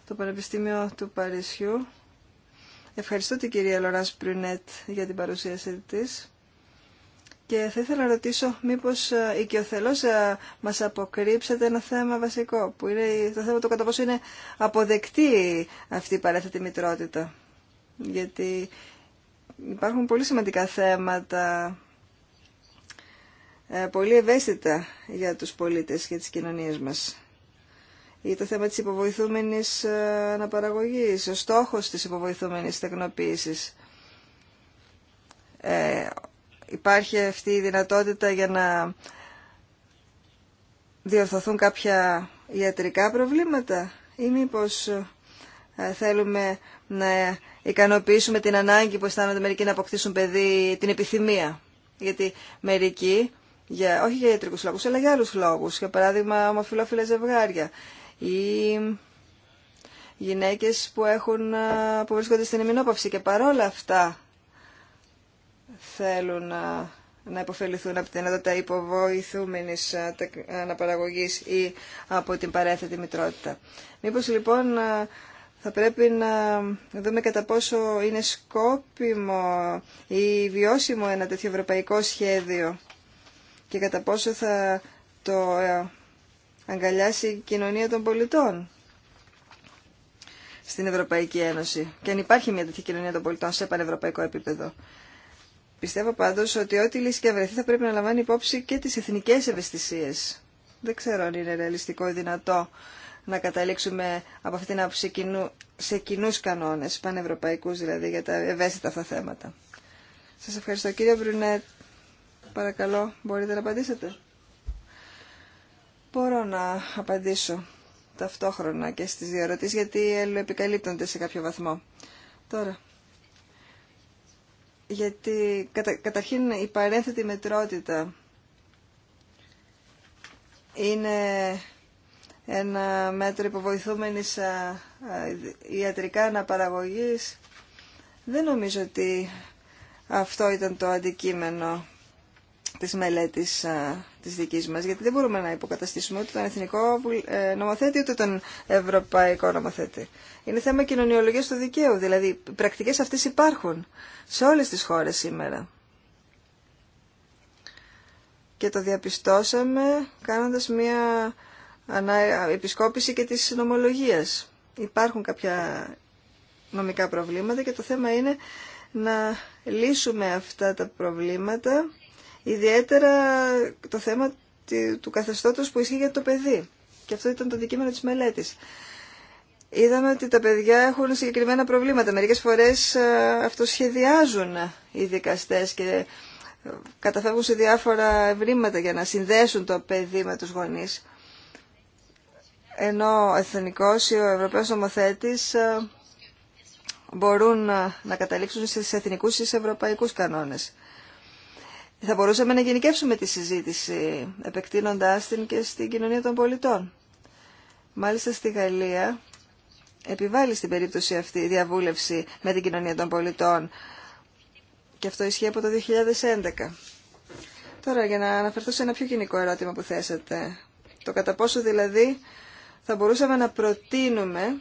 το Πανεπιστήμιο του Παρισιού. Ευχαριστώ την κυρία Λοράς Πρινέτ για την παρουσίασή της. Και θα ήθελα να ρωτήσω μήπως ε, οικειοθελώς ε, μας αποκρύψετε ένα θέμα βασικό, που είναι το θέμα του κατά πόσο είναι αποδεκτή αυτή η παρέθετη μητρότητα. Γιατί υπάρχουν πολύ σημαντικά θέματα, ε, πολύ ευαίσθητα για τους πολίτες και τις κοινωνίες μας. Ή το θέμα της υποβοηθούμενης αναπαραγωγής, ο στόχος της υποβοηθούμενης τεκνοποίησης. Ε, υπάρχει αυτή η δυνατότητα για να διορθωθούν κάποια ιατρικά προβλήματα ή μήπως ε, θέλουμε να ικανοποιήσουμε την ανάγκη που αισθάνονται μερικοί να αποκτήσουν παιδί, την επιθυμία. Γιατί μερικοί, για, όχι για ιατρικούς λόγους, αλλά για άλλους λόγους, για παράδειγμα ομοφυλόφιλα ζευγάρια ή γυναίκες που, έχουν, ε, που βρίσκονται στην ημινόπαυση και παρόλα αυτά θέλουν να, να υποφεληθούν από την ενότητα υποβοηθούμενης ε, αναπαραγωγής ή από την παρέθετη μητρότητα. Μήπως λοιπόν ε, θα πρέπει να δούμε κατά πόσο είναι σκόπιμο ή βιώσιμο ένα τέτοιο ευρωπαϊκό σχέδιο και κατά πόσο θα το ε, αγκαλιάσει η κοινωνία των πολιτών στην Ευρωπαϊκή Ένωση και αν υπάρχει μια τέτοια κοινωνία των πολιτών σε πανευρωπαϊκό επίπεδο. Πιστεύω πάντως ότι ό,τι λύση και βρεθεί θα πρέπει να λαμβάνει υπόψη και τις εθνικές ευαισθησίες. Δεν ξέρω αν είναι ρεαλιστικό ή δυνατό να καταλήξουμε από αυτήν την άποψη σε κοινού κανόνε πανευρωπαϊκούς δηλαδή, για τα ευαίσθητα αυτά θέματα. Σας ευχαριστώ. Κύριε Μπρουνέτ, παρακαλώ, μπορείτε να απαντήσετε. Μπορώ να απαντήσω ταυτόχρονα και στις δύο ερωτήσει γιατί επικαλύπτονται σε κάποιο βαθμό. Τώρα, γιατί καταρχήν η παρένθετη μετρότητα είναι ένα μέτρο υποβοηθούμενης ιατρικά αναπαραγωγής. Δεν νομίζω ότι αυτό ήταν το αντικείμενο της μελέτης της δικής μας, γιατί δεν μπορούμε να υποκαταστήσουμε ούτε τον εθνικό ε, νομοθέτη, ούτε τον ευρωπαϊκό νομοθέτη. Είναι θέμα κοινωνιολογίας του δικαίου, δηλαδή οι πρακτικές αυτές υπάρχουν σε όλες τις χώρες σήμερα. Και το διαπιστώσαμε κάνοντας μια επισκόπηση και της νομολογίας. Υπάρχουν κάποια νομικά προβλήματα και το θέμα είναι να λύσουμε αυτά τα προβλήματα Ιδιαίτερα το θέμα του καθεστώτος που ισχύει για το παιδί. Και αυτό ήταν το αντικείμενο της μελέτης. Είδαμε ότι τα παιδιά έχουν συγκεκριμένα προβλήματα. Μερικές φορές ε, αυτοσχεδιάζουν οι δικαστές και ε, καταφεύγουν σε διάφορα ευρήματα για να συνδέσουν το παιδί με τους γονείς. Ενώ ο εθνικός ή ο Ευρωπαίος νομοθέτης ε, μπορούν να καταλήξουν σε εθνικούς ή σε ευρωπαϊκούς κανόνες. Θα μπορούσαμε να γενικεύσουμε τη συζήτηση επεκτείνοντάς την και στην κοινωνία των πολιτών. Μάλιστα στη Γαλλία επιβάλλει στην περίπτωση αυτή η διαβούλευση με την κοινωνία των πολιτών και αυτό ισχύει από το 2011. Τώρα για να αναφερθώ σε ένα πιο κοινικό ερώτημα που θέσατε. Το κατά πόσο δηλαδή θα μπορούσαμε να προτείνουμε,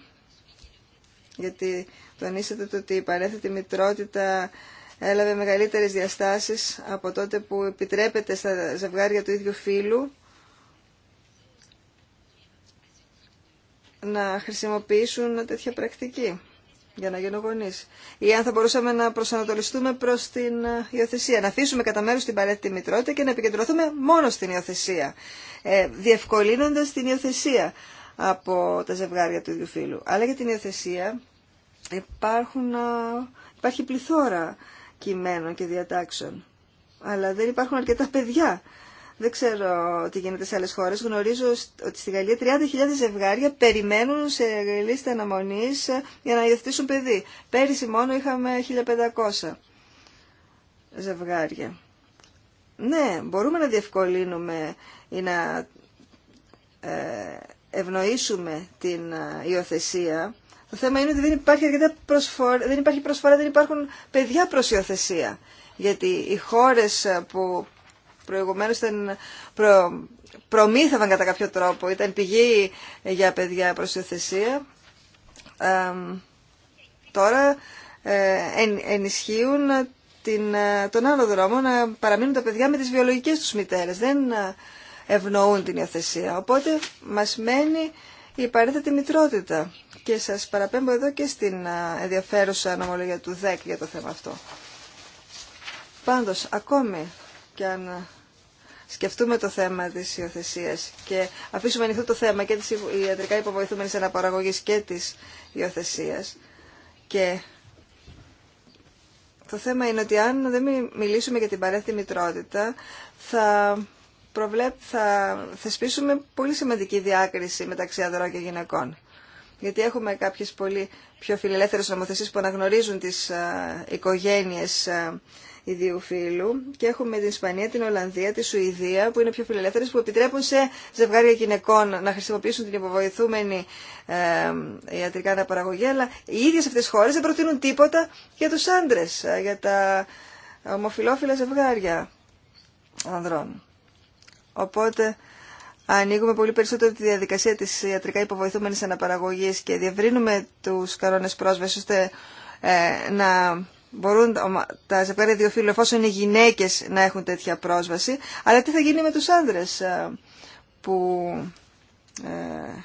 γιατί τονίσατε το ότι η παρέθετη μητρότητα έλαβε μεγαλύτερες διαστάσεις από τότε που επιτρέπεται στα ζευγάρια του ίδιου φύλου να χρησιμοποιήσουν τέτοια πρακτική για να γίνουν γονεί. Ή αν θα μπορούσαμε να προσανατολιστούμε προ την ε, υιοθεσία. Να αφήσουμε κατά μέρο την παρέτητη μητρότητα και να επικεντρωθούμε μόνο στην υιοθεσία. Ε, διευκολύνοντας Διευκολύνοντα την υιοθεσία από τα ζευγάρια του ίδιου φύλου. Αλλά για την υιοθεσία υπάρχουν, ε, υπάρχει πληθώρα κειμένων και διατάξεων. Αλλά δεν υπάρχουν αρκετά παιδιά. Δεν ξέρω τι γίνεται σε άλλες χώρες. Γνωρίζω ότι στη Γαλλία 30.000 ζευγάρια περιμένουν σε λίστα αναμονή για να υιοθετήσουν παιδί. Πέρυσι μόνο είχαμε 1.500 ζευγάρια. Ναι, μπορούμε να διευκολύνουμε ή να ε, ευνοήσουμε την ε, υιοθεσία το θέμα είναι ότι δεν υπάρχει, αρκετά προσφορά, δεν υπάρχει προσφορά, δεν υπάρχουν παιδιά προς υιοθεσία. Γιατί οι χώρες ε, που προηγουμένως ήταν προμήθευαν κατά κάποιο τρόπο, ήταν πηγή για παιδιά προς υιοθεσία, τώρα ε, ενισχύουν ε, τον άλλο δρόμο να παραμείνουν τα παιδιά με τις βιολογικές τους μητέρες. Δεν ευνοούν την υιοθεσία. Οπότε μας μένει η παρέθετη μητρότητα και σας παραπέμπω εδώ και στην ενδιαφέρουσα νομολογία του ΔΕΚ για το θέμα αυτό. Πάντως, ακόμη και αν σκεφτούμε το θέμα της υιοθεσία και αφήσουμε ανοιχτό το θέμα και της ιατρικά υποβοηθούμενης αναπαραγωγής και της υιοθεσία. και το θέμα είναι ότι αν δεν μιλήσουμε για την παρέθτη μητρότητα θα, προβλέπ, θεσπίσουμε πολύ σημαντική διάκριση μεταξύ αδρών και γυναικών γιατί έχουμε κάποιες πολύ πιο φιλελεύθερες νομοθεσίες που αναγνωρίζουν τις ε, οικογένειες ε, ιδίου φύλου και έχουμε την Ισπανία, την Ολλανδία, τη Σουηδία που είναι πιο φιλελεύθερες που επιτρέπουν σε ζευγάρια γυναικών να χρησιμοποιήσουν την υποβοηθούμενη ε, ιατρικά αναπαραγωγή αλλά οι ίδιες αυτές τις χώρες δεν προτείνουν τίποτα για τους άντρες, για τα ομοφιλόφιλα ζευγάρια ανδρών. Οπότε ανοίγουμε πολύ περισσότερο τη διαδικασία της ιατρικά υποβοηθούμενης αναπαραγωγής και διευρύνουμε τους καρόνες πρόσβασης ώστε ε, να μπορούν τα ζευγάρια δύο φίλου εφόσον είναι γυναίκες να έχουν τέτοια πρόσβαση αλλά τι θα γίνει με τους άνδρες ε, που ε,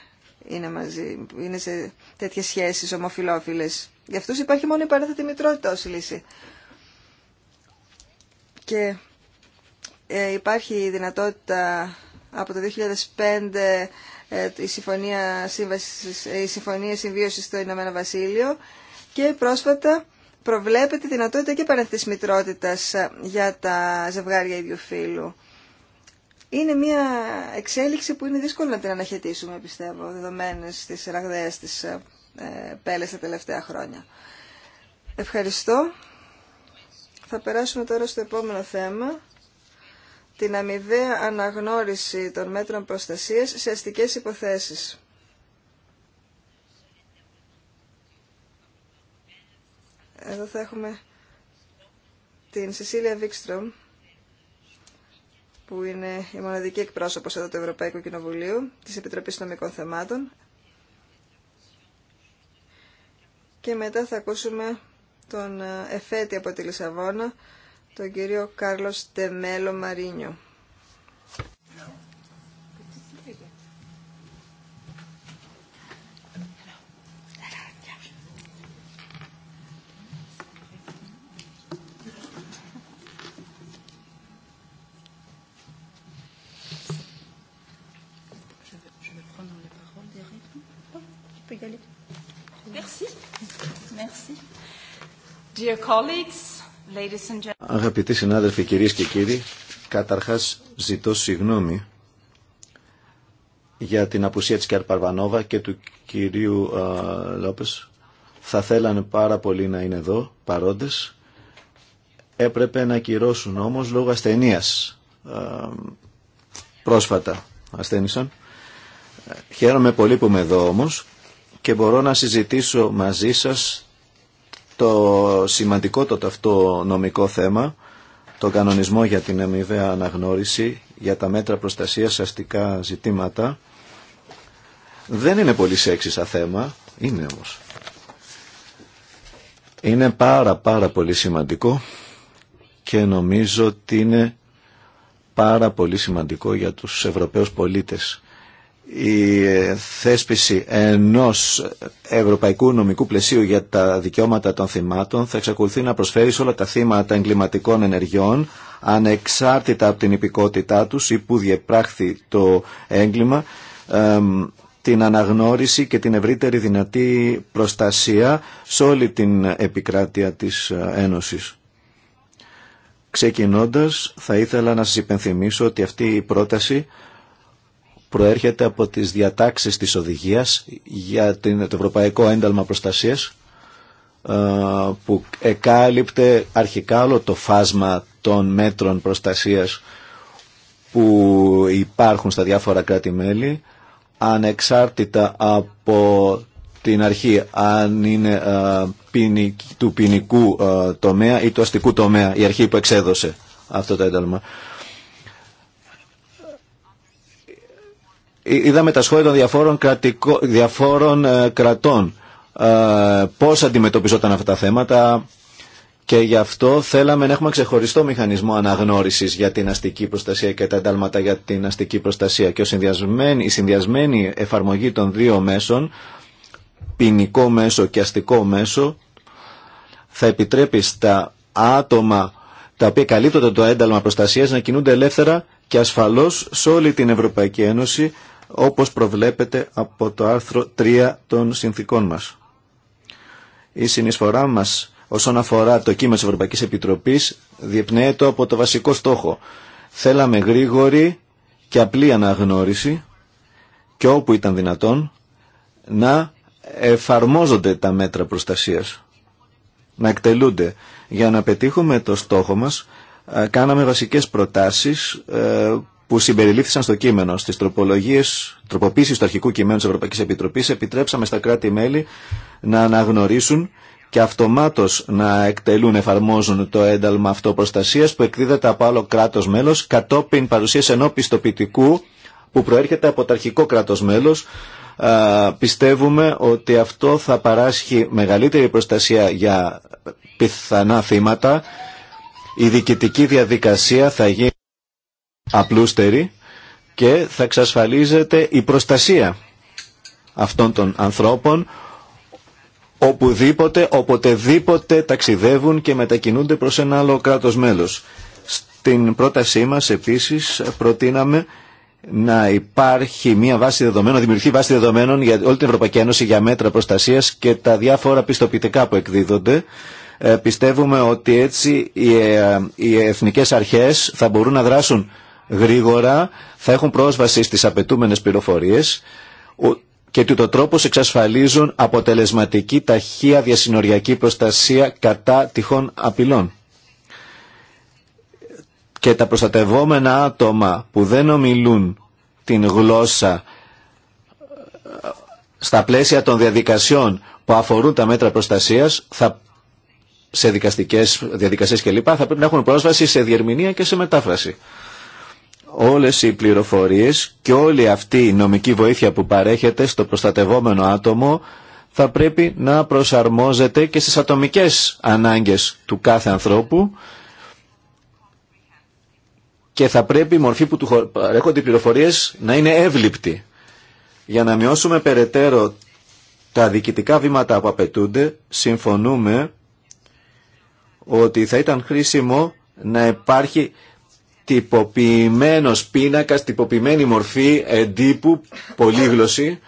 είναι μαζί, είναι σε τέτοιες σχέσεις ομοφιλόφιλες. Για αυτούς υπάρχει μόνο η παρέθετη μητρότητα ως λύση. Και ε, υπάρχει η δυνατότητα από το 2005 ε, η Συμφωνία, Σύμβασης, ε, η Συμφωνία Συμβίωσης στο Ηνωμένο Βασίλειο και πρόσφατα προβλέπεται δυνατότητα και παρένθεση μητρότητας ε, για τα ζευγάρια ίδιου φύλου. Είναι μια εξέλιξη που είναι δύσκολο να την αναχαιτήσουμε, πιστεύω, δεδομένες στις ραγδαίες της ΠΕΛΕ τα τελευταία χρόνια. Ευχαριστώ. Θα περάσουμε τώρα στο επόμενο θέμα την αμοιβαία αναγνώριση των μέτρων προστασίας σε αστικές υποθέσεις. Εδώ θα έχουμε την Σεσίλια Βίξτρομ, που είναι η μοναδική εκπρόσωπος εδώ του Ευρωπαϊκού Κοινοβουλίου, της Επιτροπής Νομικών Θεμάτων. Και μετά θα ακούσουμε τον ε, Εφέτη από τη Λισαβόνα, τον κύριο Κάρλος Τεμέλο Μαρίνιο. Merci. Merci. Dear colleagues, Αγαπητοί συνάδελφοι, κυρίες και κύριοι, καταρχάς ζητώ συγγνώμη για την απουσία της Κέρ Παρβανόβα και του κυρίου Λόπες. Θα θέλανε πάρα πολύ να είναι εδώ, παρόντες. Έπρεπε να κυρώσουν όμως λόγω ασθενείας. πρόσφατα ασθένησαν. Χαίρομαι πολύ που είμαι εδώ όμως και μπορώ να συζητήσω μαζί σας το το αυτό νομικό θέμα, το κανονισμό για την αμοιβαία αναγνώριση, για τα μέτρα προστασίας αστικά ζητήματα, δεν είναι πολύ σεξι σαν θέμα, είναι όμως. Είναι πάρα πάρα πολύ σημαντικό και νομίζω ότι είναι πάρα πολύ σημαντικό για τους Ευρωπαίους πολίτες η ε, θέσπιση ενός ευρωπαϊκού νομικού πλαισίου για τα δικαιώματα των θυμάτων θα εξακολουθεί να προσφέρει σε όλα τα θύματα εγκληματικών ενεργειών ανεξάρτητα από την υπηκότητά τους ή που διεπράχθη το έγκλημα την αναγνώριση και την ευρύτερη δυνατή προστασία σε όλη την επικράτεια της ε, Ένωσης. Ξεκινώντας, θα ήθελα να σας υπενθυμίσω ότι αυτή η πρόταση προέρχεται από τις διατάξεις της οδηγίας για το Ευρωπαϊκό Ένταλμα Προστασίας ε, που εκάλυπτε αρχικά όλο το φάσμα των μέτρων προστασίας που υπάρχουν στα διάφορα κράτη-μέλη ανεξάρτητα από την αρχή αν είναι ε, του ποινικού ε, τομέα ή του αστικού τομέα η αρχή που εξέδωσε αυτό το ένταλμα. Ε, είδαμε τα σχόλια των διαφόρων, κρατικό, διαφόρων ε, κρατών ε, πώς αντιμετωπιζόταν αυτά τα θέματα και γι' αυτό θέλαμε να έχουμε ξεχωριστό μηχανισμό αναγνώρισης για την αστική προστασία και τα εντάλματα για την αστική προστασία και ο συνδυασμένη, η συνδυασμένη εφαρμογή των δύο μέσων ποινικό μέσο και αστικό μέσο θα επιτρέπει στα άτομα τα οποία καλύπτονται το ένταλμα προστασίας να κινούνται ελεύθερα και ασφαλώς σε όλη την Ευρωπαϊκή Ένωση όπως προβλέπεται από το άρθρο 3 των συνθήκων μας. Η συνεισφορά μας όσον αφορά το κύμα της Ευρωπαϊκής Επιτροπής διεπνέεται από το βασικό στόχο. Θέλαμε γρήγορη και απλή αναγνώριση και όπου ήταν δυνατόν να εφαρμόζονται τα μέτρα προστασίας, να εκτελούνται. Για να πετύχουμε το στόχο μας, κάναμε βασικές προτάσεις ε, που συμπεριλήφθησαν στο κείμενο. Στι τροπολογίε τροποποίηση του αρχικού κειμένου τη Ευρωπαϊκή Επιτροπή επιτρέψαμε στα κράτη-μέλη να αναγνωρίσουν και αυτομάτω να εκτελούν, εφαρμόζουν το ένταλμα αυτό που εκδίδεται από άλλο κράτο μέλο κατόπιν παρουσίαση ενό πιστοποιητικού που προέρχεται από το αρχικό κράτο μέλο. Πιστεύουμε ότι αυτό θα παράσχει μεγαλύτερη προστασία για πιθανά θύματα. Η διοικητική διαδικασία θα γίνει απλούστερη και θα εξασφαλίζεται η προστασία αυτών των ανθρώπων οπουδήποτε, οποτεδήποτε ταξιδεύουν και μετακινούνται προς ένα άλλο κράτος μέλος. Στην πρότασή μας επίσης προτείναμε να υπάρχει μια βάση δεδομένων, να δημιουργηθεί βάση δεδομένων για όλη την Ευρωπαϊκή Ένωση για μέτρα προστασίας και τα διάφορα πιστοποιητικά που εκδίδονται. Ε, πιστεύουμε ότι έτσι οι, ε, οι εθνικές αρχές θα μπορούν να δράσουν γρήγορα θα έχουν πρόσβαση στις απαιτούμενες πληροφορίες και το τρόπο εξασφαλίζουν αποτελεσματική ταχεία διασυνοριακή προστασία κατά τυχών απειλών. Και τα προστατευόμενα άτομα που δεν ομιλούν την γλώσσα ε, στα πλαίσια των διαδικασιών που αφορούν τα μέτρα προστασίας θα, σε δικαστικές διαδικασίες κλπ. θα πρέπει να έχουν πρόσβαση σε διερμηνία και σε μετάφραση όλες οι πληροφορίες και όλη αυτή η νομική βοήθεια που παρέχεται στο προστατευόμενο άτομο θα πρέπει να προσαρμόζεται και στις ατομικές ανάγκες του κάθε ανθρώπου και θα πρέπει η μορφή που του παρέχονται οι πληροφορίες να είναι εύληπτη. Για να μειώσουμε περαιτέρω τα διοικητικά βήματα που απαιτούνται, συμφωνούμε ότι θα ήταν χρήσιμο να υπάρχει τυποποιημένος πίνακας, τυποποιημένη μορφή εντύπου, πολύγλωση,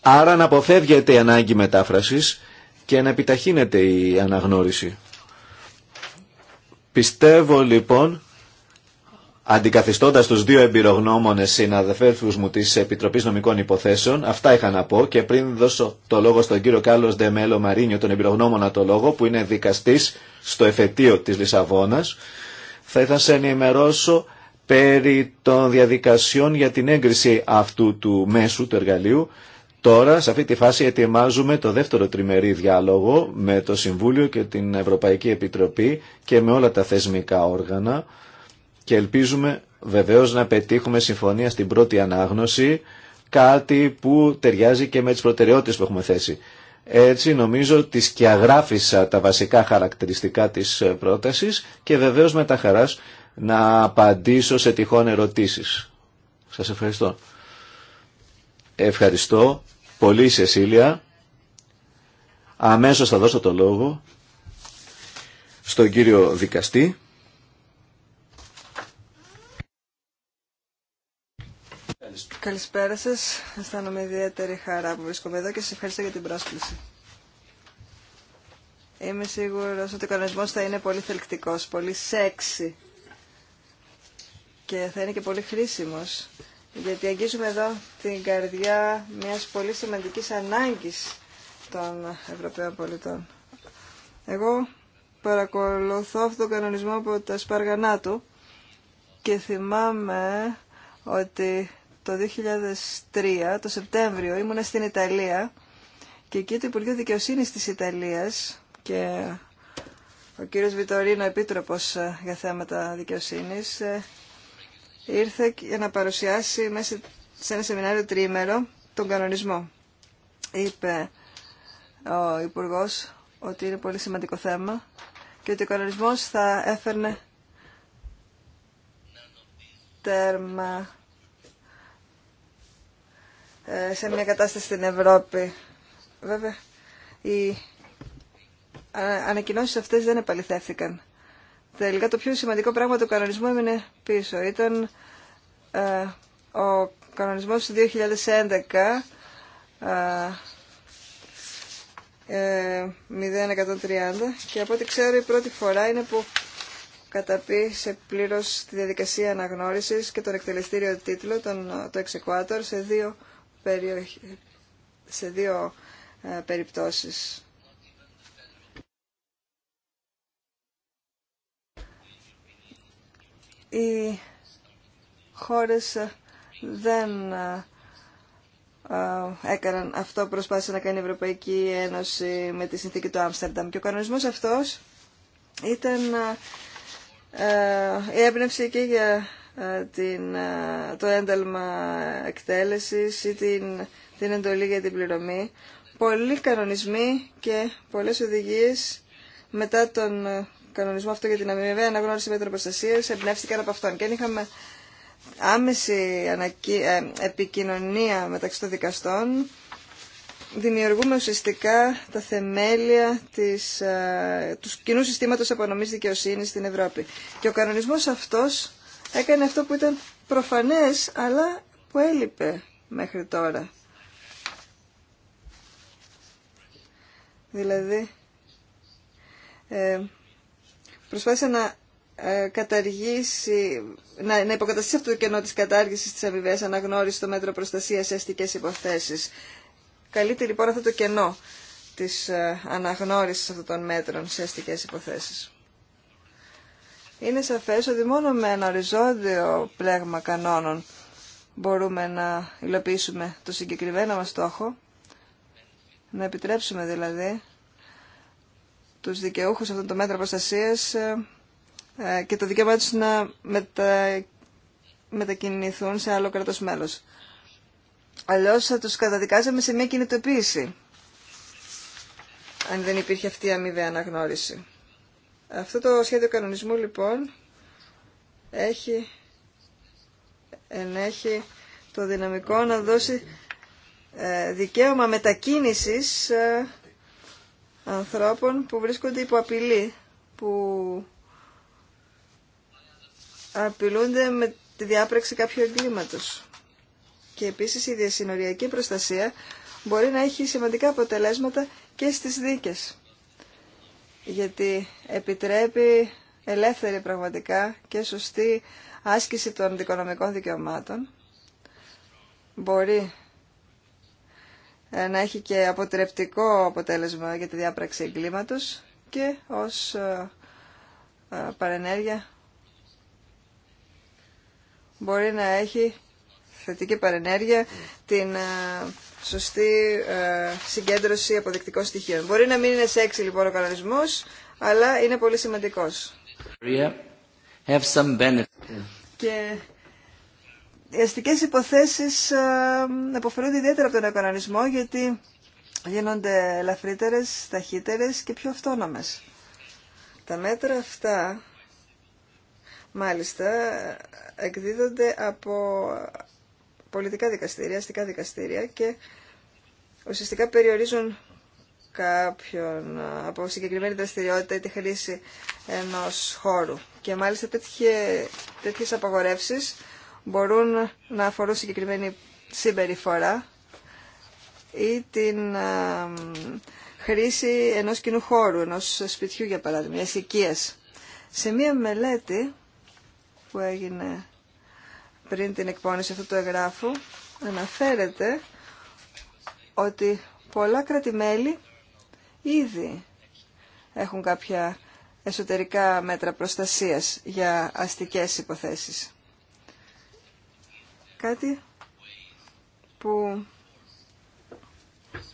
άρα να αποφεύγεται η ανάγκη μετάφρασης και να επιταχύνεται η αναγνώριση. Πιστεύω λοιπόν, αντικαθιστώντας τους δύο εμπειρογνώμονες συναδεφέρθους μου της Επιτροπής Νομικών Υποθέσεων, αυτά είχα να πω και πριν δώσω το λόγο στον κύριο Κάλλος Δεμέλο Μαρίνιο, τον εμπειρογνώμονα το λόγο, που είναι δικαστής στο εφετείο της Λισαβόνας, θα ήθελα να σε ενημερώσω περί των διαδικασιών για την έγκριση αυτού του μέσου του εργαλείου. Τώρα, σε αυτή τη φάση, ετοιμάζουμε το δεύτερο τριμερή διάλογο με το Συμβούλιο και την Ευρωπαϊκή Επιτροπή και με όλα τα θεσμικά όργανα και ελπίζουμε βεβαίως να πετύχουμε συμφωνία στην πρώτη ανάγνωση, κάτι που ταιριάζει και με τις προτεραιότητες που έχουμε θέσει. Έτσι νομίζω ότι σκιαγράφησα τα βασικά χαρακτηριστικά της ε, πρότασης και βεβαίως με τα χαράς να απαντήσω σε τυχόν ερωτήσεις. Σας ευχαριστώ. Ευχαριστώ πολύ Σεσίλια. Αμέσως θα δώσω το λόγο στον κύριο δικαστή Καλησπέρα σα. Αισθάνομαι ιδιαίτερη χαρά που βρίσκομαι εδώ και σα ευχαριστώ για την πρόσκληση. Είμαι σίγουρος ότι ο κανονισμό θα είναι πολύ θελκτικός, πολύ σεξι και θα είναι και πολύ χρήσιμο γιατί αγγίζουμε εδώ την καρδιά μιας πολύ σημαντική ανάγκης των Ευρωπαίων πολιτών. Εγώ παρακολουθώ αυτόν τον κανονισμό από τα σπαργανά του και θυμάμαι ότι το 2003, το Σεπτέμβριο, ήμουνα στην Ιταλία και εκεί το Υπουργείο Δικαιοσύνης της Ιταλίας και ο κύριος Βιτορίνο, επίτροπος ε, για θέματα δικαιοσύνης, ε, ήρθε για να παρουσιάσει μέσα σε ένα σεμινάριο τριήμερο τον κανονισμό. Είπε ο υπουργό ότι είναι πολύ σημαντικό θέμα και ότι ο κανονισμός θα έφερνε τέρμα ε, σε μια κατάσταση στην Ευρώπη. Βέβαια, οι ανακοινώσεις αυτές δεν επαληθεύθηκαν. Τελικά το πιο σημαντικό πράγμα του κανονισμού έμεινε πίσω. Ήταν ε, ο κανονισμός του 2011 ε, 0130 ε, και από ό,τι ξέρω η πρώτη φορά είναι που καταπεί σε πλήρως τη διαδικασία αναγνώρισης και τον εκτελεστήριο τίτλο, τον, το εξεκουάτορ, σε δύο σε δύο ε, περιπτώσεις. Οι χώρες δεν ε, ε, έκαναν αυτό που προσπάθησε να κάνει η Ευρωπαϊκή Ένωση με τη συνθήκη του Άμστερνταμ. Και ο κανονισμός αυτός ήταν η έμπνευση και για ε, την, ε, το ένταλμα εκτέλεσης ή την, την εντολή για την πληρωμή. Πολλοί κανονισμοί και πολλές οδηγίες μετά τον ε, κανονισμό αυτό για την αμοιβή αναγνώριση μέτρων προστασία εμπνεύστηκαν από αυτόν. Και αν είχαμε άμεση επικοινωνία μεταξύ των δικαστών, δημιουργούμε ουσιαστικά τα θεμέλια της, του κοινού συστήματος απονομής δικαιοσύνης στην Ευρώπη. Και ο κανονισμός αυτός έκανε αυτό που ήταν προφανές αλλά που έλειπε μέχρι τώρα. Δηλαδή, ε, προσπάθησε να ε, καταργήσει, να, να υποκαταστήσει αυτό το κενό της κατάργησης της αμοιβές αναγνώρισης στο μέτρο προστασίας σε αστικές υποθέσεις. Καλύτερη, λοιπόν αυτό το κενό της ε, αναγνώρισης αυτών των μέτρων σε αστικές υποθέσεις είναι σαφές ότι μόνο με ένα οριζόντιο πλέγμα κανόνων μπορούμε να υλοποιήσουμε το συγκεκριμένο μας στόχο, να επιτρέψουμε δηλαδή τους δικαιούχους αυτών των μέτρων προστασίας ε, ε, και το δικαίωμά τους να μετα... μετακινηθούν σε άλλο κράτος μέλος. Αλλιώς θα τους καταδικάζαμε σε μια κινητοποίηση, αν δεν υπήρχε αυτή η αμοιβή αναγνώριση. Αυτό το σχέδιο κανονισμού λοιπόν έχει, ενέχει το δυναμικό να δώσει ε, δικαίωμα μετακίνησης ε, ανθρώπων που βρίσκονται υπό απειλή, που απειλούνται με τη διάπραξη κάποιου εγκλήματος. Και επίσης η διασυνοριακή προστασία μπορεί να έχει σημαντικά αποτελέσματα και στις δίκες γιατί επιτρέπει ελεύθερη πραγματικά και σωστή άσκηση των δικονομικών δικαιωμάτων. Μπορεί ε, να έχει και αποτρεπτικό αποτέλεσμα για τη διάπραξη εγκλήματος και ως ε, ε, παρενέργεια μπορεί να έχει θετική παρενέργεια την σωστή ε, συγκέντρωση αποδεικτικών στοιχείων. Μπορεί να μην είναι σεξι λοιπόν ο κανονισμό, αλλά είναι πολύ σημαντικός. Και οι αστικές υποθέσεις ε, αποφελούνται ιδιαίτερα από τον κανονισμό γιατί γίνονται ελαφρύτερες, ταχύτερε και πιο αυτόνομες. Τα μέτρα αυτά, μάλιστα, εκδίδονται από πολιτικά δικαστήρια, αστικά δικαστήρια και ουσιαστικά περιορίζουν κάποιον ε, από συγκεκριμένη δραστηριότητα ή τη χρήση ενός χώρου. Και μάλιστα τέτοιε, τέτοιες απαγορεύσεις μπορούν να αφορούν συγκεκριμένη συμπεριφορά ή την ε, χρήση ενός κοινού χώρου, ενός σπιτιού για παράδειγμα, μιας οικίας. Σε μία μελέτη που έγινε πριν την εκπόνηση αυτού του εγγράφου αναφέρεται ότι πολλά κρατημέλη ήδη έχουν κάποια εσωτερικά μέτρα προστασίας για αστικές υποθέσεις. Κάτι που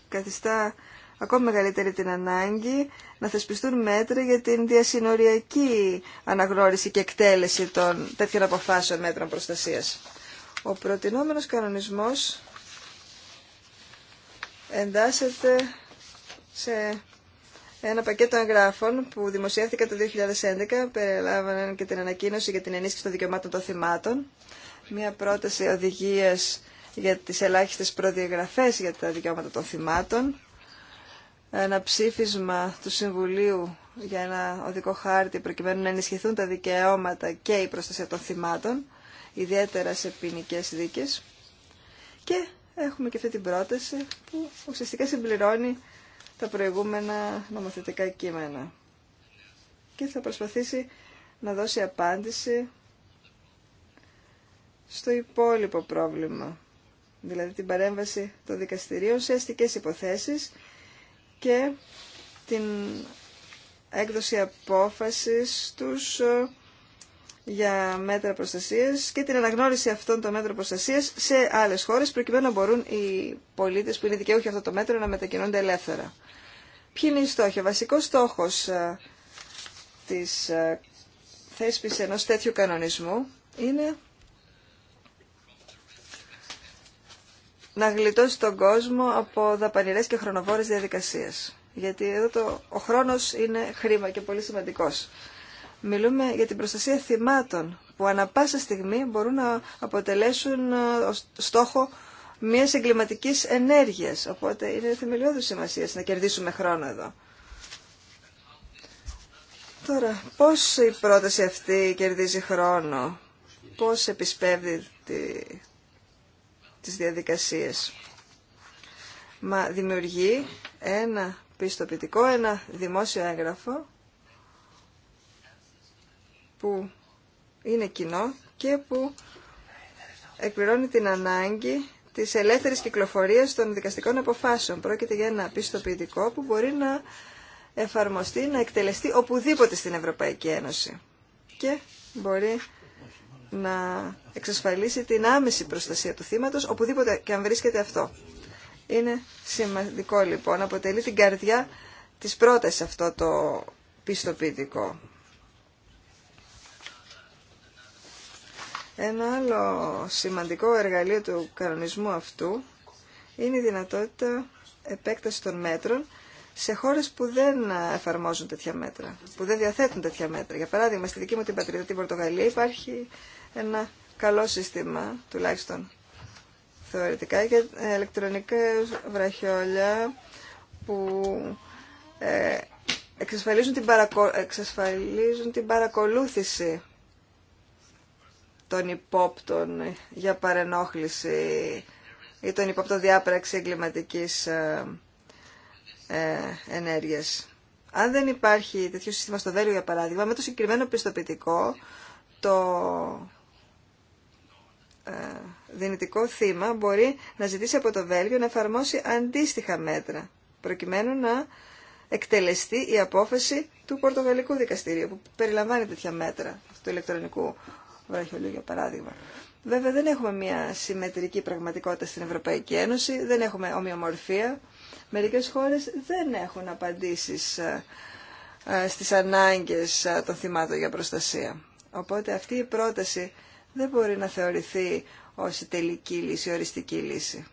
καθιστά ακόμη μεγαλύτερη την ανάγκη να θεσπιστούν μέτρα για την διασυνοριακή αναγνώριση και εκτέλεση των τέτοιων αποφάσεων μέτρων προστασίας. Ο προτινόμενος κανονισμός εντάσσεται σε ένα πακέτο εγγράφων που δημοσιεύθηκε το 2011, περιλάβανε και την ανακοίνωση για την ενίσχυση των δικαιωμάτων των θυμάτων, μια πρόταση οδηγίας για τις ελάχιστες προδιαγραφές για τα δικαιώματα των θυμάτων, ένα ψήφισμα του Συμβουλίου για ένα οδικό χάρτη προκειμένου να ενισχυθούν τα δικαιώματα και η προστασία των θυμάτων, ιδιαίτερα σε ποινικέ δίκες. Και έχουμε και αυτή την πρόταση που ουσιαστικά συμπληρώνει τα προηγούμενα νομοθετικά κείμενα και θα προσπαθήσει να δώσει απάντηση στο υπόλοιπο πρόβλημα, δηλαδή την παρέμβαση των δικαστηρίων σε αστικές υποθέσεις και την έκδοση απόφασης τους ε, για μέτρα προστασίας και την αναγνώριση αυτών των μέτρων προστασίας σε άλλες χώρες προκειμένου να μπορούν οι πολίτες που είναι δικαιούχοι αυτό το μέτρο να μετακινούνται ελεύθερα. Ποιοι είναι οι στόχοι. Ο βασικός στόχος ε, της ε, θέσπισης ενός τέτοιου κανονισμού είναι να γλιτώσει τον κόσμο από δαπανηρές και χρονοβόρες διαδικασίες. Γιατί εδώ το, ο χρόνος είναι χρήμα και πολύ σημαντικός. Μιλούμε για την προστασία θυμάτων που ανα πάσα στιγμή μπορούν να αποτελέσουν ε, στόχο μια εγκληματική ενέργεια. Οπότε είναι θεμελιώδη σημασία να κερδίσουμε χρόνο εδώ. Τώρα, πώ η πρόταση αυτή κερδίζει χρόνο, πώς επισπεύδει τις διαδικασίες. Μα δημιουργεί ένα πιστοποιητικό, ένα δημόσιο έγγραφο που είναι κοινό και που εκπληρώνει την ανάγκη της ελεύθερης κυκλοφορίας των δικαστικών αποφάσεων. Πρόκειται για ένα πιστοποιητικό που μπορεί να εφαρμοστεί, να εκτελεστεί οπουδήποτε στην Ευρωπαϊκή Ένωση. Και μπορεί να εξασφαλίσει την άμεση προστασία του θύματος οπουδήποτε και αν βρίσκεται αυτό. Είναι σημαντικό λοιπόν, αποτελεί την καρδιά της πρότασης αυτό το πιστοποιητικό. Ένα άλλο σημαντικό εργαλείο του κανονισμού αυτού είναι η δυνατότητα επέκταση των μέτρων σε χώρες που δεν εφαρμόζουν τέτοια μέτρα, που δεν διαθέτουν τέτοια μέτρα. Για παράδειγμα, στη δική μου την πατρίδα, την Πορτογαλία, υπάρχει ένα καλό σύστημα, τουλάχιστον θεωρητικά, για ηλεκτρονικά βραχιόλια που ε, εξασφαλίζουν, την παρακολούθηση των υπόπτων για παρενόχληση ή των υπόπτων διάπραξη εγκληματικής ε, ε ενέργειας. Αν δεν υπάρχει τέτοιο σύστημα στο Βέλιο, για παράδειγμα, με το συγκεκριμένο πιστοποιητικό, το ε, δυνητικό θύμα μπορεί να ζητήσει από το Βέλγιο να εφαρμόσει αντίστοιχα μέτρα, προκειμένου να εκτελεστεί η απόφαση του Πορτογαλικού Δικαστηρίου, που περιλαμβάνει τέτοια μέτρα, του ηλεκτρονικού βραχιολίου για παράδειγμα. Βέβαια δεν έχουμε μια συμμετρική πραγματικότητα στην Ευρωπαϊκή Ένωση, δεν έχουμε ομοιομορφία. Μερικές χώρες δεν έχουν απαντήσεις ε, ε, στις ανάγκες των θυμάτων για προστασία. Οπότε αυτή η πρόταση δεν μπορεί να θεωρηθεί ως η τελική λύση, η οριστική λύση.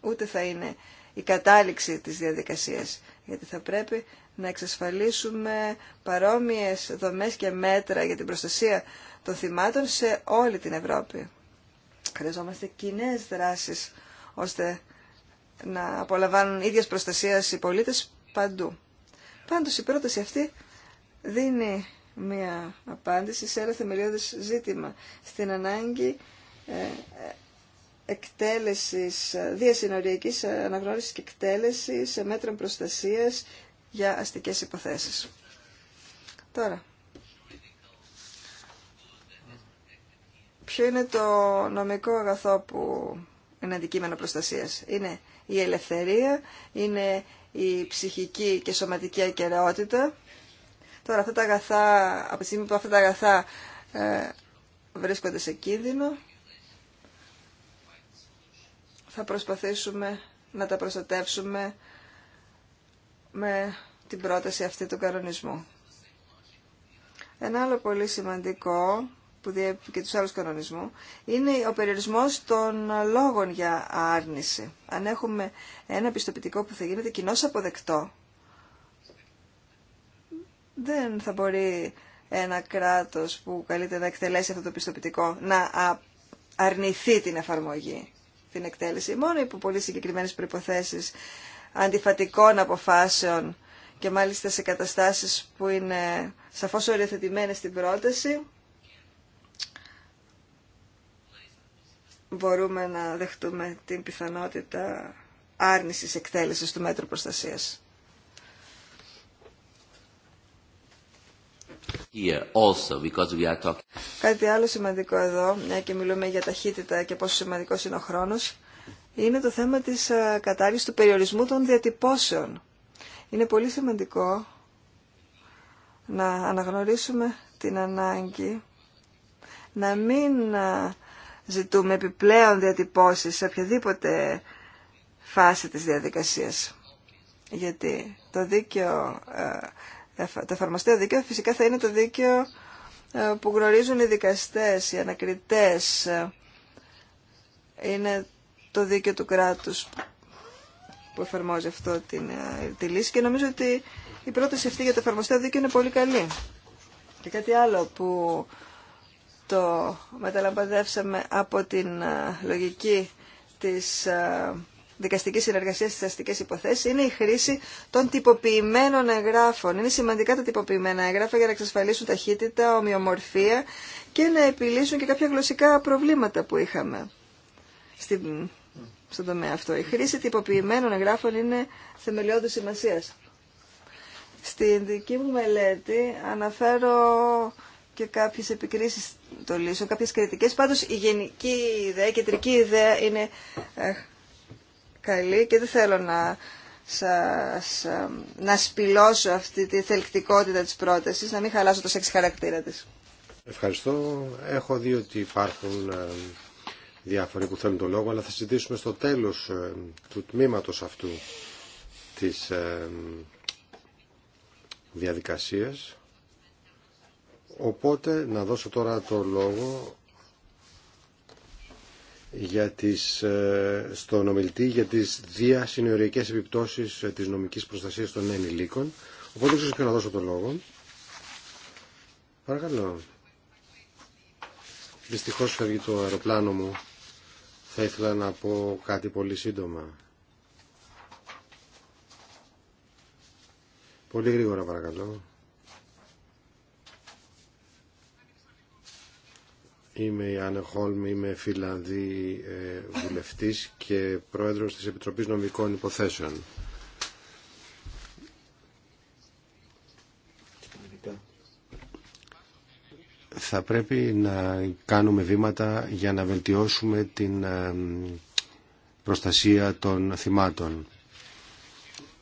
Ούτε θα είναι η κατάληξη της διαδικασίας, γιατί θα πρέπει να εξασφαλίσουμε παρόμοιες δομές και μέτρα για την προστασία των θυμάτων σε όλη την Ευρώπη. Χρειαζόμαστε κοινέ δράσεις ώστε να απολαμβάνουν ίδιας προστασίας οι πολίτες παντού. Πάντως η πρόταση αυτή δίνει μία απάντηση σε ένα θεμελιώδες ζήτημα στην ανάγκη ε, ε, εκτέλεσης, ε, διασυνοριακής αναγνώρισης και εκτέλεσης σε μέτρων προστασίας για αστικές υποθέσεις. Τώρα, ποιο είναι το νομικό αγαθό που είναι αντικείμενο προστασίας. Είναι η ελευθερία, είναι η ψυχική και σωματική ακεραιότητα Τώρα αυτά τα αγαθά, από τη στιγμή που αυτά τα αγαθά ε, βρίσκονται σε κίνδυνο, θα προσπαθήσουμε να τα προστατεύσουμε με την πρόταση αυτή του κανονισμού. Ένα άλλο πολύ σημαντικό που διέπει και τους άλλους κανονισμού, είναι ο περιορισμός των λόγων για άρνηση. Αν έχουμε ένα πιστοποιητικό που θα γίνεται κοινώς αποδεκτό, δεν θα μπορεί ένα κράτος που καλείται να εκτελέσει αυτό το πιστοποιητικό να αρνηθεί την εφαρμογή, την εκτέλεση. Μόνο υπό πολύ συγκεκριμένες προϋποθέσεις αντιφατικών αποφάσεων και μάλιστα σε καταστάσεις που είναι σαφώς οριοθετημένες στην πρόταση, μπορούμε να δεχτούμε την πιθανότητα άρνησης εκτέλεσης του μέτρου προστασίας. Κάτι άλλο σημαντικό εδώ, μια και μιλούμε για ταχύτητα και πόσο σημαντικό είναι ο χρόνο, είναι το θέμα τη ε, κατάργηση του περιορισμού των διατυπώσεων. Είναι πολύ σημαντικό να αναγνωρίσουμε την ανάγκη να μην ε, ζητούμε επιπλέον διατυπώσεις σε οποιαδήποτε φάση της διαδικασίας. Γιατί το δίκαιο ε, το εφαρμοστείο δίκαιο φυσικά θα είναι το δίκαιο ε, που γνωρίζουν οι δικαστές, οι ανακριτές. Είναι το δίκαιο του κράτους που εφαρμόζει αυτό την, ε, τη λύση και νομίζω ότι η πρόταση αυτή για το εφαρμοστείο δίκαιο είναι πολύ καλή. Και κάτι άλλο που το μεταλαμπαδεύσαμε από την ε, λογική της Δικαστική συνεργασία στι αστικέ υποθέσει είναι η χρήση των τυποποιημένων εγγράφων. Είναι σημαντικά τα τυποποιημένα εγγράφα για να εξασφαλίσουν ταχύτητα, ομοιομορφία και να επιλύσουν και κάποια γλωσσικά προβλήματα που είχαμε στον τομέα αυτό. Η χρήση τυποποιημένων εγγράφων είναι θεμελιώδης σημασία. Στην δική μου μελέτη αναφέρω και κάποιες επικρίσεις των λύσω, κάποιες κριτικές. Πάντως η γενική ιδέα, η κεντρική ιδέα είναι ε, καλή και δεν θέλω να σας, να σπηλώσω αυτή τη θελκτικότητα της πρότασης, να μην χαλάσω το σεξ χαρακτήρα της. Ευχαριστώ. Έχω δει ότι υπάρχουν διάφοροι που θέλουν το λόγο, αλλά θα συζητήσουμε στο τέλος του τμήματος αυτού της διαδικασίας. Οπότε να δώσω τώρα το λόγο για τις, ε, στον ομιλητή για τις διασυνοριακές επιπτώσεις ε, της νομικής προστασίας των ενηλίκων. Οπότε δεν ξέρω να δώσω το λόγο. Παρακαλώ. Δυστυχώς φεύγει το αεροπλάνο μου. Θα ήθελα να πω κάτι πολύ σύντομα. Πολύ γρήγορα παρακαλώ. Είμαι η Άννα Χόλμ, είμαι Φιλανδή ε, βουλευτής και πρόεδρος της Επιτροπής Νομικών Υποθέσεων. Θα πρέπει να κάνουμε βήματα για να βελτιώσουμε την ε, προστασία των θυμάτων.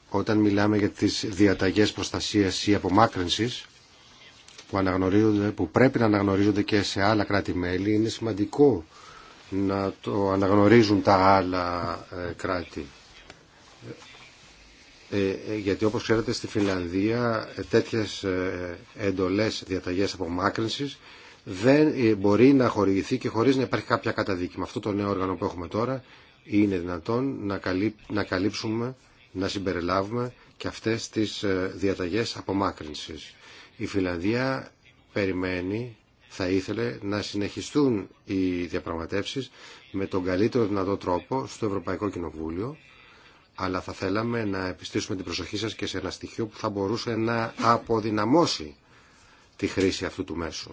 Όταν μιλάμε για τις διαταγές προστασίας ή απομάκρυνσης, που, που πρέπει να αναγνωρίζονται και σε άλλα κράτη-μέλη. Είναι σημαντικό να το αναγνωρίζουν τα άλλα ε, κράτη. Ε, ε, γιατί όπως ξέρετε στη Φιλανδία τέτοιες εντολές διαταγές απομάκρυνσης δεν μπορεί να χορηγηθεί και χωρίς να υπάρχει κάποια καταδίκη. Με αυτό το νέο όργανο που έχουμε τώρα είναι δυνατόν να καλύψουμε, να συμπεριλάβουμε και αυτές τις διαταγές απομάκρυνσης. Η Φιλανδία περιμένει, θα ήθελε να συνεχιστούν οι διαπραγματεύσεις με τον καλύτερο δυνατό τρόπο στο Ευρωπαϊκό Κοινοβούλιο, αλλά θα θέλαμε να επιστήσουμε την προσοχή σας και σε ένα στοιχείο που θα μπορούσε να αποδυναμώσει τη χρήση αυτού του μέσου.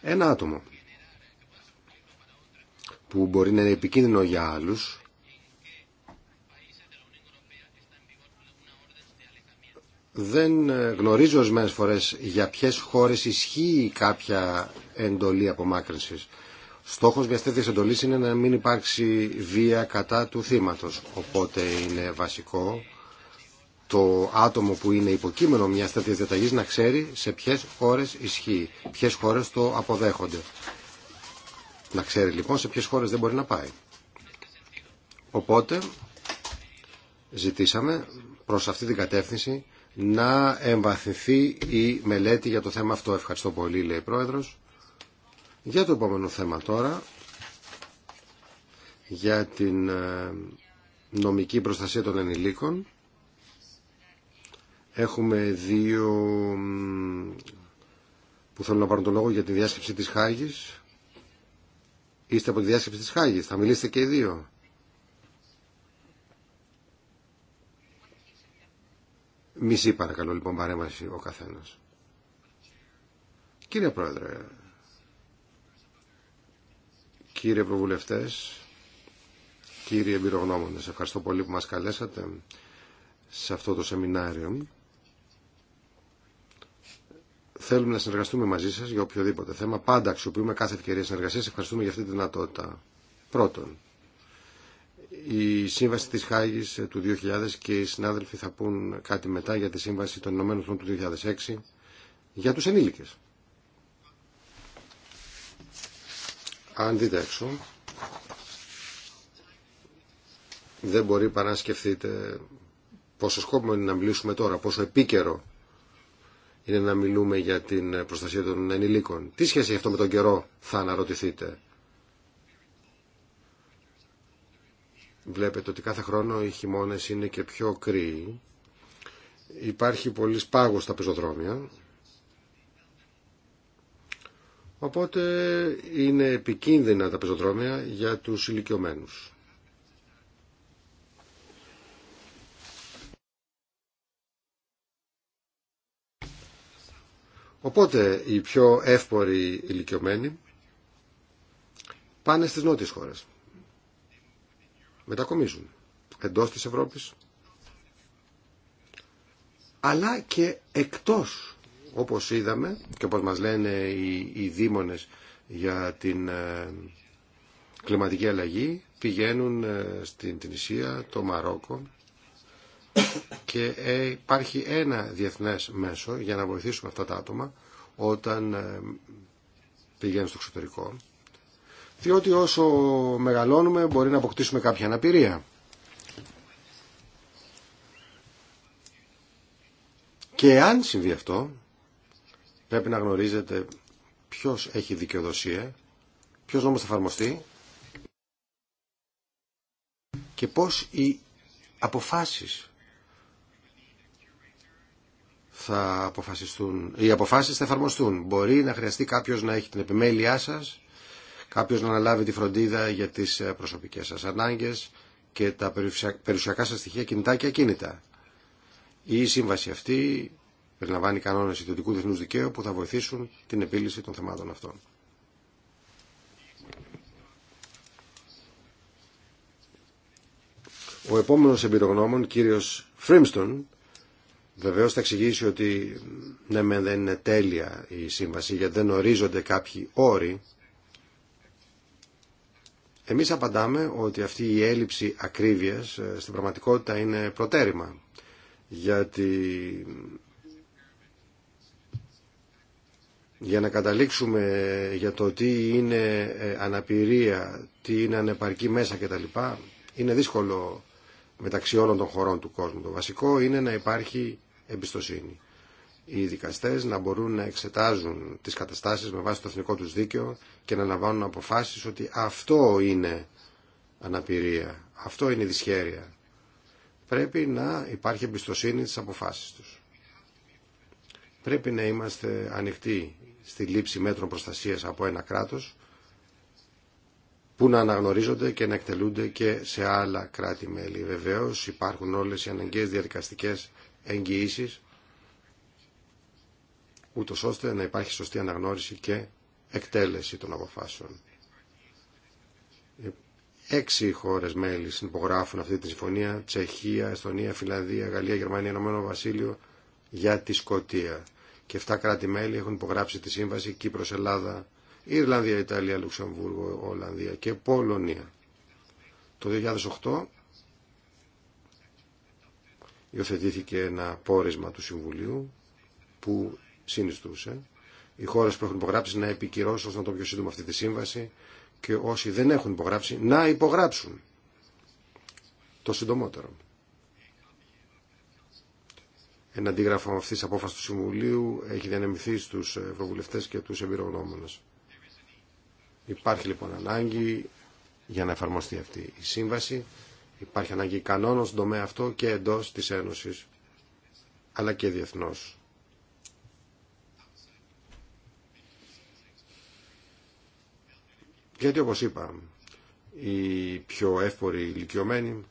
Ένα άτομο που μπορεί να είναι επικίνδυνο για άλλους δεν ε, γνωρίζω ορισμένε φορές για ποιε χώρε ισχύει κάποια εντολή απομάκρυνσης. Στόχος μια τέτοια εντολή είναι να μην υπάρξει βία κατά του θύματος. Οπότε είναι βασικό το άτομο που είναι υποκείμενο μιας τέτοιας διαταγή να ξέρει σε ποιες χώρε ισχύει, ποιε χώρε το αποδέχονται. Να ξέρει λοιπόν σε ποιε χώρε δεν μπορεί να πάει. Οπότε ζητήσαμε προς αυτή την κατεύθυνση να εμβαθυνθεί η μελέτη για το θέμα αυτό. Ευχαριστώ πολύ, λέει η Πρόεδρος. Για το επόμενο θέμα τώρα, για την ε, νομική προστασία των ενηλίκων, έχουμε δύο που θέλουν να πάρουν τον λόγο για τη διάσκεψη της Χάγης. Είστε από τη διάσκεψη της Χάγης, θα μιλήσετε και οι δύο. Μισή παρακαλώ λοιπόν παρέμβαση ο καθένας. Κύριε Πρόεδρε, κύριε Προβουλευτές, κύριοι εμπειρογνώμονες, ευχαριστώ πολύ που μας καλέσατε σε αυτό το σεμινάριο. Θέλουμε να συνεργαστούμε μαζί σας για οποιοδήποτε θέμα. Πάντα αξιοποιούμε κάθε ευκαιρία συνεργασία. Ευχαριστούμε για αυτή τη δυνατότητα. Πρώτον, η σύμβαση της Χάγης ε, του 2000 και οι συνάδελφοι θα πούν κάτι μετά για τη σύμβαση των Ηνωμένων Εθνών του 2006 για τους ενήλικες. Αν δείτε έξω, δεν μπορεί παρά να σκεφτείτε πόσο σκόπιμο είναι να μιλήσουμε τώρα, πόσο επίκαιρο είναι να μιλούμε για την προστασία των ενηλίκων. Τι σχέση έχει αυτό με τον καιρό, θα αναρωτηθείτε. Βλέπετε ότι κάθε χρόνο οι χειμώνες είναι και πιο κρύοι. Υπάρχει πολύ σπάγος στα πεζοδρόμια. Οπότε είναι επικίνδυνα τα πεζοδρόμια για τους ηλικιωμένους. Οπότε οι πιο εύποροι ηλικιωμένοι πάνε στις νότιες χώρες μετακομίζουν εντός της Ευρώπης αλλά και εκτός όπως είδαμε και όπως μας λένε οι, οι δήμονες για την ε, κλιματική αλλαγή πηγαίνουν ε, στην Τινησία, το Μαρόκο και ε, υπάρχει ένα διεθνές μέσο για να βοηθήσουμε αυτά τα άτομα όταν πηγαίνουν στο εξωτερικό διότι όσο μεγαλώνουμε μπορεί να αποκτήσουμε κάποια αναπηρία. Και αν συμβεί αυτό, πρέπει να γνωρίζετε ποιος έχει δικαιοδοσία, ποιος νόμος θα εφαρμοστεί και πώς οι αποφάσεις θα αποφασιστούν, οι αποφάσεις θα εφαρμοστούν. Μπορεί να χρειαστεί κάποιος να έχει την επιμέλειά σας κάποιος να αναλάβει τη φροντίδα για τις ε, προσωπικές σας ανάγκες και τα περιουσιακά σας στοιχεία κινητά και ακίνητα. Η σύμβαση αυτή περιλαμβάνει κανόνες ιδιωτικού διεθνούς δικαίου που θα βοηθήσουν την επίλυση των θεμάτων αυτών. Ο επόμενος εμπειρογνώμων, κύριος Φρίμστον, βεβαίως θα εξηγήσει ότι ναι δεν είναι τέλεια η σύμβαση γιατί δεν ορίζονται κάποιοι όροι εμείς απαντάμε ότι αυτή η έλλειψη ακρίβειας ε, στην πραγματικότητα είναι προτέρημα, γιατί για να καταλήξουμε για το τι είναι ε, αναπηρία, τι είναι ανεπαρκή μέσα κτλ. είναι δύσκολο μεταξύ όλων των χωρών του κόσμου. Το βασικό είναι να υπάρχει εμπιστοσύνη οι δικαστές να μπορούν να εξετάζουν τις καταστάσεις με βάση το εθνικό τους δίκαιο και να λαμβάνουν αποφάσεις ότι αυτό είναι αναπηρία, αυτό είναι δυσχέρεια. Πρέπει να υπάρχει εμπιστοσύνη στις αποφάσεις τους. Πρέπει να είμαστε ανοιχτοί στη λήψη μέτρων προστασίας από ένα κράτος που να αναγνωρίζονται και να εκτελούνται και σε άλλα κράτη-μέλη. Βεβαίως υπάρχουν όλες οι αναγκαίες διαδικαστικές εγγυήσεις ούτω ώστε να υπάρχει σωστή αναγνώριση και εκτέλεση των αποφάσεων. Έξι χώρες μέλη υπογράφουν αυτή τη συμφωνία, Τσεχία, Εστονία, Φιλανδία, Γαλλία, Γερμανία, Ηνωμένο Βασίλειο για τη Σκοτία. Και 7 κράτη-μέλη έχουν υπογράψει τη σύμβαση, Κύπρος, Ελλάδα, Ιρλανδία, Ιταλία, Λουξεμβούργο, Ολλανδία και Πολωνία. Το 2008 υιοθετήθηκε ένα πόρισμα του Συμβουλίου που συνιστούσε οι χώρε που έχουν υπογράψει να επικυρώσουν όσο να το πιο σύντομα αυτή τη σύμβαση και όσοι δεν έχουν υπογράψει να υπογράψουν το συντομότερο. Ένα αντίγραφο αυτή τη απόφαση του Συμβουλίου έχει διανεμηθεί στου ευρωβουλευτέ και του εμπειρογνώμονε. Υπάρχει λοιπόν ανάγκη για να εφαρμοστεί αυτή η σύμβαση. Υπάρχει ανάγκη κανόνων στον τομέα αυτό και εντό τη Ένωση αλλά και διεθνώς. Γιατί όπως είπα, οι πιο εύποροι ηλικιωμένοι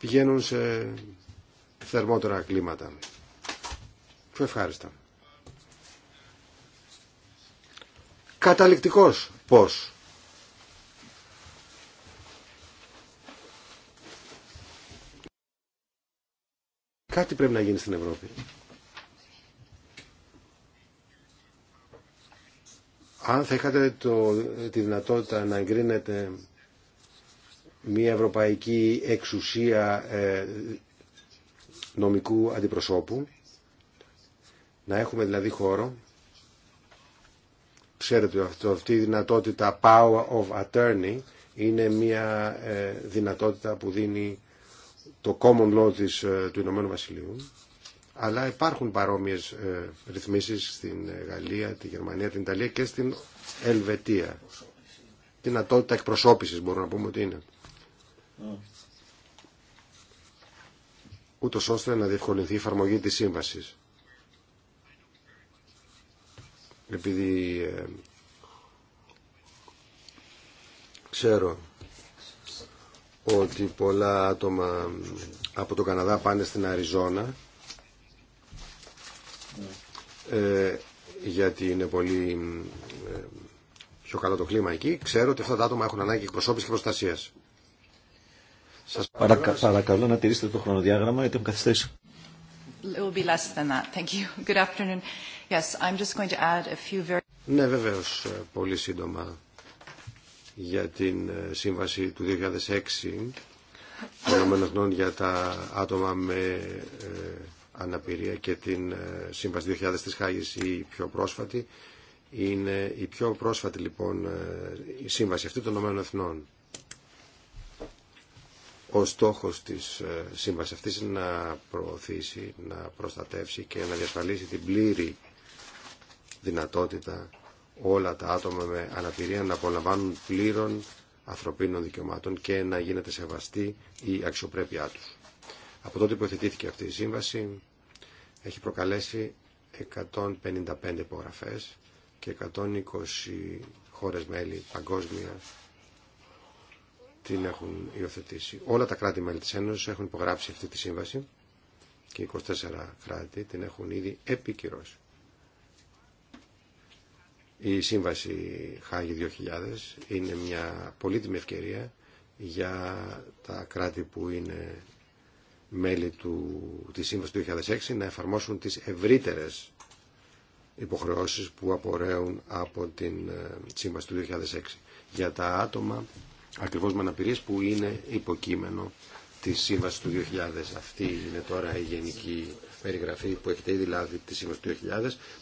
πηγαίνουν σε θερμότερα κλίματα. Πιο ευχάριστα. Καταληκτικός πώς. Κάτι πρέπει να γίνει στην Ευρώπη. Αν θα είχατε το, τη δυνατότητα να εγκρίνετε μια ευρωπαϊκή εξουσία ε, νομικού αντιπροσώπου, να έχουμε δηλαδή χώρο, ξέρετε αυτό, αυτή η δυνατότητα power of attorney είναι μια ε, δυνατότητα που δίνει το common law της, ε, του Ηνωμένου Βασιλείου αλλά υπάρχουν παρόμοιες ε, ρυθμίσεις στην ε, Γαλλία, τη Γερμανία, την Ιταλία και στην Ελβετία. Δυνατότητα εκπροσώπησης μπορούμε να πούμε ότι είναι. Ούτω ώστε να διευκολυνθεί η εφαρμογή της σύμβασης. Επειδή ε, ξέρω ότι πολλά άτομα από το Καναδά πάνε στην Αριζόνα ε, γιατί είναι πολύ ε, πιο καλό το κλίμα εκεί. Ξέρω ότι αυτά τα άτομα έχουν ανάγκη εκπροσώπηση και προστασία. Σας παρακαλώ να τηρήσετε το χρονοδιάγραμμα γιατί τον καθυστέρηση. Ναι, βεβαίω, ε, πολύ σύντομα για την ε, σύμβαση του 2006 των ΗΠΑ για τα άτομα με αναπηρία και την ε, Σύμβαση 2000 της Χάγης η πιο πρόσφατη. Είναι η πιο πρόσφατη λοιπόν ε, η σύμβαση αυτή των Εθνών. Ο στόχος της ε, σύμβασης αυτής είναι να προωθήσει, να προστατεύσει και να διασφαλίσει την πλήρη δυνατότητα όλα τα άτομα με αναπηρία να απολαμβάνουν πλήρων ανθρωπίνων δικαιωμάτων και να γίνεται σεβαστή η αξιοπρέπειά τους. Από τότε που εθετήθηκε αυτή η σύμβαση έχει προκαλέσει 155 υπογραφές και 120 χώρες μέλη παγκόσμια την έχουν υιοθετήσει. Όλα τα κράτη-μέλη της Ένωσης έχουν υπογράψει αυτή τη σύμβαση και 24 κράτη την έχουν ήδη επικυρώσει. Η σύμβαση Χάγη 2000 είναι μια πολύτιμη ευκαιρία για τα κράτη που είναι μέλη του, της Σύμβασης του 2006 να εφαρμόσουν τις ευρύτερες υποχρεώσεις που απορρέουν από την ε, Σύμβαση του 2006 για τα άτομα ακριβώς με αναπηρίες που είναι υποκείμενο της Σύμβασης του 2000. Αυτή είναι τώρα η γενική περιγραφή που έχετε ήδη λάβει τη Σύμβαση του 2000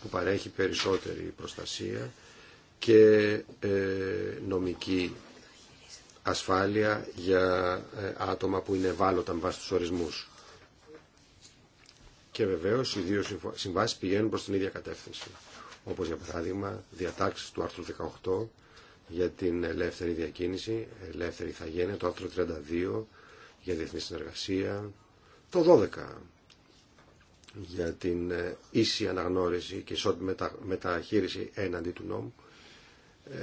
που παρέχει περισσότερη προστασία και ε, νομική ασφάλεια για ε, άτομα που είναι ευάλωτα με βάση τους ορισμούς. Και βεβαίως οι δύο συμβάσεις πηγαίνουν προς την ίδια κατεύθυνση. Όπως για παράδειγμα διατάξεις του άρθρου 18 για την ελεύθερη διακίνηση, ελεύθερη ηθαγένεια, το άρθρο 32 για διεθνή συνεργασία, το 12 για την ε, ίση αναγνώριση και ισότιμη μεταχείριση έναντι του νόμου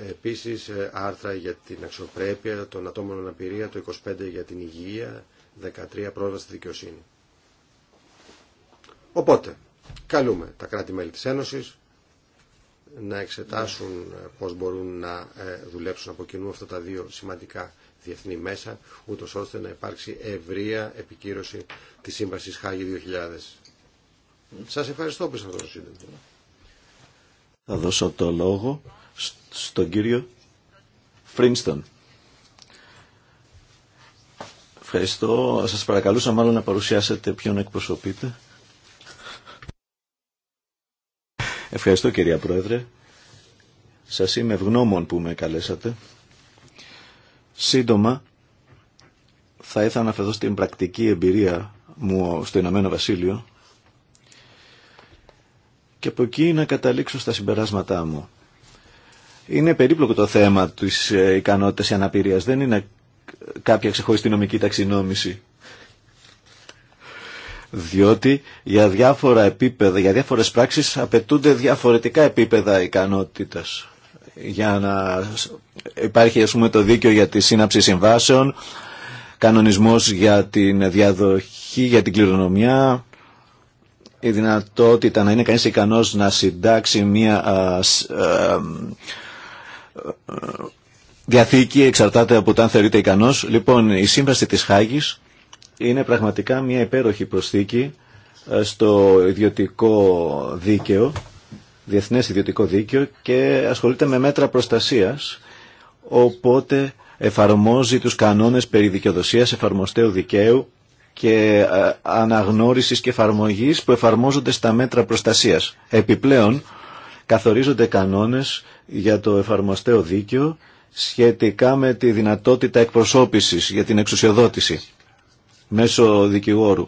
Επίσης ε, άρθρα για την αξιοπρέπεια των ατόμων αναπηρία, το 25 για την υγεία, 13 πρόσβαση στη δικαιοσύνη. Οπότε, καλούμε τα κράτη-μέλη της Ένωσης να εξετάσουν ε, πώς μπορούν να ε, δουλέψουν από κοινού αυτά τα δύο σημαντικά διεθνή μέσα, ούτω ώστε να υπάρξει ευρεία επικύρωση της Σύμβασης Χάγη 2000. Σας ευχαριστώ που αυτό το σύντομα. Θα δώσω το λόγο στον κύριο Φρίνστον. Ευχαριστώ. Σας παρακαλούσα μάλλον να παρουσιάσετε ποιον εκπροσωπείτε. Ευχαριστώ κυρία Πρόεδρε. Σας είμαι ευγνώμων που με καλέσατε. Σύντομα θα ήθελα να φεδώ στην πρακτική εμπειρία μου στο Ηνωμένο Βασίλειο και από εκεί να καταλήξω στα συμπεράσματά μου. Είναι περίπλοκο το θέμα της ε, ικανότητας αναπηρίας. Δεν είναι κάποια ξεχωριστή νομική ταξινόμηση διότι για διάφορα επίπεδα, για διάφορες πράξεις απαιτούνται διαφορετικά επίπεδα ικανότητας. Για να υπάρχει ας πούμε το δίκαιο για τη σύναψη συμβάσεων, κανονισμός για την διαδοχή, για την κληρονομιά, η δυνατότητα να είναι κανείς ικανός να συντάξει μια διαθήκη εξαρτάται από το αν θεωρείται ικανός. Λοιπόν, η σύμβαση της Χάγης είναι πραγματικά μια υπέροχη προσθήκη ε, στο ιδιωτικό δίκαιο, διεθνές ιδιωτικό δίκαιο και ασχολείται με μέτρα προστασίας, οπότε εφαρμόζει τους κανόνες περί δικαιοδοσίας, εφαρμοστέου δικαίου και ε, αναγνώρισης και εφαρμογής που εφαρμόζονται στα μέτρα προστασίας. Επιπλέον, καθορίζονται κανόνες για το εφαρμοστέο δίκαιο σχετικά με τη δυνατότητα εκπροσώπησης για την εξουσιοδότηση μέσω δικηγόρου.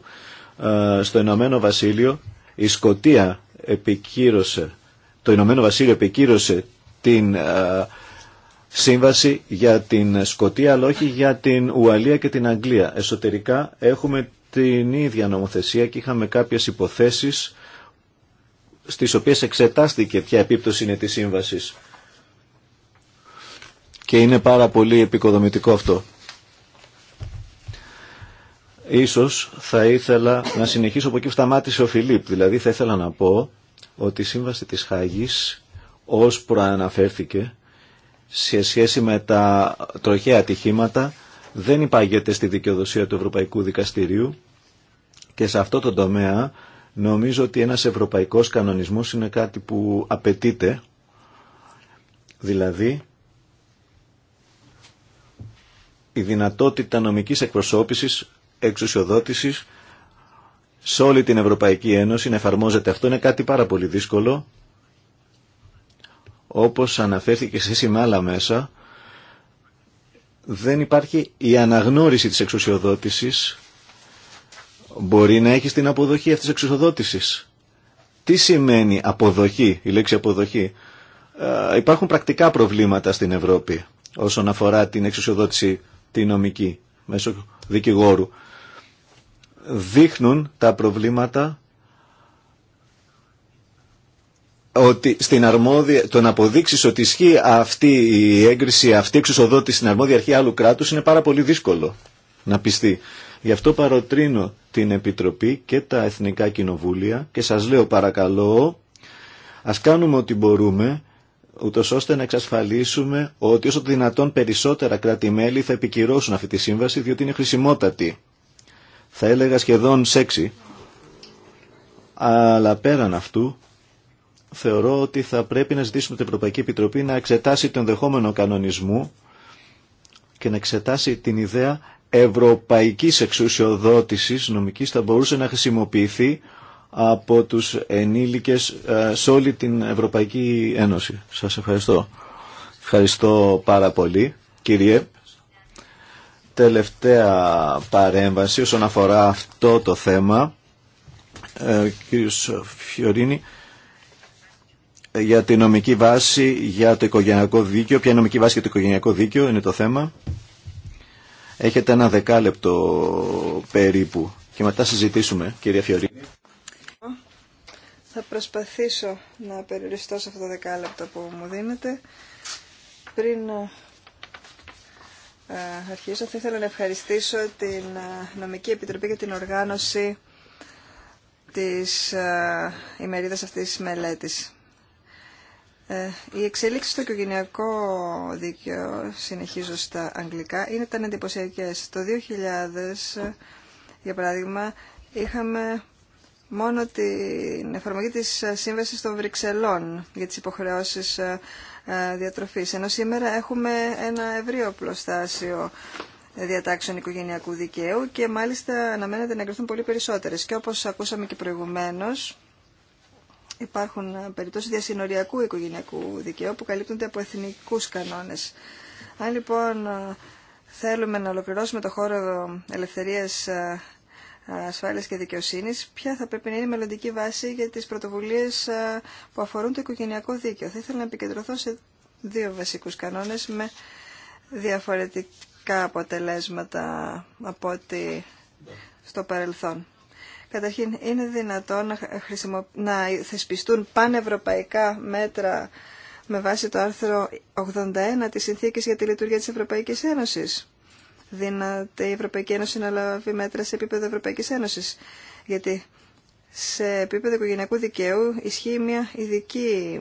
Ε, στο Ηνωμένο Βασίλειο η Σκοτία επικύρωσε, το Ηνωμένο Βασίλειο επικύρωσε την ε, σύμβαση για την Σκοτία αλλά όχι για την Ουαλία και την Αγγλία. Εσωτερικά έχουμε την ίδια νομοθεσία και είχαμε κάποιες υποθέσεις στις οποίες εξετάστηκε ποια επίπτωση είναι της σύμβασης και είναι πάρα πολύ επικοδομητικό αυτό. Ίσως θα ήθελα να συνεχίσω από εκεί που σταμάτησε ο Φιλίπ. Δηλαδή θα ήθελα να πω ότι η Σύμβαση της Χάγης ως προαναφέρθηκε σε σχέση με τα τροχαία ατυχήματα δεν υπάγεται στη δικαιοδοσία του Ευρωπαϊκού Δικαστηρίου και σε αυτό το τομέα νομίζω ότι ένας ευρωπαϊκός κανονισμός είναι κάτι που απαιτείται δηλαδή η δυνατότητα νομικής εκπροσώπησης, εξουσιοδότησης σε όλη την Ευρωπαϊκή Ένωση να εφαρμόζεται αυτό είναι κάτι πάρα πολύ δύσκολο όπως αναφέρθηκε σε με μέσα δεν υπάρχει η αναγνώριση της εξουσιοδότησης μπορεί να έχει την αποδοχή αυτής της εξουσιοδότησης τι σημαίνει αποδοχή, η λέξη αποδοχή ε, υπάρχουν πρακτικά προβλήματα στην Ευρώπη όσον αφορά την εξουσιοδότηση τη νομική μέσω δικηγόρου. Δείχνουν τα προβλήματα ότι στην αρμόδια, το να αποδείξει ότι ισχύει αυτή η έγκριση, αυτή η εξουσοδότηση στην αρμόδια αρχή άλλου κράτους είναι πάρα πολύ δύσκολο να πιστεί. Γι' αυτό παροτρύνω την Επιτροπή και τα Εθνικά Κοινοβούλια και σας λέω παρακαλώ, ας κάνουμε ό,τι μπορούμε ούτως ώστε να εξασφαλίσουμε ότι όσο το δυνατόν περισσότερα κράτη-μέλη θα επικυρώσουν αυτή τη σύμβαση, διότι είναι χρησιμότατη. Θα έλεγα σχεδόν σεξι. Αλλά πέραν αυτού, θεωρώ ότι θα πρέπει να ζητήσουμε την Ευρωπαϊκή Επιτροπή να εξετάσει τον δεχόμενο κανονισμό και να εξετάσει την ιδέα ευρωπαϊκής εξουσιοδότησης νομικής θα μπορούσε να χρησιμοποιηθεί από τους ενήλικες ε, σε όλη την Ευρωπαϊκή Ένωση. Σας ευχαριστώ. Ευχαριστώ πάρα πολύ, κύριε. Τελευταία παρέμβαση όσον αφορά αυτό το θέμα, ο ε, κύριος Φιωρίνη, για τη νομική βάση για το οικογενειακό δίκαιο. Ποια νομική βάση για το οικογενειακό δίκαιο είναι το θέμα. Έχετε ένα δεκάλεπτο περίπου και μετά συζητήσουμε, κυρία Φιωρίνη. Θα προσπαθήσω να περιοριστώ σε αυτό το δεκάλεπτο που μου δίνετε. Πριν ε, ε, αρχίσω, θα ήθελα να ευχαριστήσω την ε, Νομική Επιτροπή για την οργάνωση της ημερίδας αυτής της μελέτης. Η εξέλιξη στο οικογενειακό δίκαιο, συνεχίζω στα αγγλικά, ήταν εντυπωσιακέ. Το 2000, για παράδειγμα, είχαμε μόνο την εφαρμογή της ε, Σύμβασης των Βρυξελών για τις υποχρεώσεις ε, ε, διατροφής. Ενώ σήμερα έχουμε ένα ευρύο πλωστάσιο διατάξεων οικογενειακού δικαίου και μάλιστα αναμένεται να εγκριθούν πολύ περισσότερες. Και όπως ακούσαμε και προηγουμένως, υπάρχουν περιπτώσεις διασυνοριακού οικογενειακού δικαίου που καλύπτονται από εθνικούς κανόνες. Αν λοιπόν θέλουμε να ολοκληρώσουμε το χώρο ελευθερίας ασφάλειας και δικαιοσύνης, ποια θα πρέπει να είναι η μελλοντική βάση για τις πρωτοβουλίες ε, που αφορούν το οικογενειακό δίκαιο. Θα ήθελα να επικεντρωθώ σε δύο βασικούς κανόνες με διαφορετικά αποτελέσματα από ό,τι στο παρελθόν. Καταρχήν, είναι δυνατόν να, χρησιμο... να θεσπιστούν πανευρωπαϊκά μέτρα με βάση το άρθρο 81 της Συνθήκης για τη Λειτουργία της Ευρωπαϊκής Ένωσης δύναται η Ευρωπαϊκή Ένωση να λάβει μέτρα σε επίπεδο Ευρωπαϊκής Ένωσης. Γιατί σε επίπεδο οικογενειακού δικαίου ισχύει μια ειδική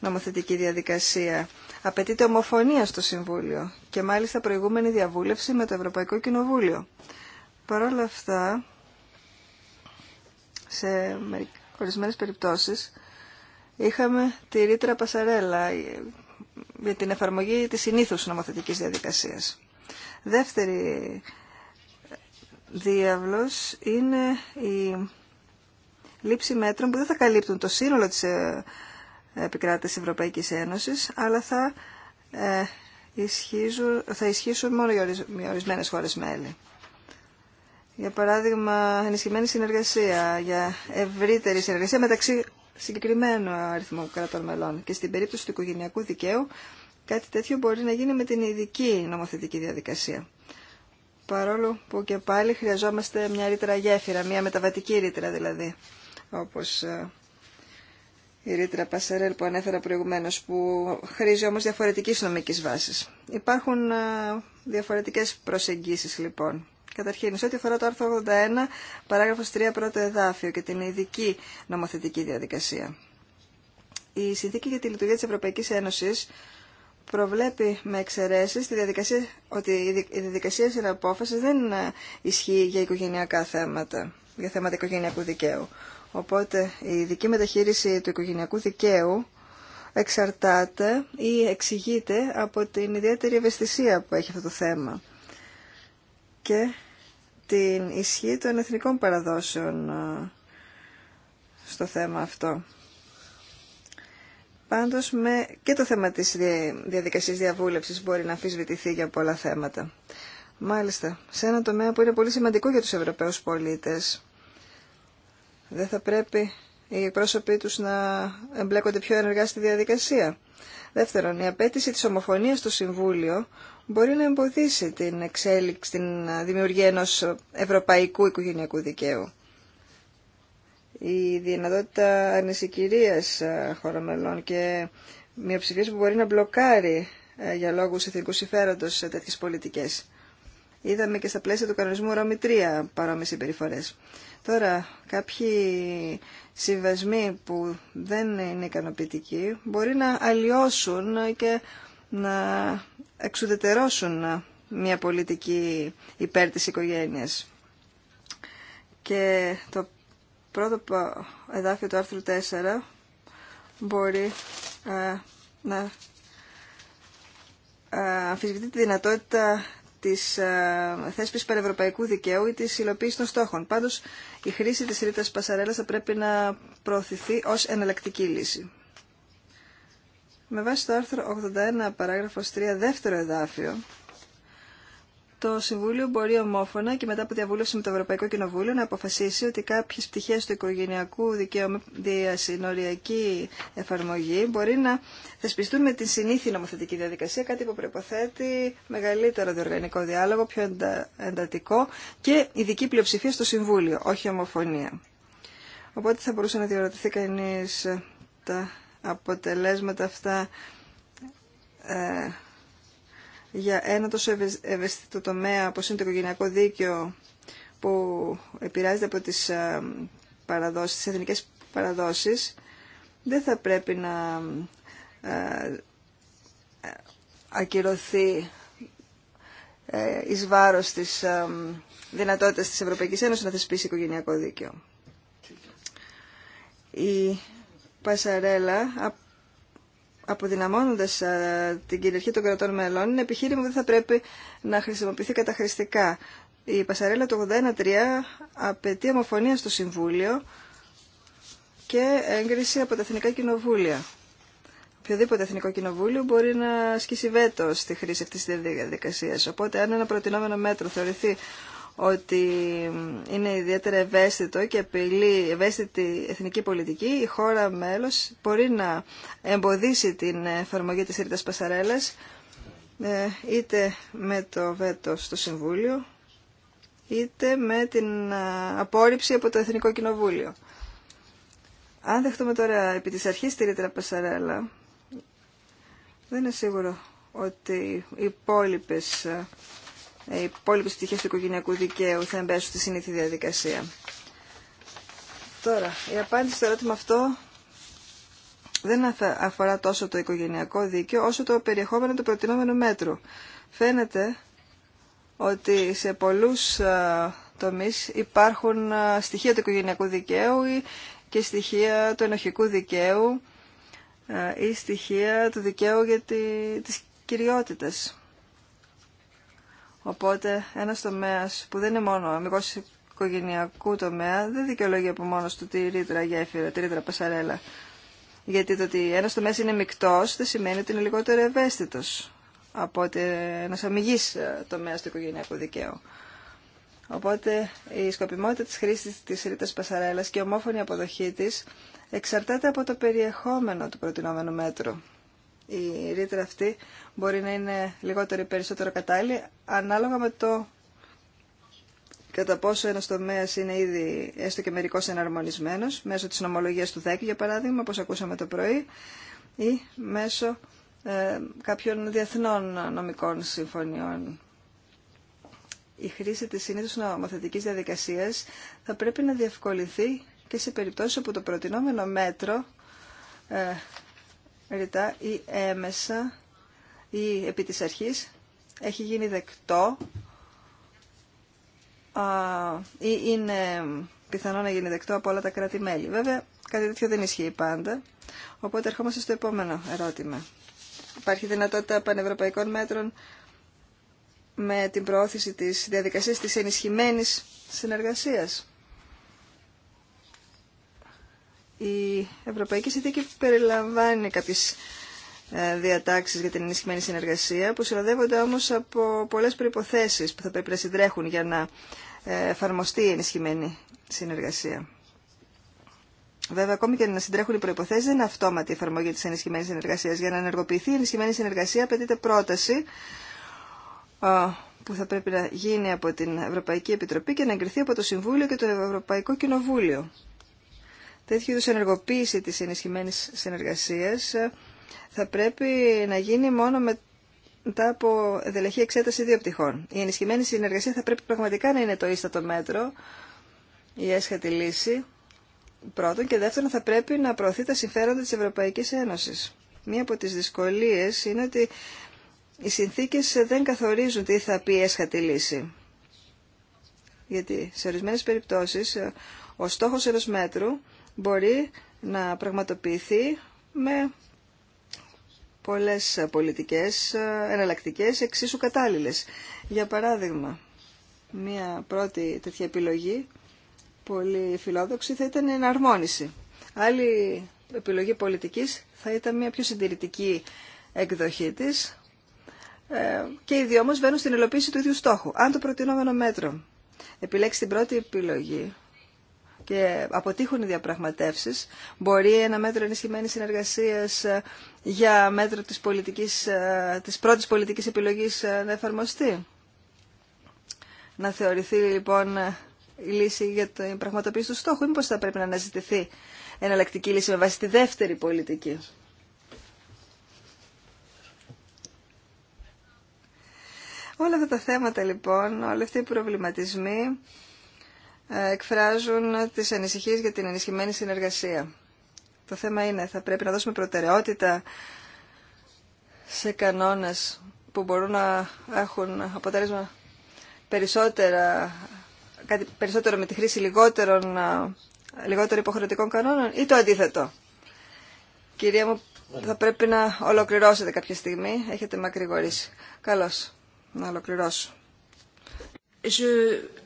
νομοθετική διαδικασία. Απαιτείται ομοφωνία στο Συμβούλιο και μάλιστα προηγούμενη διαβούλευση με το Ευρωπαϊκό Κοινοβούλιο. Παρ' όλα αυτά, σε ορισμένες περιπτώσεις, είχαμε τη ρήτρα Πασαρέλα για την εφαρμογή της συνήθους νομοθετικής διαδικασίας. Δεύτερη διάβλος είναι η λήψη μέτρων που δεν θα καλύπτουν το σύνολο της ε, επικράτησης Ευρωπαϊκής Ένωσης, αλλά θα, ε, ισχύσουν, θα ισχύσουν μόνο οι ορισμένες χώρες μέλη. Για παράδειγμα, ενισχυμένη συνεργασία, για ευρύτερη συνεργασία μεταξύ συγκεκριμένου αριθμού κρατών μελών. Και στην περίπτωση του οικογενειακού δικαίου Κάτι τέτοιο μπορεί να γίνει με την ειδική νομοθετική διαδικασία. Παρόλο που και πάλι χρειαζόμαστε μια ρήτρα γέφυρα, μια μεταβατική ρήτρα δηλαδή, όπως ε, η ρήτρα Πασαρέλ που ανέφερα προηγουμένως, που χρήζει όμως διαφορετικής νομικής βάσης. Υπάρχουν ε, διαφορετικές προσεγγίσεις λοιπόν. Καταρχήν, σε ό,τι αφορά το άρθρο 81, παράγραφος 3, πρώτο εδάφιο και την ειδική νομοθετική διαδικασία. Η Συνθήκη για τη Λειτουργία της Ευρωπαϊκής Ένωσης προβλέπει με εξαιρέσει τη διαδικασία, ότι η διαδικασία απόφαση δεν ε, ισχύει για οικογενειακά θέματα, για θέματα οικογενειακού δικαίου. Οπότε η ειδική μεταχείριση του οικογενειακού δικαίου εξαρτάται ή εξηγείται από την ιδιαίτερη ευαισθησία που έχει αυτό το θέμα και την ισχύ των εθνικών παραδόσεων ε, στο θέμα αυτό. Πάντως με και το θέμα της διαδικασίας διαβούλευσης μπορεί να αμφισβητηθεί για πολλά θέματα. Μάλιστα, σε ένα τομέα που είναι πολύ σημαντικό για τους Ευρωπαίους πολίτες, δεν θα πρέπει οι πρόσωποι τους να εμπλέκονται πιο ενεργά στη διαδικασία. Δεύτερον, η απέτηση της ομοφωνίας στο Συμβούλιο μπορεί να εμποδίσει την εξέλιξη, την δημιουργία ενός ευρωπαϊκού οικογενειακού δικαίου η δυνατότητα ανησυχηρίας ε, χωρομελών και μια ψηφίες που μπορεί να μπλοκάρει ε, για λόγους εθνικού συμφέροντος τέτοιες πολιτικές. Είδαμε και στα πλαίσια του κανονισμού Ρώμη 3 παρόμοιες συμπεριφορές. Τώρα, κάποιοι συμβασμοί που δεν είναι ικανοποιητικοί μπορεί να αλλοιώσουν και να εξουδετερώσουν μια πολιτική υπέρ της οικογένειας. Και το πρώτο εδάφιο του άρθρου 4 μπορεί ε, να ε, αμφισβητεί τη δυνατότητα της ε, θέσπισης παρευρωπαϊκού δικαίου ή της υλοποίησης των στόχων. Πάντως, η χρήση της ρήτας πασαρέλας θα πρέπει να προωθηθεί ως εναλλακτική λύση. Με βάση το άρθρο 81, παράγραφος 3, δεύτερο εδάφιο, το Συμβούλιο μπορεί ομόφωνα και μετά από διαβούλευση με το Ευρωπαϊκό Κοινοβούλιο να αποφασίσει ότι κάποιε πτυχέ του οικογενειακού δικαίου διασυνοριακή εφαρμογή μπορεί να θεσπιστούν με την συνήθη νομοθετική διαδικασία, κάτι που προποθέτει μεγαλύτερο διοργανικό διάλογο, πιο εντατικό και ειδική πλειοψηφία στο Συμβούλιο, όχι ομοφωνία. Οπότε θα μπορούσε να διαρωτηθεί κανεί τα αποτελέσματα αυτά. Ε, για ένα τόσο ευαίσθητο τομέα όπως είναι το οικογενειακό δίκαιο που επηρεάζεται από τις, ε, παραδόσεις, τις εθνικές παραδόσεις δεν θα πρέπει να ε, ακυρωθεί ε, εις βάρος της δυνατότητας της Ευρωπαϊκής Ένωσης να θεσπίσει οικογενειακό δίκαιο. Η Πασαρέλα αποδυναμώνοντας την κυριαρχία των κρατών μελών είναι επιχείρημα που δεν θα πρέπει να χρησιμοποιηθεί καταχρηστικά. Η Πασαρέλα του 81-3 απαιτεί ομοφωνία στο Συμβούλιο και έγκριση από τα Εθνικά Κοινοβούλια. Οποιοδήποτε Εθνικό Κοινοβούλιο μπορεί να ασκήσει βέτο στη χρήση αυτή τη διαδικασία. Οπότε, αν ένα προτινόμενο μέτρο θεωρηθεί ότι είναι ιδιαίτερα ευαίσθητο και απειλεί ευαίσθητη εθνική πολιτική, η χώρα μέλος μπορεί να εμποδίσει την εφαρμογή της Ρήτας Πασαρέλας ε, είτε με το βέτο στο Συμβούλιο, είτε με την ε, απόρριψη από το Εθνικό Κοινοβούλιο. Αν δεχτούμε τώρα επί της αρχής τη Ρήτρα Πασαρέλα, δεν είναι σίγουρο ότι οι υπόλοιπε ε, ε, οι υπόλοιπε πτυχέ του οικογενειακού δικαίου θα εμπέσουν στη συνήθεια διαδικασία. Τώρα, η απάντηση στο ερώτημα αυτό δεν αφορά τόσο το οικογενειακό δίκαιο όσο το περιεχόμενο του προτινόμενου μέτρου. Φαίνεται ότι σε πολλούς ε, τομείς υπάρχουν ε, στοιχεία του οικογενειακού δικαίου και στοιχεία του ενοχικού δικαίου ή στοιχεία του δικαίου για τη, της Οπότε ένας τομέας που δεν είναι μόνο αμυγός οικογενειακού τομέα δεν δικαιολογεί από μόνο του τη ρήτρα γέφυρα, τη ρήτρα πασαρέλα. Γιατί το ότι ένα τομέα είναι μεικτό δεν σημαίνει ότι είναι λιγότερο ευαίσθητο από ότι ένα αμυγή ε, τομέα του οικογενειακού δικαίου. Οπότε η σκοπιμότητα της χρήση της ρήτρα πασαρέλας και η ομόφωνη αποδοχή της εξαρτάται από το περιεχόμενο του προτινόμενου μέτρου η ρήτρα αυτή μπορεί να είναι λιγότερο ή περισσότερο κατάλληλη ανάλογα με το κατά πόσο ένα τομέα είναι ήδη έστω και μερικώ εναρμονισμένο, μέσω τη νομολογία του ΔΕΚ, για παράδειγμα, όπω ακούσαμε το πρωί, ή μέσω ε, κάποιων διεθνών νομικών συμφωνιών. Η χρήση της συνήθως νομοθετικής διαδικασίας θα πρέπει να διευκολυνθεί και σε περιπτώσεις όπου το προτινόμενο μέτρο ε, ρητά ή έμεσα ή επί της αρχής έχει γίνει δεκτό ή είναι πιθανό να γίνει δεκτό από όλα τα κράτη-μέλη. Βέβαια, κάτι τέτοιο δεν ισχύει πάντα. Οπότε ερχόμαστε στο επόμενο ερώτημα. Υπάρχει δυνατότητα πανευρωπαϊκών μέτρων με την προώθηση της διαδικασίας της ενισχυμένης συνεργασίας. Η Ευρωπαϊκή Συνθήκη περιλαμβάνει κάποιες ε, διατάξεις για την ενισχυμένη συνεργασία που συνοδεύονται όμως από πολλές προϋποθέσεις που θα πρέπει να συντρέχουν για να ε, εφαρμοστεί η ενισχυμένη συνεργασία. Βέβαια, ακόμη και να συντρέχουν οι προποθέσει, δεν είναι αυτόματη η εφαρμογή τη ενισχυμένη συνεργασία. Για να ενεργοποιηθεί η ενισχυμένη συνεργασία, απαιτείται πρόταση ε, που θα πρέπει να γίνει από την Ευρωπαϊκή Επιτροπή και να εγκριθεί από το Συμβούλιο και το Ευρωπαϊκό Κοινοβούλιο τέτοιου είδους ενεργοποίηση της ενισχυμένης συνεργασίας ε, θα πρέπει να γίνει μόνο μετά από δελεχή εξέταση δύο πτυχών. Η ενισχυμένη συνεργασία θα πρέπει πραγματικά να είναι το ίστατο μέτρο, η έσχατη λύση, πρώτον, και δεύτερον θα πρέπει να προωθεί τα συμφέροντα της Ευρωπαϊκής Ένωσης. Μία από τις δυσκολίες είναι ότι οι συνθήκες δεν καθορίζουν τι θα πει η έσχατη λύση. Γιατί σε ορισμένες περιπτώσεις ε, ο στόχος ενός μέτρου μπορεί να πραγματοποιηθεί με πολλές πολιτικές εναλλακτικές εξίσου κατάλληλες. Για παράδειγμα, μία πρώτη τέτοια επιλογή, πολύ φιλόδοξη, θα ήταν η εναρμόνιση. Άλλη επιλογή πολιτικής θα ήταν μια πιο συντηρητική εκδοχή της ε, και οι δυο όμως βαίνουν στην υλοποίηση του ίδιου στόχου. Αν το προτινόμενο μέτρο επιλέξει την πρώτη επιλογή, και αποτύχουν οι διαπραγματεύσεις, μπορεί ένα μέτρο ενισχυμένης συνεργασίας ε, για μέτρο της, πολιτικής, ε, της πρώτης πολιτικής επιλογής ε, να εφαρμοστεί. Να θεωρηθεί λοιπόν η λύση για την πραγματοποίηση του στόχου ή μήπως θα πρέπει να αναζητηθεί εναλλακτική λύση με βάση τη δεύτερη πολιτική. Όλα αυτά τα θέματα λοιπόν, όλα αυτοί οι προβληματισμοί ε, εκφράζουν τις ανησυχίες για την ενισχυμένη συνεργασία. Το θέμα είναι, θα πρέπει να δώσουμε προτεραιότητα σε κανόνες που μπορούν να έχουν αποτέλεσμα περισσότερα, κάτι περισσότερο με τη χρήση λιγότερων, ε, λιγότερο υποχρεωτικών κανόνων ή το αντίθετο. Κυρία μου, θα πρέπει να ολοκληρώσετε κάποια στιγμή. Έχετε μακρηγορήσει. Καλώς, να ολοκληρώσω. Je...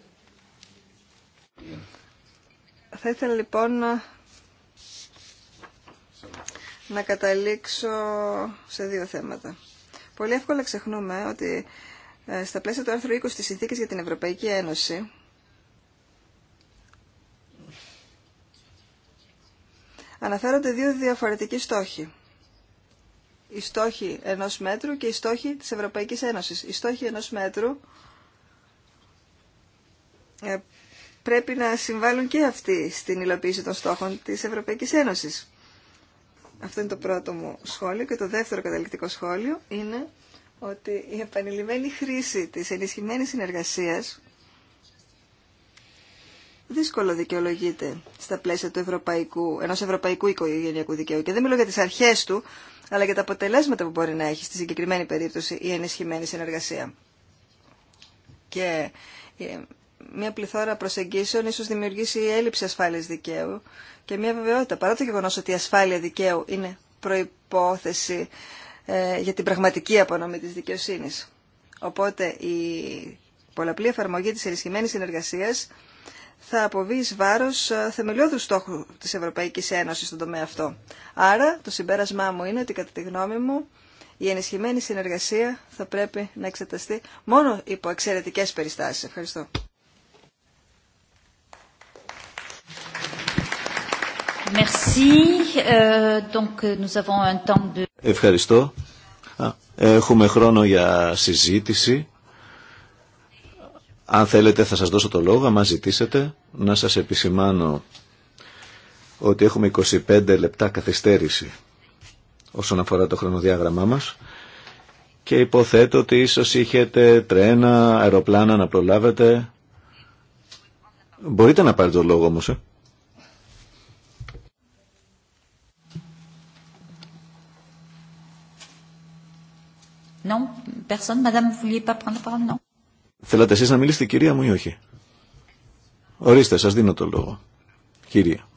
Θα ήθελα λοιπόν να, να καταλήξω σε δύο θέματα. Πολύ εύκολα ξεχνούμε ότι ε, στα πλαίσια του άρθρου 20 της Συνθήκης για την Ευρωπαϊκή Ένωση αναφέρονται δύο διαφορετικοί στόχοι. Η στόχη ενός μέτρου και η στόχη της Ευρωπαϊκής Ένωσης. Η στόχη ενός μέτρου ε, πρέπει να συμβάλλουν και αυτοί στην υλοποίηση των στόχων της Ευρωπαϊκής Ένωσης. Αυτό είναι το πρώτο μου σχόλιο και το δεύτερο καταληκτικό σχόλιο είναι ότι η επανειλημμένη χρήση της ενισχυμένης συνεργασίας δύσκολο δικαιολογείται στα πλαίσια του ευρωπαϊκού, ενός ευρωπαϊκού οικογενειακού δικαίου και δεν μιλώ για τις αρχές του, αλλά για τα αποτελέσματα που μπορεί να έχει στη συγκεκριμένη περίπτωση η ενισχυμένη συνεργασία. Και ε, μια πληθώρα προσεγγίσεων ίσως δημιουργήσει έλλειψη ασφάλειας δικαίου και μια βεβαιότητα. Παρά το γεγονός ότι η ασφάλεια δικαίου είναι προϋπόθεση ε, για την πραγματική απονομή της δικαιοσύνης. Οπότε η πολλαπλή εφαρμογή της ενισχυμένης συνεργασίας θα αποβεί εις βάρος ε, θεμελιώδου στόχου της Ευρωπαϊκής Ένωσης στον τομέα αυτό. Άρα το συμπέρασμά μου είναι ότι κατά τη γνώμη μου η ενισχυμένη συνεργασία θα πρέπει να εξεταστεί μόνο υπό εξαιρετικές περιστάσεις. Ευχαριστώ. Euh, Ευχαριστώ. Έχουμε χρόνο για συζήτηση. Αν θέλετε θα σας δώσω το λόγο, αν ζητήσετε, να σας επισημάνω ότι έχουμε 25 λεπτά καθυστέρηση όσον αφορά το χρονοδιάγραμμά μας και υποθέτω ότι ίσως είχετε τρένα, αεροπλάνα να προλάβετε. Μπορείτε να πάρετε το λόγο όμως, ε? Non, personne, madame, vous Θέλατε εσείς να μιλήσετε κυρία μου ή όχι. Ορίστε, σας δίνω το λόγο. Κυρία.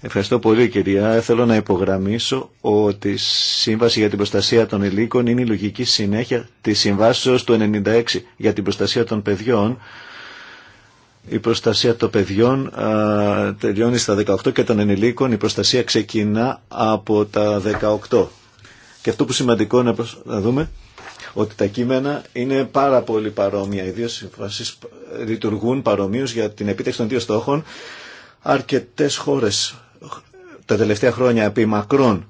Ευχαριστώ πολύ κυρία. Θέλω να υπογραμμίσω ότι η Σύμβαση για την Προστασία των ελλήνων είναι η λογική συνέχεια της Συμβάσεως του 1996 για την Προστασία των Παιδιών. Η προστασία των παιδιών α, τελειώνει στα 18 και των ενηλίκων η προστασία ξεκινά από τα 18. Και αυτό που σημαντικό είναι να δούμε ότι τα κείμενα είναι πάρα πολύ παρόμοια. Οι δύο συμφάσει λειτουργούν παρομοίω για την επίτευξη των δύο στόχων. Αρκετέ χώρε τα τελευταία χρόνια επί μακρόν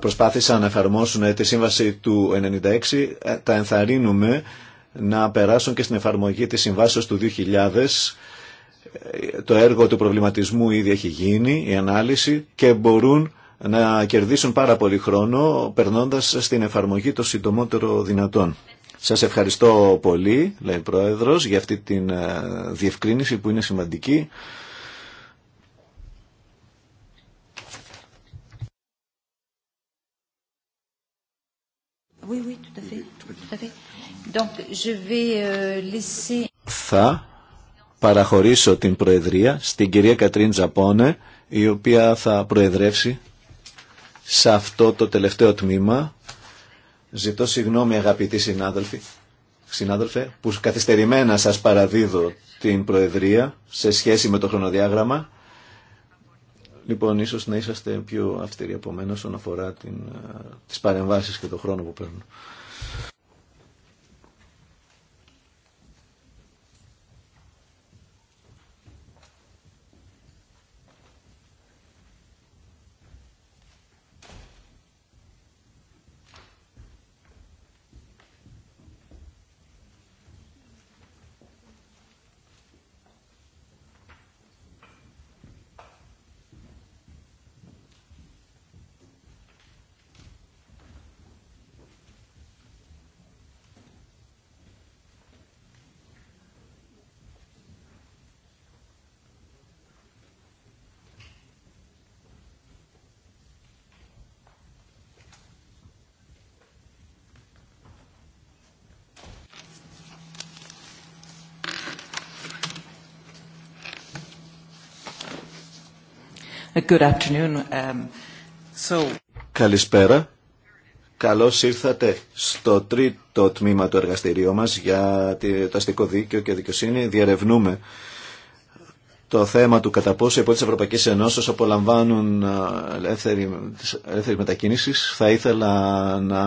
προσπάθησαν να εφαρμόσουν ε, τη σύμβαση του 1996. Ε, τα ενθαρρύνουμε να περάσουν και στην εφαρμογή της συμβάσεω του 2000. Ε, το έργο του προβληματισμού ήδη έχει γίνει, η ανάλυση και μπορούν να κερδίσουν πάρα πολύ χρόνο περνώντας στην εφαρμογή το συντομότερο δυνατόν. Σας ευχαριστώ πολύ, λέει ο Πρόεδρος, για αυτή την ε, διευκρίνηση που είναι σημαντική. Θα παραχωρήσω την Προεδρία στην κυρία Κατρίν Τζαπόνε, η οποία θα προεδρεύσει σε αυτό το τελευταίο τμήμα. Ζητώ συγγνώμη αγαπητοί συνάδελφοι, συνάδελφε, που καθυστερημένα σας παραδίδω την Προεδρία σε σχέση με το χρονοδιάγραμμα. Λοιπόν, ίσως να είσαστε πιο αυστηροί από μένα όσον αφορά την, ε, τις παρεμβάσεις και τον χρόνο που παίρνουν. Um, Καλησπέρα. Καλώς ήρθατε στο τρίτο τμήμα του εργαστηρίου μας για το αστικό δίκαιο και δικαιοσύνη. Διαρευνούμε το θέμα του κατά πόσο οι Ευρωπαίκες της Ευρωπαϊκής Ενώσεως απολαμβάνουν ε, ελεύθερη, ελεύθερη μετακίνηση. Θα ήθελα να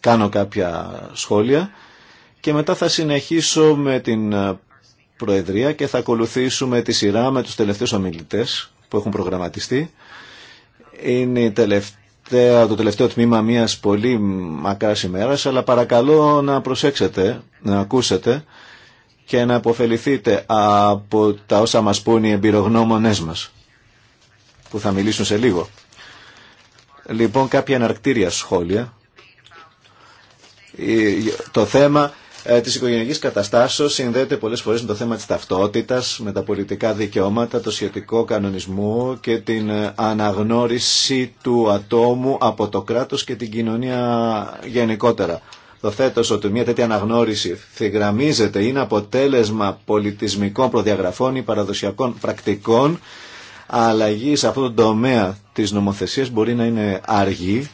κάνω κάποια σχόλια και μετά θα συνεχίσω με την ε, Προεδρία και θα ακολουθήσουμε τη σειρά με τους τελευταίους ομιλητές που έχουν προγραμματιστεί. Είναι το τελευταίο τμήμα μιας πολύ μακράς ημέρας, αλλά παρακαλώ να προσέξετε, να ακούσετε και να αποφεληθείτε από τα όσα μας πούν οι εμπειρογνώμονές μας, που θα μιλήσουν σε λίγο. Λοιπόν, κάποια αναρκτήρια σχόλια. Ε, το θέμα ε, της οικογενειακής καταστάσεως συνδέεται πολλές φορές με το θέμα της ταυτότητας, με τα πολιτικά δικαιώματα, το σχετικό κανονισμό και την ε, αναγνώριση του ατόμου από το κράτος και την κοινωνία γενικότερα. Το θέτο ότι μια τέτοια αναγνώριση θυγραμμίζεται είναι αποτέλεσμα πολιτισμικών προδιαγραφών ή παραδοσιακών πρακτικών. Αλλαγή σε αυτόν τον τομέα της νομοθεσίας μπορεί να είναι αργή,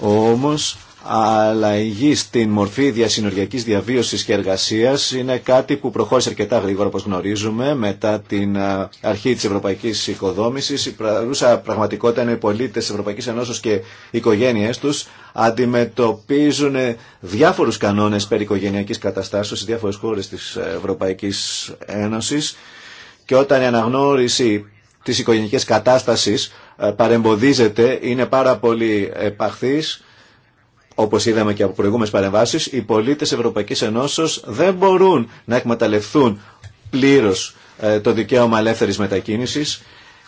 όμως αλλαγή στην μορφή διασυνοριακής διαβίωσης και εργασίας είναι κάτι που προχώρησε αρκετά γρήγορα όπως γνωρίζουμε μετά την αρχή της ευρωπαϊκής οικοδόμησης. Η πραγματικότητα είναι οι πολίτες της Ευρωπαϊκής Ένωσης και οι οικογένειές τους αντιμετωπίζουν διάφορους κανόνες περί οικογενειακής καταστάσεως στις διάφορες χώρες της Ευρωπαϊκής Ένωσης και όταν η αναγνώριση της οικογενειακής κατάστασης ε, παρεμποδίζεται είναι πάρα πολύ επαχθής Όπω είδαμε και από προηγούμενε παρεμβάσει, οι πολίτε Ευρωπαϊκή Ενώσεω δεν μπορούν να εκμεταλλευτούν πλήρω ε, το δικαίωμα ελεύθερη μετακίνηση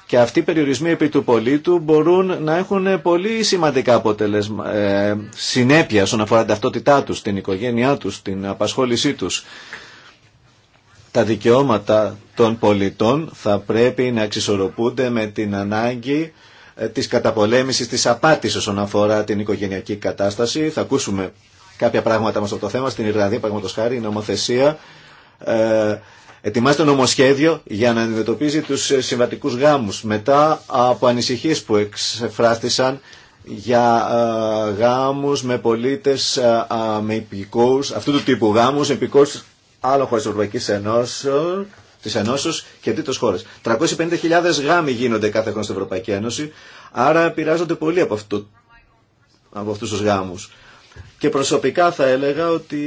και αυτοί οι περιορισμοί επί του πολίτου μπορούν να έχουν πολύ σημαντικά αποτελέσμα, ε, συνέπεια όσον αφορά την ταυτότητά τους, την οικογένειά τους, την απασχόλησή τους. Τα δικαιώματα των πολιτών θα πρέπει να εξισορροπούνται με την ανάγκη ε, της καταπολέμησης της απάτης όσον αφορά την οικογενειακή κατάσταση. Θα ακούσουμε κάποια πράγματα μας από το θέμα. Στην Ιρλανδία, παραγματος χάρη, η νομοθεσία ε, ετοιμάζει το νομοσχέδιο για να αντιμετωπίζει τους συμβατικούς γάμους. Μετά από ανησυχίες που εξεφράστησαν για ε, γάμους με πολίτες, ε, με υπηκούς, αυτού του τύπου γάμους, υπηκούς άλλων χωρίς Ευρωπαϊκής Ενώσεων, τη Ενώσεω και τρίτε χώρε. 350.000 γάμοι γίνονται κάθε χρόνο στην Ευρωπαϊκή Ένωση, άρα επηρεάζονται πολύ από, αυτό, από αυτού του γάμου. Και προσωπικά θα έλεγα ότι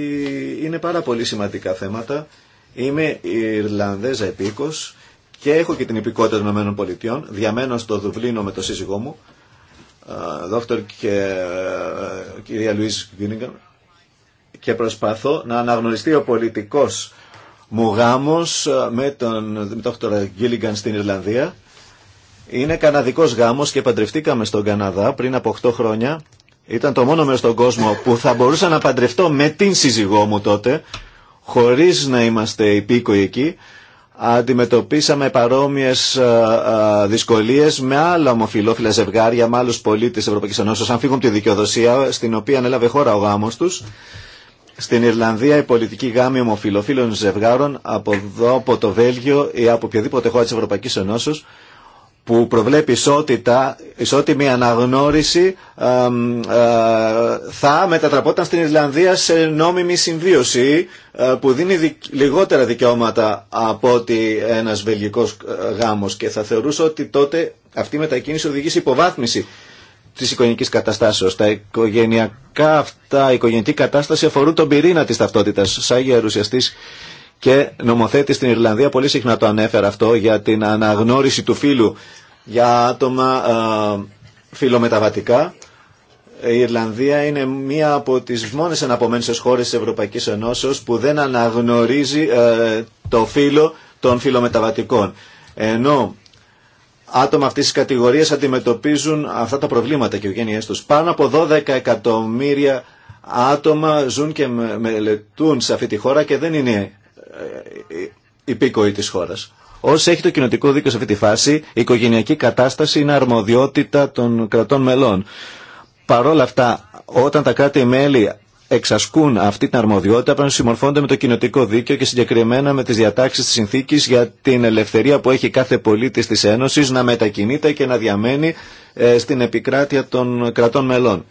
είναι πάρα πολύ σημαντικά θέματα. Είμαι Ιρλανδέζα επίκος και έχω και την υπηκότητα των ΗΠΑ. Διαμένω στο Δουβλίνο με τον σύζυγό μου, ε, δόκτωρ και ε, κυρία Λουίς Γκίνιγκαν και προσπαθώ να αναγνωριστεί ο πολιτικός μου γάμος ε, με τον Δόκτωρα Γκίλιγκαν στην Ιρλανδία. Είναι καναδικός γάμος και παντρευτήκαμε στον Καναδά πριν από 8 χρόνια. Ήταν το μόνο μέρος στον κόσμο που θα μπορούσα να παντρευτώ με την σύζυγό μου τότε, χωρίς να είμαστε υπήκοοι εκεί. Αντιμετωπίσαμε παρόμοιες ε, ε, δυσκολίες με άλλα ομοφυλόφιλα ζευγάρια, με άλλους πολίτες Ευρωπαϊκή Ευρωπαϊκής αν φύγουν τη δικαιοδοσία στην οποία ανέλαβε χώρα ο γάμος τους. Στην Ιρλανδία η πολιτική γάμη ομοφιλοφίλων ζευγάρων από εδώ, από το Βέλγιο ή από οποιαδήποτε χώρα τη Ευρωπαϊκή Ενώσεω που προβλέπει ισότητα, ισότιμη αναγνώριση θα μετατραπόταν στην Ιρλανδία σε νόμιμη συμβίωση που δίνει λιγότερα δικαιώματα από ότι ένας βελγικός γάμος και θα θεωρούσε ότι τότε αυτή η μετακίνηση οδηγεί σε υποβάθμιση της οικογενικής καταστάσεως. Τα οικογενειακά αυτά, η οικογενική κατάσταση αφορούν τον πυρήνα της ταυτότητας. Σάγια αρουσιαστής και νομοθέτη στην Ιρλανδία πολύ συχνά το ανέφερα αυτό για την αναγνώριση του φίλου για άτομα φιλομεταβατικά. Η Ιρλανδία είναι μία από τις μόνες αναπομένες χώρες της Ευρωπαϊκής Ενώσεως που δεν αναγνωρίζει ε, το φύλο των φιλομεταβατικών. Ενώ άτομα αυτής της κατηγορίας αντιμετωπίζουν αυτά τα προβλήματα και οι του. τους. Πάνω από 12 εκατομμύρια άτομα ζουν και μελετούν σε αυτή τη χώρα και δεν είναι ε, ε, υπήκοοι της χώρας. Όσοι έχει το κοινοτικό δίκαιο σε αυτή τη φάση, η οικογενειακή κατάσταση είναι αρμοδιότητα των κρατών μελών. Παρόλα αυτά, όταν τα κράτη-μέλη εξασκούν αυτή την αρμοδιότητα πρέπει να συμμορφώνονται με το κοινοτικό δίκαιο και συγκεκριμένα με τι διατάξει τη συνθήκη για την ελευθερία που έχει κάθε πολίτη τη Ένωση να μετακινείται και να διαμένει ε, στην επικράτεια των κρατών μελών.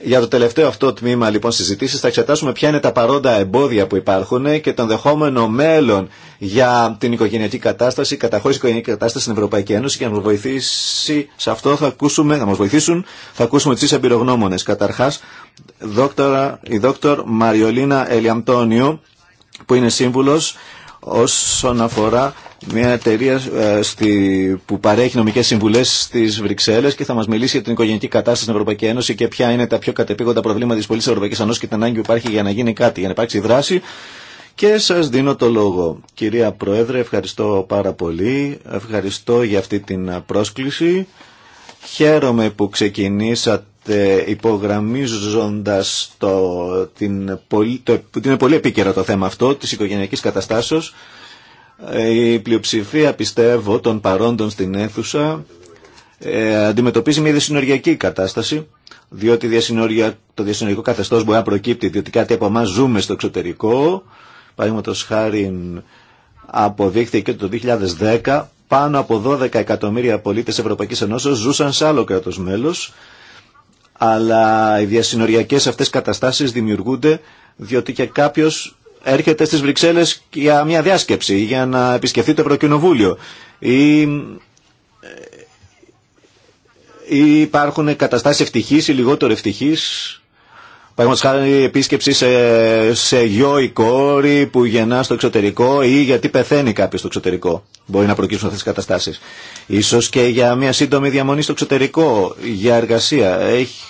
Για το τελευταίο αυτό τμήμα λοιπόν συζητήσεις θα εξετάσουμε ποια είναι τα παρόντα εμπόδια που υπάρχουν και το δεχόμενο μέλλον για την οικογενειακή κατάσταση, καταχώρηση οικογενειακή κατάσταση στην Ευρωπαϊκή Ένωση και να μας βοηθήσει σε αυτό θα ακούσουμε, να μας βοηθήσουν, θα ακούσουμε τις εμπειρογνώμονες. Καταρχάς, η δόκτωρ Μαριολίνα Ελιαντώνιο που είναι σύμβουλος όσον αφορά μια εταιρεία ε, στη, που παρέχει νομικές συμβουλές στις Βρυξέλλες και θα μας μιλήσει για την οικογενική κατάσταση στην Ευρωπαϊκή Ένωση και ποια είναι τα πιο κατεπήγοντα προβλήματα της πολίτης της Ευρωπαϊκής και την ανάγκη που υπάρχει για να γίνει κάτι, για να υπάρξει δράση. Και σας δίνω το λόγο. Κυρία Πρόεδρε, ευχαριστώ πάρα πολύ. Ευχαριστώ για αυτή την πρόσκληση. Χαίρομαι που ξεκινήσατε ε, υπογραμμίζοντας το, την, είναι πολύ επίκαιρο το θέμα αυτό της οικογενειακής καταστάσεως ε, η πλειοψηφία πιστεύω των παρόντων στην αίθουσα ε, αντιμετωπίζει μια διασυνοριακή κατάσταση διότι το διασυνοριακό καθεστώς μπορεί να προκύπτει διότι κάτι από εμά ζούμε στο εξωτερικό παραδείγματο χάρη αποδείχθηκε το 2010 πάνω από 12 εκατομμύρια πολίτες Ευρωπαϊκής Ενώσεως ζούσαν σε άλλο κράτος μέλος αλλά οι διασυνοριακές αυτές καταστάσεις δημιουργούνται διότι και κάποιος έρχεται στις Βρυξέλλες για μια διάσκεψη, για να επισκεφθεί το Ευρωκοινοβούλιο ή, ε, ή υπάρχουν καταστάσεις ευτυχής ή λιγότερο ευτυχής Παραδείγματο χάρη επίσκεψη σε, σε γιο ή κόρη που γεννά στο εξωτερικό ή γιατί πεθαίνει κάποιο στο εξωτερικό. Μπορεί να προκύψουν αυτέ τι καταστάσει. σω και για μια σύντομη διαμονή στο εξωτερικό, για εργασία.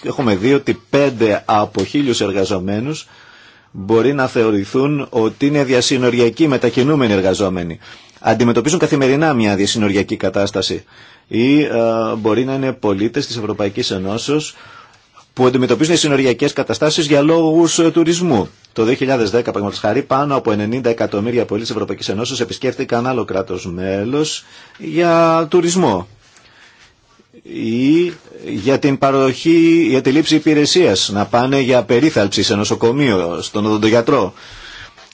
Έχουμε δει ότι πέντε από χίλιου εργαζομένου μπορεί να θεωρηθούν ότι είναι διασυνοριακοί μετακινούμενοι εργαζόμενοι. Αντιμετωπίζουν καθημερινά μια διασυνοριακή κατάσταση ή ε, μπορεί να είναι πολίτε τη Ευρωπαϊκή Ενώσεω που αντιμετωπίζουν οι συνοριακέ καταστάσει για λόγου ε, τουρισμού. Το 2010, παραδείγματο χάρη, πάνω από 90 εκατομμύρια πολίτε Ευρωπαϊκή Ένωση επισκέφτηκαν άλλο κράτο μέλο για τουρισμό ή για την παροχή, για τη λήψη υπηρεσία, να πάνε για περίθαλψη σε νοσοκομείο, στον οδοντογιατρό.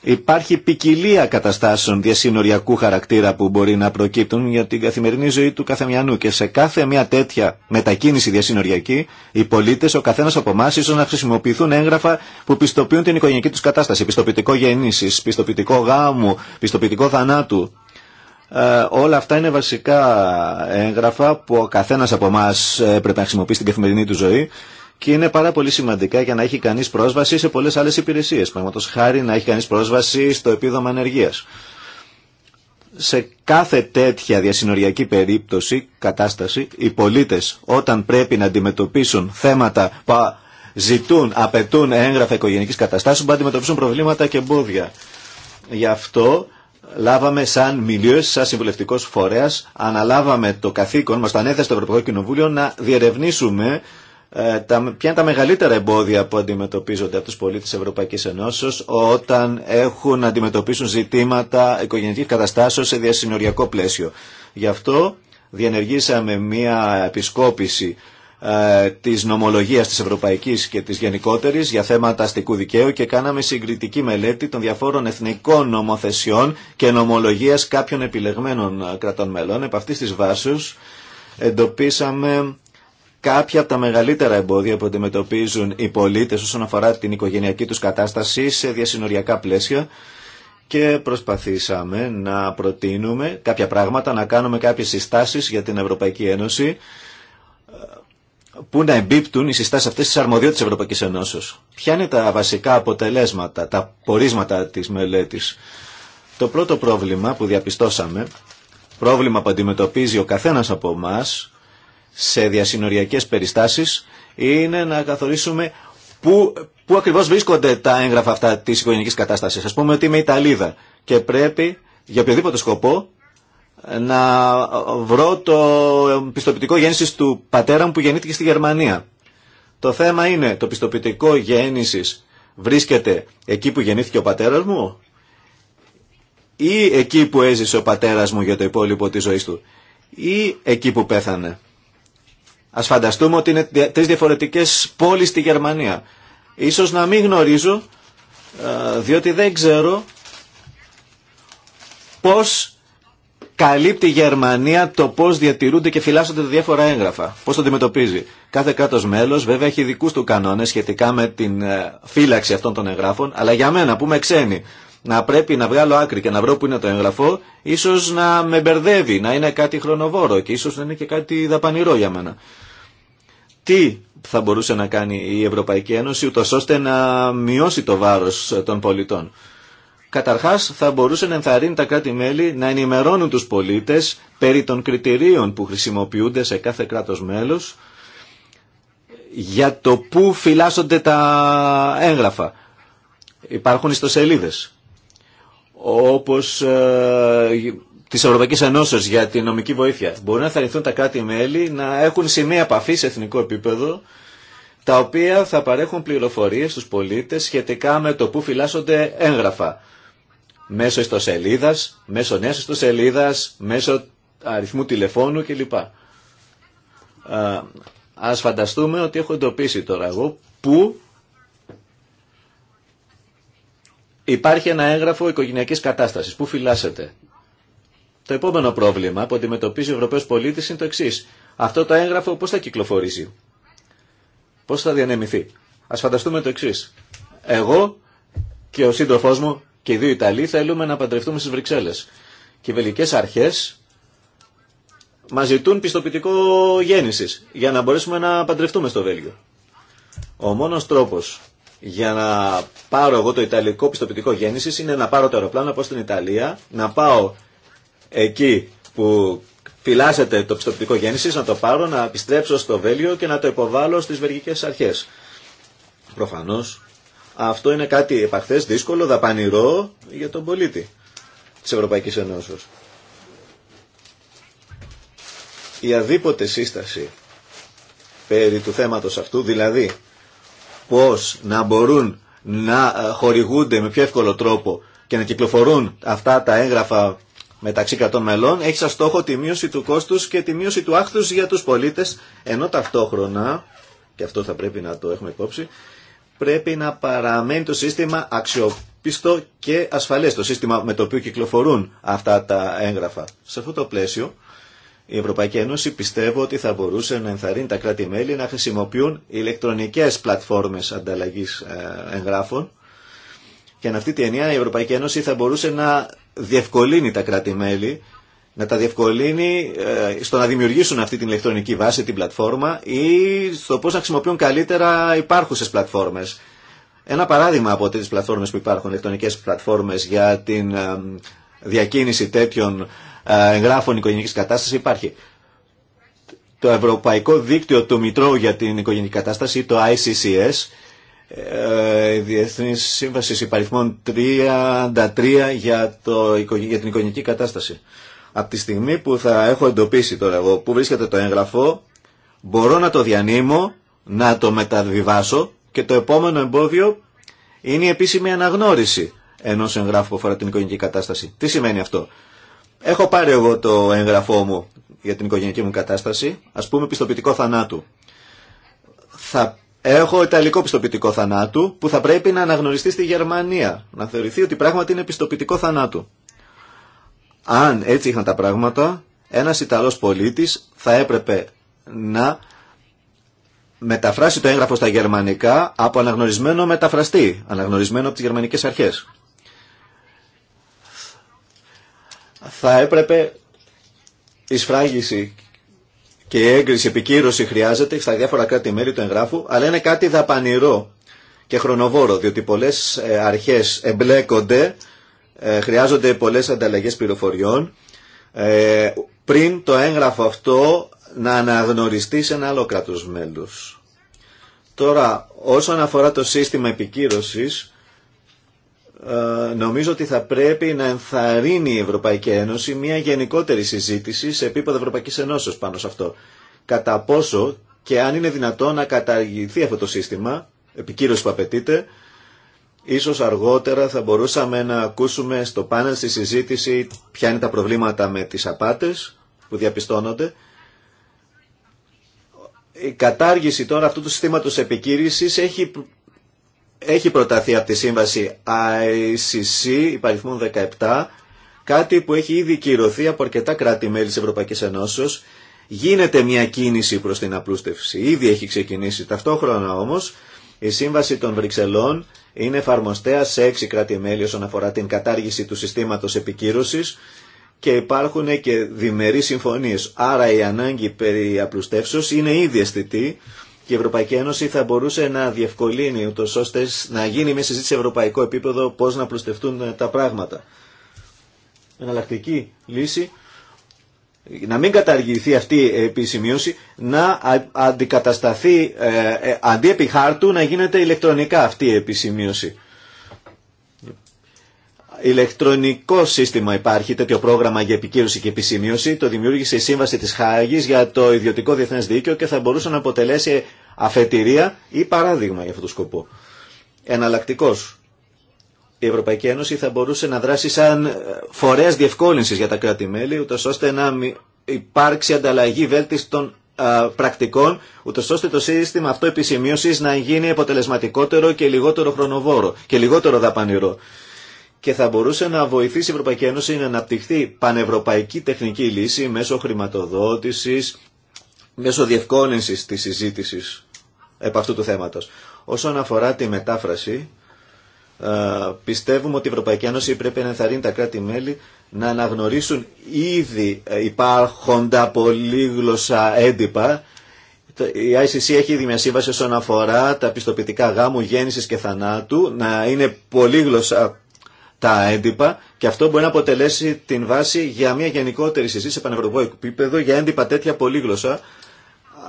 Υπάρχει ποικιλία καταστάσεων διασυνοριακού χαρακτήρα που μπορεί να προκύπτουν για την καθημερινή ζωή του καθεμιανού και σε κάθε μια τέτοια μετακίνηση διασυνοριακή οι πολίτες, ο καθένας από εμά ίσως να χρησιμοποιηθούν έγγραφα που πιστοποιούν την οικογενειακή του κατάσταση, πιστοποιητικό γέννηση, πιστοποιητικό γάμου, πιστοποιητικό θανάτου. Ε, όλα αυτά είναι βασικά έγγραφα που ο καθένας από εμά πρέπει να χρησιμοποιήσει στην καθημερινή του ζωή και είναι πάρα πολύ σημαντικά για να έχει κανείς πρόσβαση σε πολλές άλλες υπηρεσίες. Παραδείγματο χάρη να έχει κανείς πρόσβαση στο επίδομα ενεργείας Σε κάθε τέτοια διασυνοριακή περίπτωση, κατάσταση, οι πολίτες όταν πρέπει να αντιμετωπίσουν θέματα που ζητούν, απαιτούν έγγραφα οικογενικής καταστάσεων, που αντιμετωπίσουν προβλήματα και εμπόδια. Γι' αυτό λάβαμε σαν μιλίο, σαν συμβουλευτικό φορέα, αναλάβαμε το καθήκον, μα το ανέθεσε το Ευρωπαϊκό Κοινοβούλιο να διερευνήσουμε ε, τα, ποια είναι τα μεγαλύτερα εμπόδια που αντιμετωπίζονται από τους πολίτες της Ευρωπαϊκής Ενώσεως όταν έχουν να αντιμετωπίσουν ζητήματα οικογενειακής καταστάσεως σε διασυνοριακό πλαίσιο. Γι' αυτό διενεργήσαμε μία επισκόπηση ε, της νομολογίας της Ευρωπαϊκής και της γενικότερης για θέματα αστικού δικαίου και κάναμε συγκριτική μελέτη των διαφόρων εθνικών νομοθεσιών και νομολογίας κάποιων επιλεγμένων ε, κρατών μελών. Επ' αυτής της βάσης εντοπίσαμε κάποια από τα μεγαλύτερα εμπόδια που αντιμετωπίζουν οι πολίτες όσον αφορά την οικογενειακή τους κατάσταση σε διασυνοριακά πλαίσια και προσπαθήσαμε να προτείνουμε κάποια πράγματα, να κάνουμε κάποιες συστάσεις για την Ευρωπαϊκή Ένωση που να εμπίπτουν οι συστάσεις αυτές της αρμοδιότητας της Ευρωπαϊκής Ένωσης. Ποια είναι τα βασικά αποτελέσματα, τα πορίσματα της μελέτης. Το πρώτο πρόβλημα που διαπιστώσαμε, πρόβλημα που αντιμετωπίζει ο καθένας από εμά σε διασυνοριακές περιστάσεις είναι να καθορίσουμε πού, πού ακριβώς βρίσκονται τα έγγραφα αυτά της οικογενειακής κατάστασης. Ας πούμε ότι είμαι Ιταλίδα και πρέπει για οποιοδήποτε σκοπό να βρω το πιστοποιητικό γέννησης του πατέρα μου που γεννήθηκε στη Γερμανία. Το θέμα είναι το πιστοποιητικό γέννησης βρίσκεται εκεί που γεννήθηκε ο πατέρας μου ή εκεί που έζησε ο πατέρας μου για το υπόλοιπο της ζωής του ή εκεί που πέθανε. Α φανταστούμε ότι είναι τρει διαφορετικές πόλεις στη Γερμανία. Ίσως να μην γνωρίζω, ε, διότι δεν ξέρω πώς καλύπτει η Γερμανία το πώ διατηρούνται και φυλάσσονται τα διάφορα έγγραφα, πώς το αντιμετωπίζει. Κάθε κράτο μέλος βέβαια έχει δικούς του κανόνες σχετικά με την ε, φύλαξη αυτών των εγγράφων, αλλά για μένα που είμαι ξένη να πρέπει να βγάλω άκρη και να βρω που είναι το έγγραφο, ίσω να με μπερδεύει, να είναι κάτι χρονοβόρο και ίσω να είναι και κάτι δαπανηρό για μένα. Τι θα μπορούσε να κάνει η Ευρωπαϊκή Ένωση ούτω ώστε να μειώσει το βάρο των πολιτών. Καταρχάς θα μπορούσε να ενθαρρύνει τα κράτη-μέλη να ενημερώνουν τους πολίτε περί των κριτηρίων που χρησιμοποιούνται σε κάθε κράτο μέλο για το πού φυλάσσονται τα έγγραφα. Υπάρχουν ιστοσελίδες όπως ε, της Ευρωπαϊκής για την νομική βοήθεια. Μπορεί να θαρρυνθούν τα κράτη-μέλη να έχουν σημεία επαφή σε εθνικό επίπεδο τα οποία θα παρέχουν πληροφορίες στους πολίτες σχετικά με το που φυλάσσονται έγγραφα. Μέσω ιστοσελίδας, μέσω νέας ιστοσελίδας, μέσω αριθμού τηλεφώνου κλπ. Α, ας φανταστούμε ότι έχω εντοπίσει τώρα εγώ που Υπάρχει ένα έγγραφο οικογενειακής κατάστασης. Πού φυλάσσεται. Το επόμενο πρόβλημα που αντιμετωπίζει ο Ευρωπαίος πολίτης είναι το εξή. Αυτό το έγγραφο πώς θα κυκλοφορήσει. Πώς θα διανεμηθεί. Ας φανταστούμε το εξή. Εγώ και ο σύντροφο μου και οι δύο Ιταλοί θέλουμε να παντρευτούμε στις Βρυξέλλες. Και οι βελικές αρχές μα ζητούν πιστοποιητικό γέννησης για να μπορέσουμε να παντρευτούμε στο Βέλγιο. Ο μόνος τρόπος για να πάρω εγώ το Ιταλικό πιστοποιητικό γέννηση είναι να πάρω το αεροπλάνο, να πάω στην Ιταλία, να πάω εκεί που φυλάσσεται το πιστοποιητικό γέννηση, να το πάρω, να επιστρέψω στο Βέλιο και να το υποβάλω στι βελγικέ αρχέ. Προφανώ αυτό είναι κάτι επαχθέ, δύσκολο, δαπανηρό για τον πολίτη τη Ευρωπαϊκή Ενώσεω. Η αδίποτε σύσταση περί του θέματος αυτού, δηλαδή πώς να μπορούν να ε, χορηγούνται με πιο εύκολο τρόπο και να κυκλοφορούν αυτά τα έγγραφα μεταξύ κρατών μελών έχει σαν στόχο τη μείωση του κόστους και τη μείωση του άχθους για τους πολίτες ενώ ταυτόχρονα, και αυτό θα πρέπει να το έχουμε υπόψη, πρέπει να παραμένει το σύστημα αξιοπιστό και ασφαλές, το σύστημα με το οποίο κυκλοφορούν αυτά τα έγγραφα. Σε αυτό το πλαίσιο η Ευρωπαϊκή Ένωση πιστεύω ότι θα μπορούσε να ενθαρρύνει τα κράτη-μέλη να χρησιμοποιούν ηλεκτρονικές πλατφόρμες ανταλλαγής ε, εγγράφων και αν αυτή τη ενία η Ευρωπαϊκή Ένωση θα μπορούσε να διευκολύνει τα κράτη-μέλη να τα διευκολύνει ε, στο να δημιουργήσουν αυτή την ηλεκτρονική βάση, την πλατφόρμα ή στο πώς να χρησιμοποιούν καλύτερα υπάρχουσες πλατφόρμες. Ένα παράδειγμα από τις πλατφόρμες που υπάρχουν, ηλεκτρονικές πλατφόρμες για την ε, διακίνηση τέτοιων ε, εγγράφων οικογενειακή κατάσταση υπάρχει. Το Ευρωπαϊκό Δίκτυο του Μητρώου για την Οικογενειακή Κατάσταση, το ICCS, ε, η Διεθνή Σύμβαση Υπαριθμών 33 για, το, για την οικογενειακή κατάσταση. Από τη στιγμή που θα έχω εντοπίσει τώρα εγώ που βρίσκεται το έγγραφο, μπορώ να το διανύμω, να το μεταβιβάσω και το επόμενο εμπόδιο είναι η επίσημη αναγνώριση ενός εγγράφου που αφορά την οικογενειακή κατάσταση. Τι σημαίνει αυτό. Έχω πάρει εγώ το έγγραφό μου για την οικογενειακή μου κατάσταση, ας πούμε πιστοποιητικό θανάτου. Θα έχω ιταλικό πιστοποιητικό θανάτου που θα πρέπει να αναγνωριστεί στη Γερμανία, να θεωρηθεί ότι πράγματι είναι πιστοποιητικό θανάτου. Αν έτσι είχαν τα πράγματα, ένας Ιταλός πολίτης θα έπρεπε να μεταφράσει το έγγραφο στα γερμανικά από αναγνωρισμένο μεταφραστή, αναγνωρισμένο από τις γερμανικές αρχές. θα έπρεπε η σφράγιση και η έγκριση, η επικύρωση χρειάζεται στα διάφορα κράτη-μέλη του εγγράφου, αλλά είναι κάτι δαπανηρό και χρονοβόρο, διότι πολλές ε, αρχές εμπλέκονται, ε, χρειάζονται πολλές ανταλλαγές πληροφοριών, ε, πριν το έγγραφο αυτό να αναγνωριστεί σε ένα άλλο κράτος μέλος. Τώρα, όσον αφορά το σύστημα επικύρωσης, ε, νομίζω ότι θα πρέπει να ενθαρρύνει η Ευρωπαϊκή Ένωση μια γενικότερη συζήτηση σε επίπεδο Ευρωπαϊκή Ενώσεω πάνω σε αυτό. Κατά πόσο και αν είναι δυνατόν να καταργηθεί αυτό το σύστημα, επικύρωση που απαιτείται, ίσως αργότερα θα μπορούσαμε να ακούσουμε στο πάνελ στη συζήτηση ποια είναι τα προβλήματα με τις απάτες που διαπιστώνονται. Η κατάργηση τώρα αυτού του συστήματος επικύρησης έχει έχει προταθεί από τη σύμβαση ICC υπαριθμών 17, κάτι που έχει ήδη κυρωθεί από αρκετά κράτη-μέλη της Ευρωπαϊκής Ενώσεως. Γίνεται μια κίνηση προς την απλούστευση, ήδη έχει ξεκινήσει. Ταυτόχρονα όμως η σύμβαση των Βρυξελών είναι εφαρμοστέα σε έξι κράτη-μέλη όσον αφορά την κατάργηση του συστήματος επικύρωσης και υπάρχουν και διμερείς συμφωνίες. Άρα η ανάγκη περί απλουστεύσεως είναι ήδη αισθητή και η Ευρωπαϊκή Ένωση θα μπορούσε να διευκολύνει ούτω ώστε να γίνει μια συζήτηση σε ευρωπαϊκό επίπεδο πώς να πλουστευτούν ε, τα πράγματα. Εναλλακτική λύση να μην καταργηθεί αυτή η επισημείωση, να αντικατασταθεί ε, ε, αντί επί χάρτου να γίνεται ηλεκτρονικά αυτή η επισημείωση ηλεκτρονικό σύστημα υπάρχει, τέτοιο πρόγραμμα για επικύρωση και επισημείωση, το δημιούργησε η Σύμβαση τη χάγη για το Ιδιωτικό διεθνέ Δίκαιο και θα μπορούσε να αποτελέσει αφετηρία ή παράδειγμα για αυτόν τον σκοπό. Εναλλακτικό. Η Ευρωπαϊκή Ένωση θα μπορούσε να δράσει σαν ε, φορέας διευκόλυνση για τα κράτη-μέλη, ούτω ώστε να υπάρξει ανταλλαγή βέλτιστων πρακτικών, ούτω ώστε το σύστημα αυτό επισημείωση να γίνει αποτελεσματικότερο και λιγότερο χρονοβόρο και λιγότερο δαπανηρό και θα μπορούσε να βοηθήσει η Ευρωπαϊκή Ένωση να αναπτυχθεί πανευρωπαϊκή τεχνική λύση μέσω χρηματοδότησης, μέσω διευκόλυνσης της συζήτησης επ' αυτού του θέματος. Όσον αφορά τη μετάφραση, ε, πιστεύουμε ότι η Ευρωπαϊκή Ένωση πρέπει να ενθαρρύνει τα κράτη-μέλη να αναγνωρίσουν ήδη υπάρχοντα πολύγλωσσα έντυπα. Η ICC έχει ήδη μια σύμβαση όσον αφορά τα πιστοποιητικά γάμου, γέννηση και θανάτου, να είναι πολύγλωσσα τα έντυπα και αυτό μπορεί να αποτελέσει την βάση για μια γενικότερη συζήτηση σε πανευρωπαϊκό επίπεδο για έντυπα τέτοια πολύγλωσσα.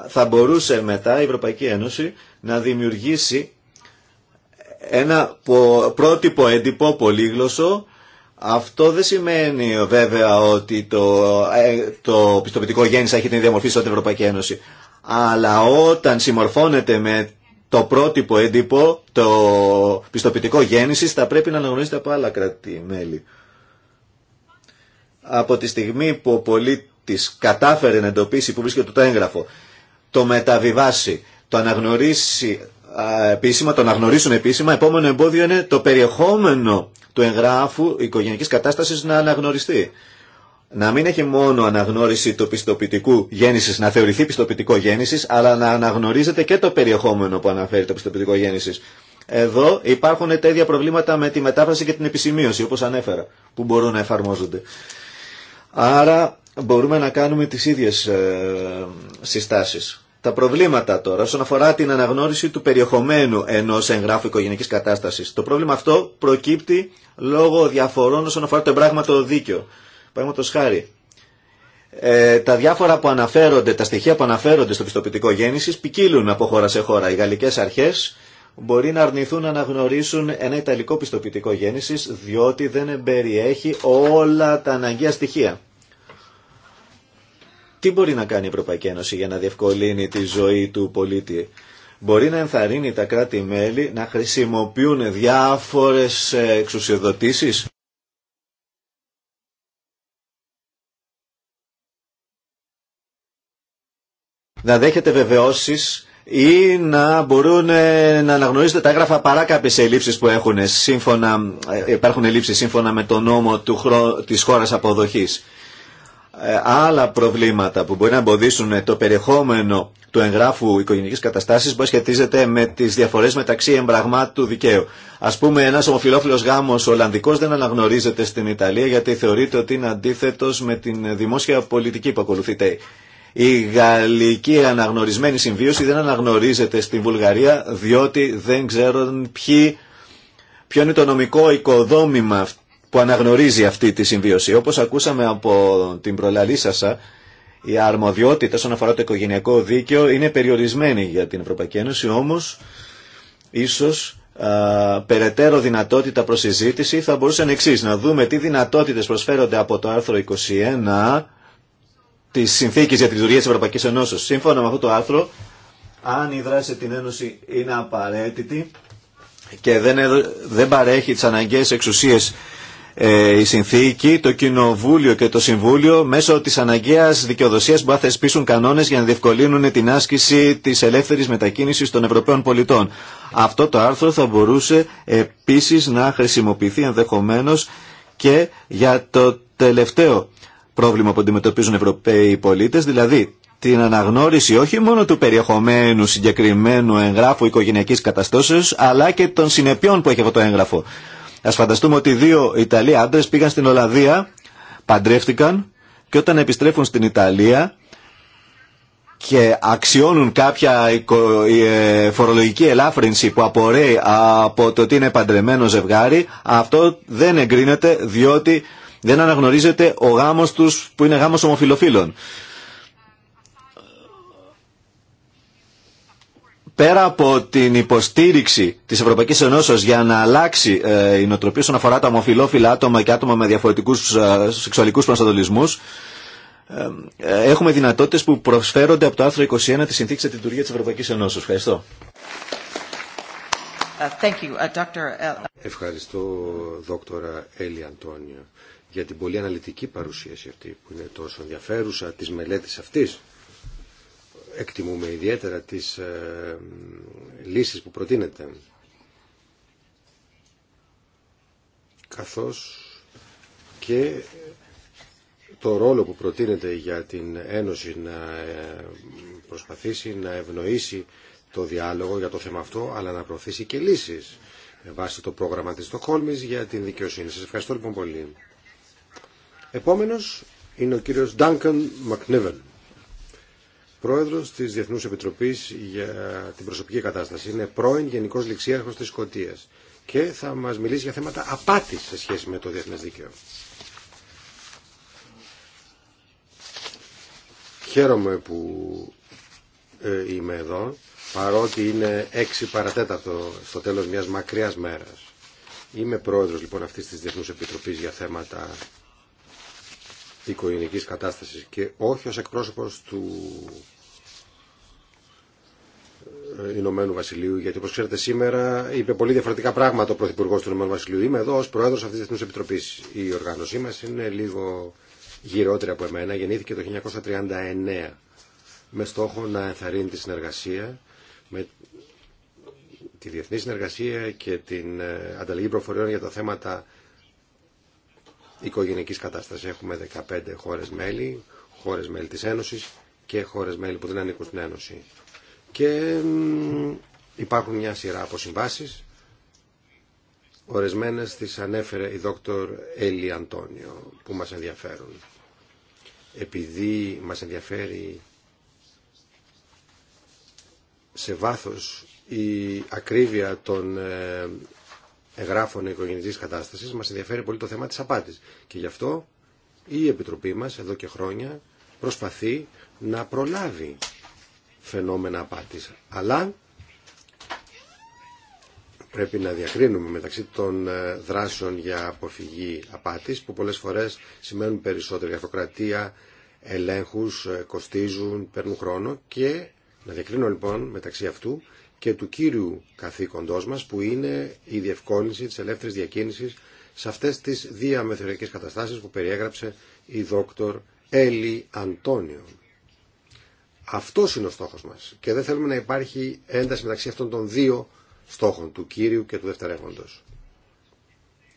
Θα μπορούσε μετά η Ευρωπαϊκή Ένωση να δημιουργήσει ένα πρότυπο έντυπο πολύγλωσσο αυτό δεν σημαίνει βέβαια ότι το, ε, το πιστοποιητικό γέννηση έχει την ίδια μορφή στην Ευρωπαϊκή Ένωση. Αλλά όταν συμμορφώνεται με το πρότυπο έντυπο, το πιστοποιητικό γέννησης θα πρέπει να αναγνωρίζεται από άλλα κράτη-μέλη. Από τη στιγμή που ο πολίτης κατάφερε να εντοπίσει που βρίσκεται το έγγραφο, το μεταβιβάσει, το αναγνωρίσει επίσημα, το αναγνωρίσουν επίσημα, επόμενο εμπόδιο είναι το περιεχόμενο του εγγράφου οικογενειακής κατάστασης να αναγνωριστεί να μην έχει μόνο αναγνώριση του πιστοποιητικού γέννηση, να θεωρηθεί πιστοποιητικό γέννηση, αλλά να αναγνωρίζεται και το περιεχόμενο που αναφέρει το πιστοποιητικό γέννηση. Εδώ υπάρχουν τέτοια προβλήματα με τη μετάφραση και την επισημείωση, όπω ανέφερα, που μπορούν να εφαρμόζονται. Άρα μπορούμε να κάνουμε τι ίδιε συστάσει. Τα προβλήματα τώρα όσον αφορά την αναγνώριση του περιεχομένου ενό εγγράφου οικογενειακή κατάσταση. Το πρόβλημα αυτό προκύπτει λόγω διαφορών όσον αφορά το εμπράγματο δίκαιο. Παραδείγματο χάρη, ε, τα διάφορα που αναφέρονται, τα στοιχεία που αναφέρονται στο πιστοποιητικό γέννηση ποικίλουν από χώρα σε χώρα. Οι γαλλικέ αρχέ μπορεί να αρνηθούν να αναγνωρίσουν ένα ιταλικό πιστοποιητικό γέννηση διότι δεν περιέχει όλα τα αναγκαία στοιχεία. Τι μπορεί να κάνει η Ευρωπαϊκή Ένωση για να διευκολύνει τη ζωή του πολίτη. Μπορεί να ενθαρρύνει τα κράτη-μέλη να χρησιμοποιούν διάφορες ε, εξουσιοδοτήσεις να δέχεται βεβαιώσει ή να μπορούν ε, να αναγνωρίζονται τα έγγραφα παρά κάποιε ελλείψει που έχουν. Σύμφωνα, ε, υπάρχουν ελλείψει σύμφωνα με τον νόμο του χρο... της χώρας αποδοχής. Ε, άλλα προβλήματα που μπορεί να εμποδίσουν το περιεχόμενο του εγγράφου οικογενειακής καταστάσης μπορεί να σχετίζεται με τις διαφορές μεταξύ εμπραγμάτου δικαίου. Ας πούμε ένας ομοφιλόφιλος γάμος ολλανδικός δεν αναγνωρίζεται στην Ιταλία γιατί θεωρείται ότι είναι αντίθετος με την δημόσια πολιτική που ακολουθείται η γαλλική αναγνωρισμένη συμβίωση δεν αναγνωρίζεται στην Βουλγαρία διότι δεν ξέρουν ποιο είναι το νομικό οικοδόμημα που αναγνωρίζει αυτή τη συμβίωση. Όπως ακούσαμε από την προλαλήσασα, η αρμοδιότητα όσον αφορά το οικογενειακό δίκαιο είναι περιορισμένη για την Ευρωπαϊκή Ένωση, όμως ίσως περαιτέρω δυνατότητα προσυζήτηση θα μπορούσε να εξή να δούμε τι δυνατότητες προσφέρονται από το άρθρο 21 τη συνθήκη για τη λειτουργία τη Ευρωπαϊκή Ενώσεω. Σύμφωνα με αυτό το άρθρο, αν η δράση την Ένωση είναι απαραίτητη και δεν, δεν παρέχει τι αναγκαίε εξουσίε ε, η συνθήκη, το Κοινοβούλιο και το Συμβούλιο μέσω τη αναγκαία δικαιοδοσία που θα θεσπίσουν κανόνε για να διευκολύνουν την άσκηση τη ελεύθερη μετακίνηση των Ευρωπαίων πολιτών. Αυτό το άρθρο θα μπορούσε επίση να χρησιμοποιηθεί ενδεχομένω και για το τελευταίο πρόβλημα που αντιμετωπίζουν Ευρωπαίοι πολίτες, δηλαδή την αναγνώριση όχι μόνο του περιεχομένου συγκεκριμένου εγγράφου οικογενειακής καταστώσεως, αλλά και των συνεπειών που έχει αυτό το έγγραφο. Ας φανταστούμε ότι δύο Ιταλοί άντρε πήγαν στην Ολλανδία, παντρεύτηκαν και όταν επιστρέφουν στην Ιταλία και αξιώνουν κάποια ε, φορολογική ελάφρυνση που απορρέει από το ότι είναι παντρεμένο ζευγάρι, αυτό δεν εγκρίνεται διότι δεν αναγνωρίζεται ο γάμος τους που είναι γάμος ομοφιλοφίλων. Πέρα από την υποστήριξη της Ευρωπαϊκής Ενώσεως για να αλλάξει ε, η νοοτροπία όσον αφορά τα ομοφιλόφιλα άτομα και άτομα με διαφορετικούς ε, σεξουαλικούς προσανατολισμούς, ε, έχουμε δυνατότητες που προσφέρονται από το άρθρο 21 της Συνθήκης για της Ευρωπαϊκής Ενώσεως. Ευχαριστώ. Uh, uh, Ευχαριστώ, δόκτωρα Έλλη Αντώνιο για την πολύ αναλυτική παρουσίαση αυτή που είναι τόσο ενδιαφέρουσα της μελέτης αυτής. Εκτιμούμε ιδιαίτερα τις ε, λύσεις που προτείνετε Καθώς και το ρόλο που προτείνεται για την Ένωση να ε, προσπαθήσει να ευνοήσει το διάλογο για το θέμα αυτό, αλλά να προωθήσει και λύσεις ε, βάσει το πρόγραμμα της Στοχόλμης για την δικαιοσύνη. Σας ευχαριστώ λοιπόν πολύ. Επόμενος είναι ο κύριος Duncan McNiven, πρόεδρος της Διεθνούς Επιτροπής για την Προσωπική Κατάσταση. Είναι πρώην Γενικός Ληξίαρχος της Σκοτίας και θα μας μιλήσει για θέματα απάτης σε σχέση με το διεθνές δίκαιο. Χαίρομαι που ε, είμαι εδώ, παρότι είναι έξι παρατέταρτο στο τέλος μιας μακριάς μέρας. Είμαι πρόεδρος λοιπόν αυτής της Διεθνούς Επιτροπής για θέματα οικογενειακής κατάστασης και όχι ως εκπρόσωπος του ε, Ηνωμένου Βασιλείου, γιατί όπω ξέρετε σήμερα είπε πολύ διαφορετικά πράγματα ο Πρωθυπουργό του Ηνωμένου Βασιλείου. Είμαι εδώ ω πρόεδρος αυτή τη Διεθνού Επιτροπή. Η οργάνωσή μας είναι λίγο γυρότερη από εμένα. Γεννήθηκε το 1939 με στόχο να ενθαρρύνει τη συνεργασία, με τη διεθνή συνεργασία και την ε, ανταλλαγή προφοριών για τα θέματα οικογενικής κατάσταση Έχουμε 15 χώρε μέλη, χώρε μέλη της Ένωσης και χώρε μέλη που δεν ανήκουν στην Ένωση. Και υπάρχουν μια σειρά από συμβάσει. Ορισμένε τις ανέφερε η δόκτωρ Έλλη Αντώνιο που μας ενδιαφέρουν. Επειδή μας ενδιαφέρει σε βάθος η ακρίβεια των ε, εγγράφων οικογενειακή κατάσταση μας ενδιαφέρει πολύ το θέμα της απάτη. Και γι' αυτό η Επιτροπή μας εδώ και χρόνια προσπαθεί να προλάβει φαινόμενα απάτη. Αλλά πρέπει να διακρίνουμε μεταξύ των ε, δράσεων για αποφυγή απάτης που πολλές φορές σημαίνουν περισσότερη αυτοκρατία, ελέγχους, ε, κοστίζουν, παίρνουν χρόνο και να διακρίνω λοιπόν μεταξύ αυτού και του κύριου καθήκοντός μας που είναι η διευκόλυνση της ελεύθερης διακίνησης σε αυτές τις διαμεθεωρικές καταστάσεις που περιέγραψε η δόκτωρ Έλλη Αντώνιο. Αυτό είναι ο στόχος μας και δεν θέλουμε να υπάρχει ένταση μεταξύ αυτών των δύο στόχων, του κύριου και του δευτερεύοντος.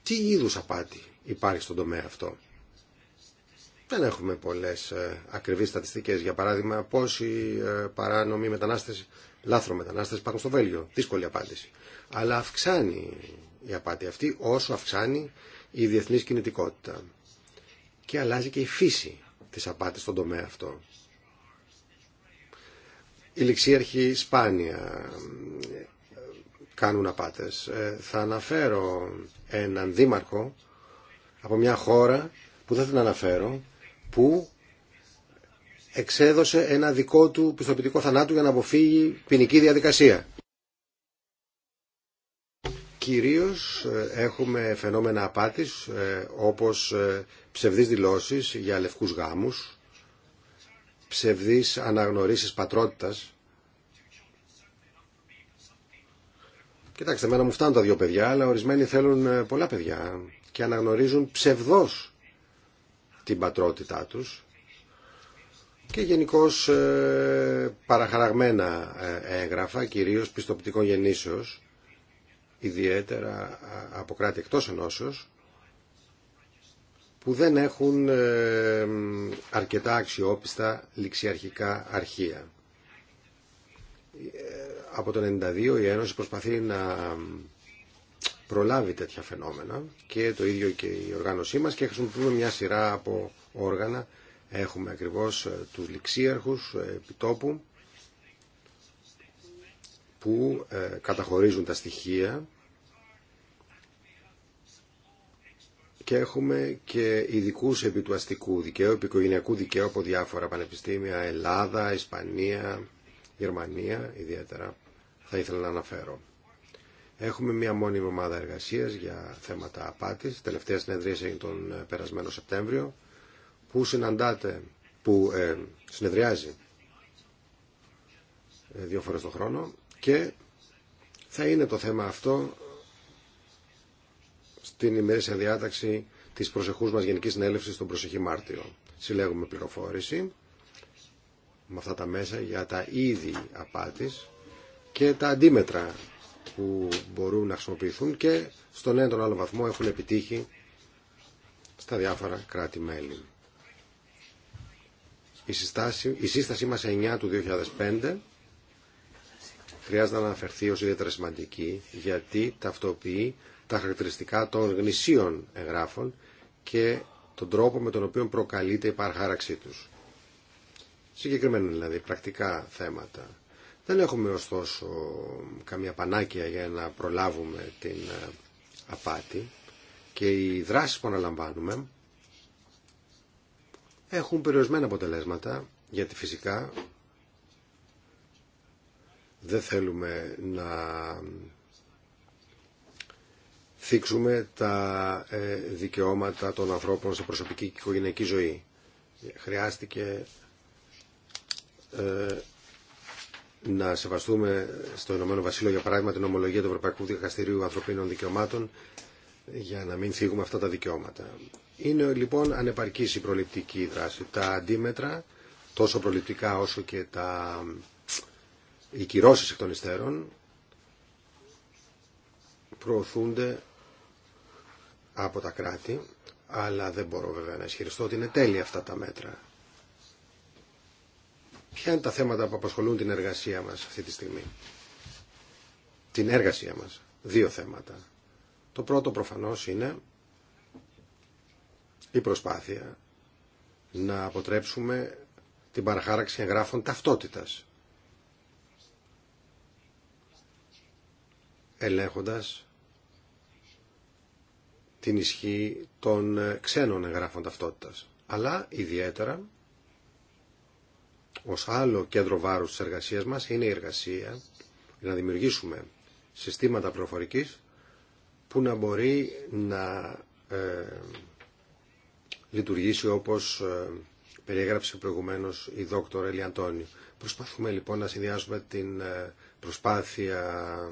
Τι είδους απάτη υπάρχει στον τομέα αυτό δεν έχουμε πολλές ε, ακριβείς στατιστικές. Για παράδειγμα, πόσοι ε, παράνομοι μετανάστες, λάθρο μετανάστες υπάρχουν στο Βέλγιο. Δύσκολη απάντηση. Αλλά αυξάνει η απάτη αυτή όσο αυξάνει η διεθνής κινητικότητα. Και αλλάζει και η φύση της απάτης στον τομέα αυτό. Οι ληξίαρχοι σπάνια ε, κάνουν απάτες. Θα αναφέρω έναν δήμαρχο από μια χώρα που δεν την αναφέρω, που εξέδωσε ένα δικό του πιστοποιητικό θανάτου για να αποφύγει ποινική διαδικασία. Κυρίως ε, έχουμε φαινόμενα απάτης ε, όπως ε, ψευδείς δηλώσεις για λευκούς γάμους, ψευδείς αναγνωρίσεις πατρότητας. Κοιτάξτε, εμένα μου φτάνουν τα δύο παιδιά, αλλά ορισμένοι θέλουν πολλά παιδιά και αναγνωρίζουν ψευδός την πατρότητά τους και γενικώ ε, παραχαραγμένα ε, έγγραφα, κυρίως πιστοποιητικών γεννήσεως, ιδιαίτερα από κράτη εκτός ενώσεως, που δεν έχουν ε, αρκετά αξιόπιστα ληξιαρχικά αρχεία. Από το 92 η Ένωση προσπαθεί να προλάβει τέτοια φαινόμενα και το ίδιο και η οργάνωσή μας και χρησιμοποιούμε μια σειρά από όργανα. Έχουμε ακριβώς ε, τους ληξίαρχους ε, επιτόπου που ε, καταχωρίζουν τα στοιχεία και έχουμε και ειδικού επί του αστικού δικαίου, οικογενειακού δικαίου από διάφορα πανεπιστήμια, Ελλάδα, Ισπανία, Γερμανία ιδιαίτερα θα ήθελα να αναφέρω. Έχουμε μία μόνιμη ομάδα εργασία για θέματα απάτη. Τελευταία συνεδρία έγινε τον ε, περασμένο Σεπτέμβριο, που συναντάτε που ε, συνεδριάζει ε, δύο φορέ το χρόνο και θα είναι το θέμα αυτό στην ημερήσια διάταξη της προσεχούς μας Γενικής Συνέλευσης τον προσεχή Μάρτιο. Συλλέγουμε πληροφόρηση με αυτά τα μέσα για τα είδη απάτης και τα αντίμετρα που μπορούν να χρησιμοποιηθούν και στον ένα τον άλλο βαθμό έχουν επιτύχει στα διάφορα κράτη-μέλη. Η, συστάση, η σύστασή μας 9 του 2005 χρειάζεται να αναφερθεί ως ιδιαίτερα σημαντική γιατί ταυτοποιεί τα χαρακτηριστικά των γνησίων εγγράφων και τον τρόπο με τον οποίο προκαλείται η παρχάραξή τους. Συγκεκριμένα δηλαδή πρακτικά θέματα δεν έχουμε ωστόσο καμία πανάκια για να προλάβουμε την ε, απάτη και οι δράσεις που αναλαμβάνουμε έχουν περιορισμένα αποτελέσματα γιατί φυσικά δεν θέλουμε να θίξουμε τα ε, δικαιώματα των ανθρώπων σε προσωπική και οικογενειακή ζωή. Χρειάστηκε ε, να σεβαστούμε στο Ηνωμένο Βασίλειο, για παράδειγμα, την ομολογία του Ευρωπαϊκού Δικαστηρίου Ανθρωπίνων Δικαιωμάτων για να μην θίγουμε αυτά τα δικαιώματα. Είναι λοιπόν ανεπαρκής η προληπτική δράση. Τα αντίμετρα, τόσο προληπτικά όσο και τα... οι κυρώσει εκ των υστέρων, προωθούνται από τα κράτη, αλλά δεν μπορώ βέβαια να ισχυριστώ ότι είναι τέλεια αυτά τα μέτρα. Ποια είναι τα θέματα που απασχολούν την εργασία μας αυτή τη στιγμή. Την εργασία μας. Δύο θέματα. Το πρώτο προφανώς είναι η προσπάθεια να αποτρέψουμε την παραχάραξη εγγράφων ταυτότητας. Ελέγχοντας την ισχύ των ξένων εγγράφων ταυτότητας. Αλλά ιδιαίτερα ως άλλο κέντρο βάρου τη εργασία μας είναι η εργασία για να δημιουργήσουμε συστήματα πληροφορική που να μπορεί να ε, λειτουργήσει όπως ε, περιέγραψε προηγουμένως η δόκτωρα Ελιαντώνη. Προσπαθούμε λοιπόν να συνδυάσουμε την ε, προσπάθεια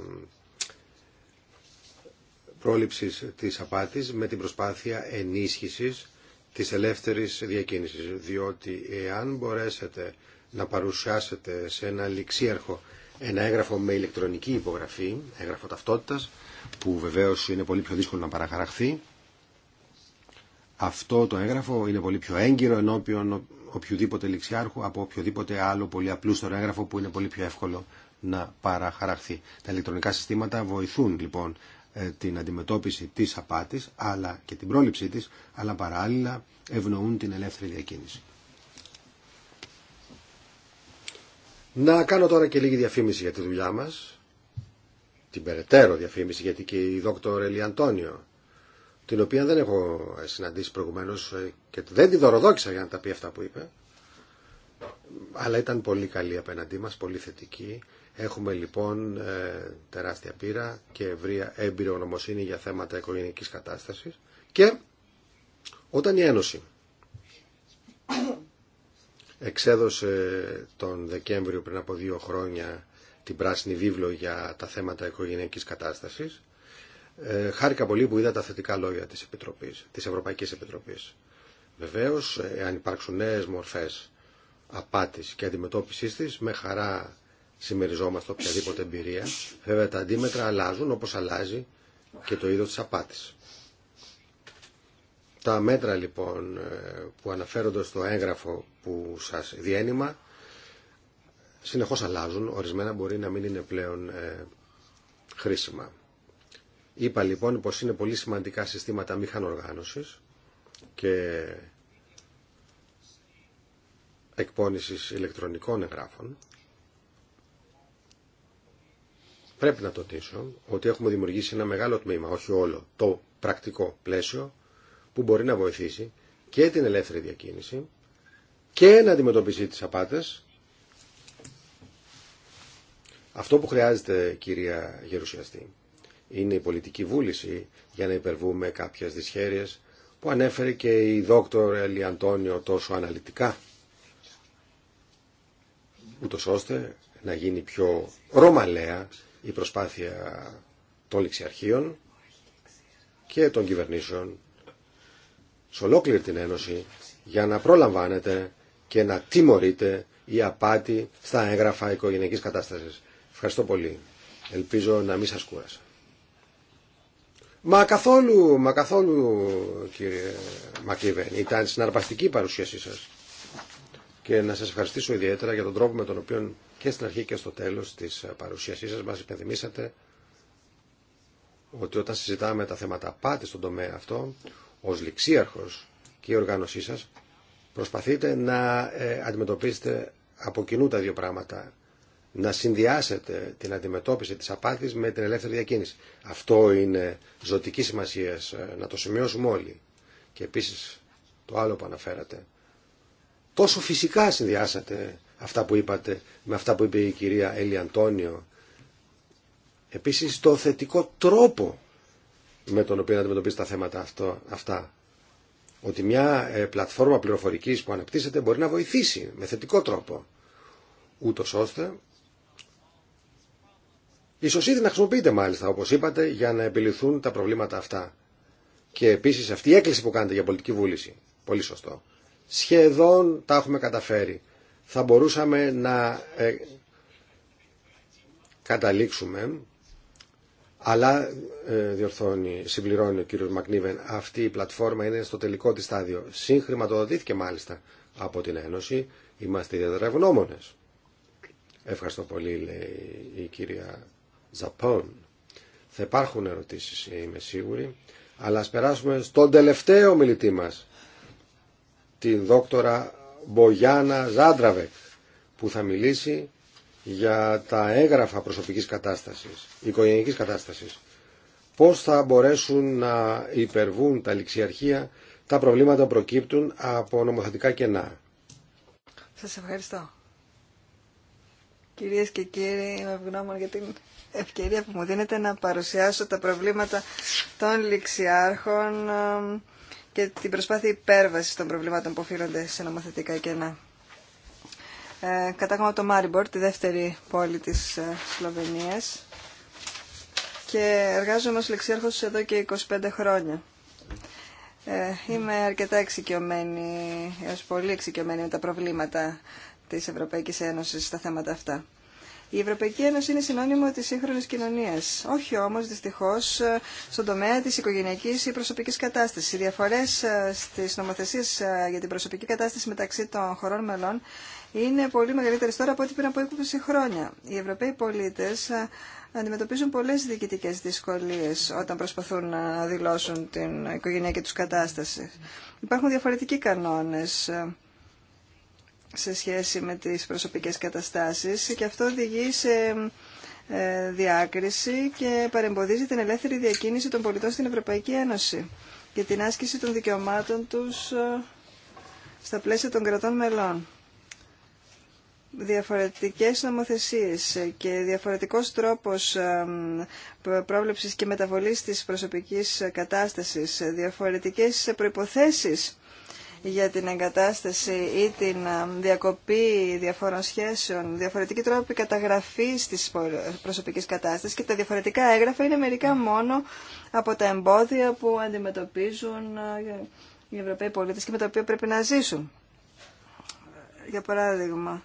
πρόληψης της απάτης με την προσπάθεια ενίσχυσης της ελεύθερης διακίνησης. Διότι εάν μπορέσετε να παρουσιάσετε σε ένα ληξίαρχο ένα έγγραφο με ηλεκτρονική υπογραφή, έγγραφο ταυτότητας, που βεβαίως είναι πολύ πιο δύσκολο να παραχαραχθεί. Αυτό το έγγραφο είναι πολύ πιο έγκυρο ενώπιον οποιοδήποτε ληξιάρχου από οποιοδήποτε άλλο πολύ απλούστερο έγγραφο που είναι πολύ πιο εύκολο να παραχαραχθεί. Τα ηλεκτρονικά συστήματα βοηθούν λοιπόν ε, την αντιμετώπιση της απάτης αλλά και την πρόληψή της, αλλά παράλληλα ευνοούν την ελεύθερη διακίνηση. Να κάνω τώρα και λίγη διαφήμιση για τη δουλειά μας, την περαιτέρω διαφήμιση, γιατί και η δόκτωρ Ελια Αντώνιο, την οποία δεν έχω συναντήσει προηγουμένως ε, και δεν τη δωροδόξα για να τα πει αυτά που είπε, αλλά ήταν πολύ καλή απέναντί μας, πολύ θετική. Έχουμε λοιπόν ε, τεράστια πείρα και ευρία έμπειρο γνωμοσύνη για θέματα οικογενειακής κατάστασης και όταν η Ένωση εξέδωσε τον Δεκέμβριο πριν από δύο χρόνια την πράσινη βίβλο για τα θέματα οικογενειακής κατάστασης. Ε, χάρηκα πολύ που είδα τα θετικά λόγια της, Επιτροπής, της Ευρωπαϊκής Επιτροπής. Βεβαίως, εάν υπάρξουν νέες μορφές απάτης και αντιμετώπισης της, με χαρά συμμεριζόμαστε οποιαδήποτε εμπειρία. Βέβαια τα αντίμετρα αλλάζουν όπως αλλάζει και το είδος της απάτης. Τα μέτρα λοιπόν ε, που αναφέρονται στο έγγραφο που σας διένυμα συνεχώς αλλάζουν, ορισμένα μπορεί να μην είναι πλέον ε, χρήσιμα. Είπα λοιπόν πως είναι πολύ σημαντικά συστήματα μηχανοργάνωσης και εκπώνησης ηλεκτρονικών εγγράφων. Πρέπει να το τονίσω ότι έχουμε δημιουργήσει ένα μεγάλο τμήμα, όχι όλο, το πρακτικό πλαίσιο που μπορεί να βοηθήσει και την ελεύθερη διακίνηση και να αντιμετωπίσει τις απάτες. Αυτό που χρειάζεται, κυρία Γερουσιαστή, είναι η πολιτική βούληση για να υπερβούμε κάποιες δυσχέρειες που ανέφερε και η δόκτωρ Ελή Αντώνιο τόσο αναλυτικά, ούτως ώστε να γίνει πιο ρωμαλαία η προσπάθεια των ληξιαρχείων και των κυβερνήσεων σε ολόκληρη την Ένωση για να προλαμβάνετε και να τιμωρείτε η απάτη στα έγγραφα οικογενειακής κατάστασης. Ευχαριστώ πολύ. Ελπίζω να μην σας κούρασα. Μα καθόλου, μα καθόλου κύριε Μακλίβεν. Ήταν συναρπαστική η παρουσίασή σας. Και να σας ευχαριστήσω ιδιαίτερα για τον τρόπο με τον οποίο και στην αρχή και στο τέλος της παρουσίασής σας μας υπενθυμίσατε ότι όταν συζητάμε τα θέματα απάτη στον τομέα αυτό, ως ληξίαρχος και η οργάνωσή σας προσπαθείτε να ε, αντιμετωπίσετε από κοινού τα δύο πράγματα να συνδυάσετε την αντιμετώπιση της απάθης με την ελεύθερη διακίνηση. Αυτό είναι ζωτική σημασία, ε, να το σημειώσουμε όλοι. Και επίσης το άλλο που αναφέρατε. Τόσο φυσικά συνδυάσατε αυτά που είπατε με αυτά που είπε η κυρία Έλλη Αντώνιο. Επίσης το θετικό τρόπο με τον οποίο να τα θέματα αυτό, αυτά. Ότι μια ε, πλατφόρμα πληροφορικής που αναπτύσσεται μπορεί να βοηθήσει με θετικό τρόπο, ούτω ώστε ίσως ήδη να χρησιμοποιείται μάλιστα, όπως είπατε, για να επιληθούν τα προβλήματα αυτά. Και επίσης αυτή η έκκληση που κάνετε για πολιτική βούληση, πολύ σωστό, σχεδόν τα έχουμε καταφέρει. Θα μπορούσαμε να ε, καταλήξουμε αλλά ε, διορθώνει, συμπληρώνει ο κύριος Μακνίβεν, αυτή η πλατφόρμα είναι στο τελικό τη στάδιο. Συγχρηματοδοτήθηκε μάλιστα από την Ένωση. Είμαστε ιδιαίτερα ευγνώμονε. Ευχαριστώ πολύ, λέει η κυρία Ζαπών. Θα υπάρχουν ερωτήσεις, ε, είμαι σίγουρη. Αλλά ας περάσουμε στον τελευταίο μιλητή μας, την δόκτορα Μπογιάννα Ζάντραβεκ, που θα μιλήσει για τα έγγραφα προσωπικής κατάστασης, οικογενειακής κατάστασης, πώς θα μπορέσουν να υπερβούν τα ληξιαρχεία τα προβλήματα που προκύπτουν από νομοθετικά κενά. Σας ευχαριστώ. Κυρίες και κύριοι, είμαι ευγνώμων για την ευκαιρία που μου δίνετε να παρουσιάσω τα προβλήματα των ληξιάρχων ε, και την προσπάθεια υπέρβασης των προβλημάτων που οφείλονται σε νομοθετικά κενά. Ε, κατάγομαι από το Μάριμπορ, τη δεύτερη πόλη της ε, Σλοβενίας και εργάζομαι ως λεξιάρχος εδώ και 25 χρόνια. Ε, είμαι αρκετά εξοικειωμένη, έως πολύ εξοικειωμένη με τα προβλήματα της Ευρωπαϊκής Ένωσης στα θέματα αυτά. Η Ευρωπαϊκή Ένωση είναι συνώνυμο τη σύγχρονη κοινωνία. Όχι όμω, δυστυχώ, στον τομέα τη οικογενειακή ή προσωπική κατάσταση. Οι διαφορέ στι νομοθεσίε για την προσωπική κατάσταση μεταξύ των χωρών μελών είναι πολύ μεγαλύτερε τώρα από ό,τι πριν από 20 χρόνια. Οι Ευρωπαίοι πολίτε ε, αντιμετωπίζουν πολλέ διοικητικέ δυσκολίε όταν προσπαθούν να δηλώσουν την οικογενειακή του κατάσταση. Υπάρχουν διαφορετικοί κανόνε ε, σε σχέση με τις προσωπικές καταστάσεις και αυτό οδηγεί σε ε, διάκριση και παρεμποδίζει την ελεύθερη διακίνηση των πολιτών στην Ευρωπαϊκή Ένωση και την άσκηση των δικαιωμάτων τους στα πλαίσια των κρατών μελών διαφορετικές νομοθεσίες και διαφορετικός τρόπος πρόβλεψης και μεταβολής της προσωπικής κατάστασης, διαφορετικές προϋποθέσεις για την εγκατάσταση ή την διακοπή διαφόρων σχέσεων, διαφορετικοί τρόποι καταγραφής της προσωπικής κατάστασης και τα διαφορετικά έγγραφα είναι μερικά μόνο από τα εμπόδια που αντιμετωπίζουν ε, οι Ευρωπαίοι πολίτες και με τα οποία πρέπει να ζήσουν. Για παράδειγμα,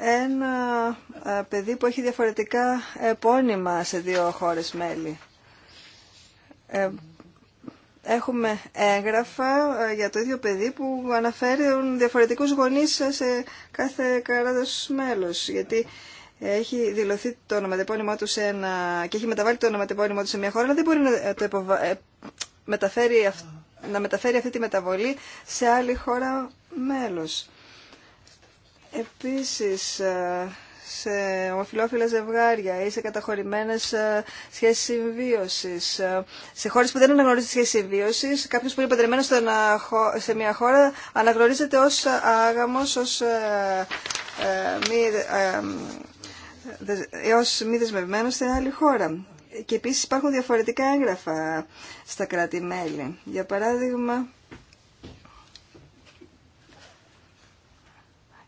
ένα ε, παιδί που έχει διαφορετικά επώνυμα σε δύο χώρες μέλη. Ε, έχουμε έγγραφα ε, για το ίδιο παιδί που αναφέρουν διαφορετικούς γονείς σε κάθε κράτος μέλος, γιατί έχει δηλωθεί το ονοματεπώνυμό του σε ένα... και έχει μεταβάλει το ονοματεπώνυμό του σε μια χώρα, αλλά δεν μπορεί να, μεταφέρει... να μεταφέρει αυτή τη μεταβολή σε άλλη χώρα μέλος. Επίσης, ε, σε ομοφυλόφιλα ζευγάρια ή σε καταχωρημένες ε, σχέσεις συμβίωσης. Ε, σε χώρες που δεν αναγνωρίζεται σχέση συμβίωσης, κάποιος που είναι παντρεμένος σε μια χώρα αναγνωρίζεται ως άγαμος, ως μη, μη δεσμευμένος άλλη χώρα. Και επίσης υπάρχουν διαφορετικά έγγραφα στα κράτη-μέλη. Για παράδειγμα,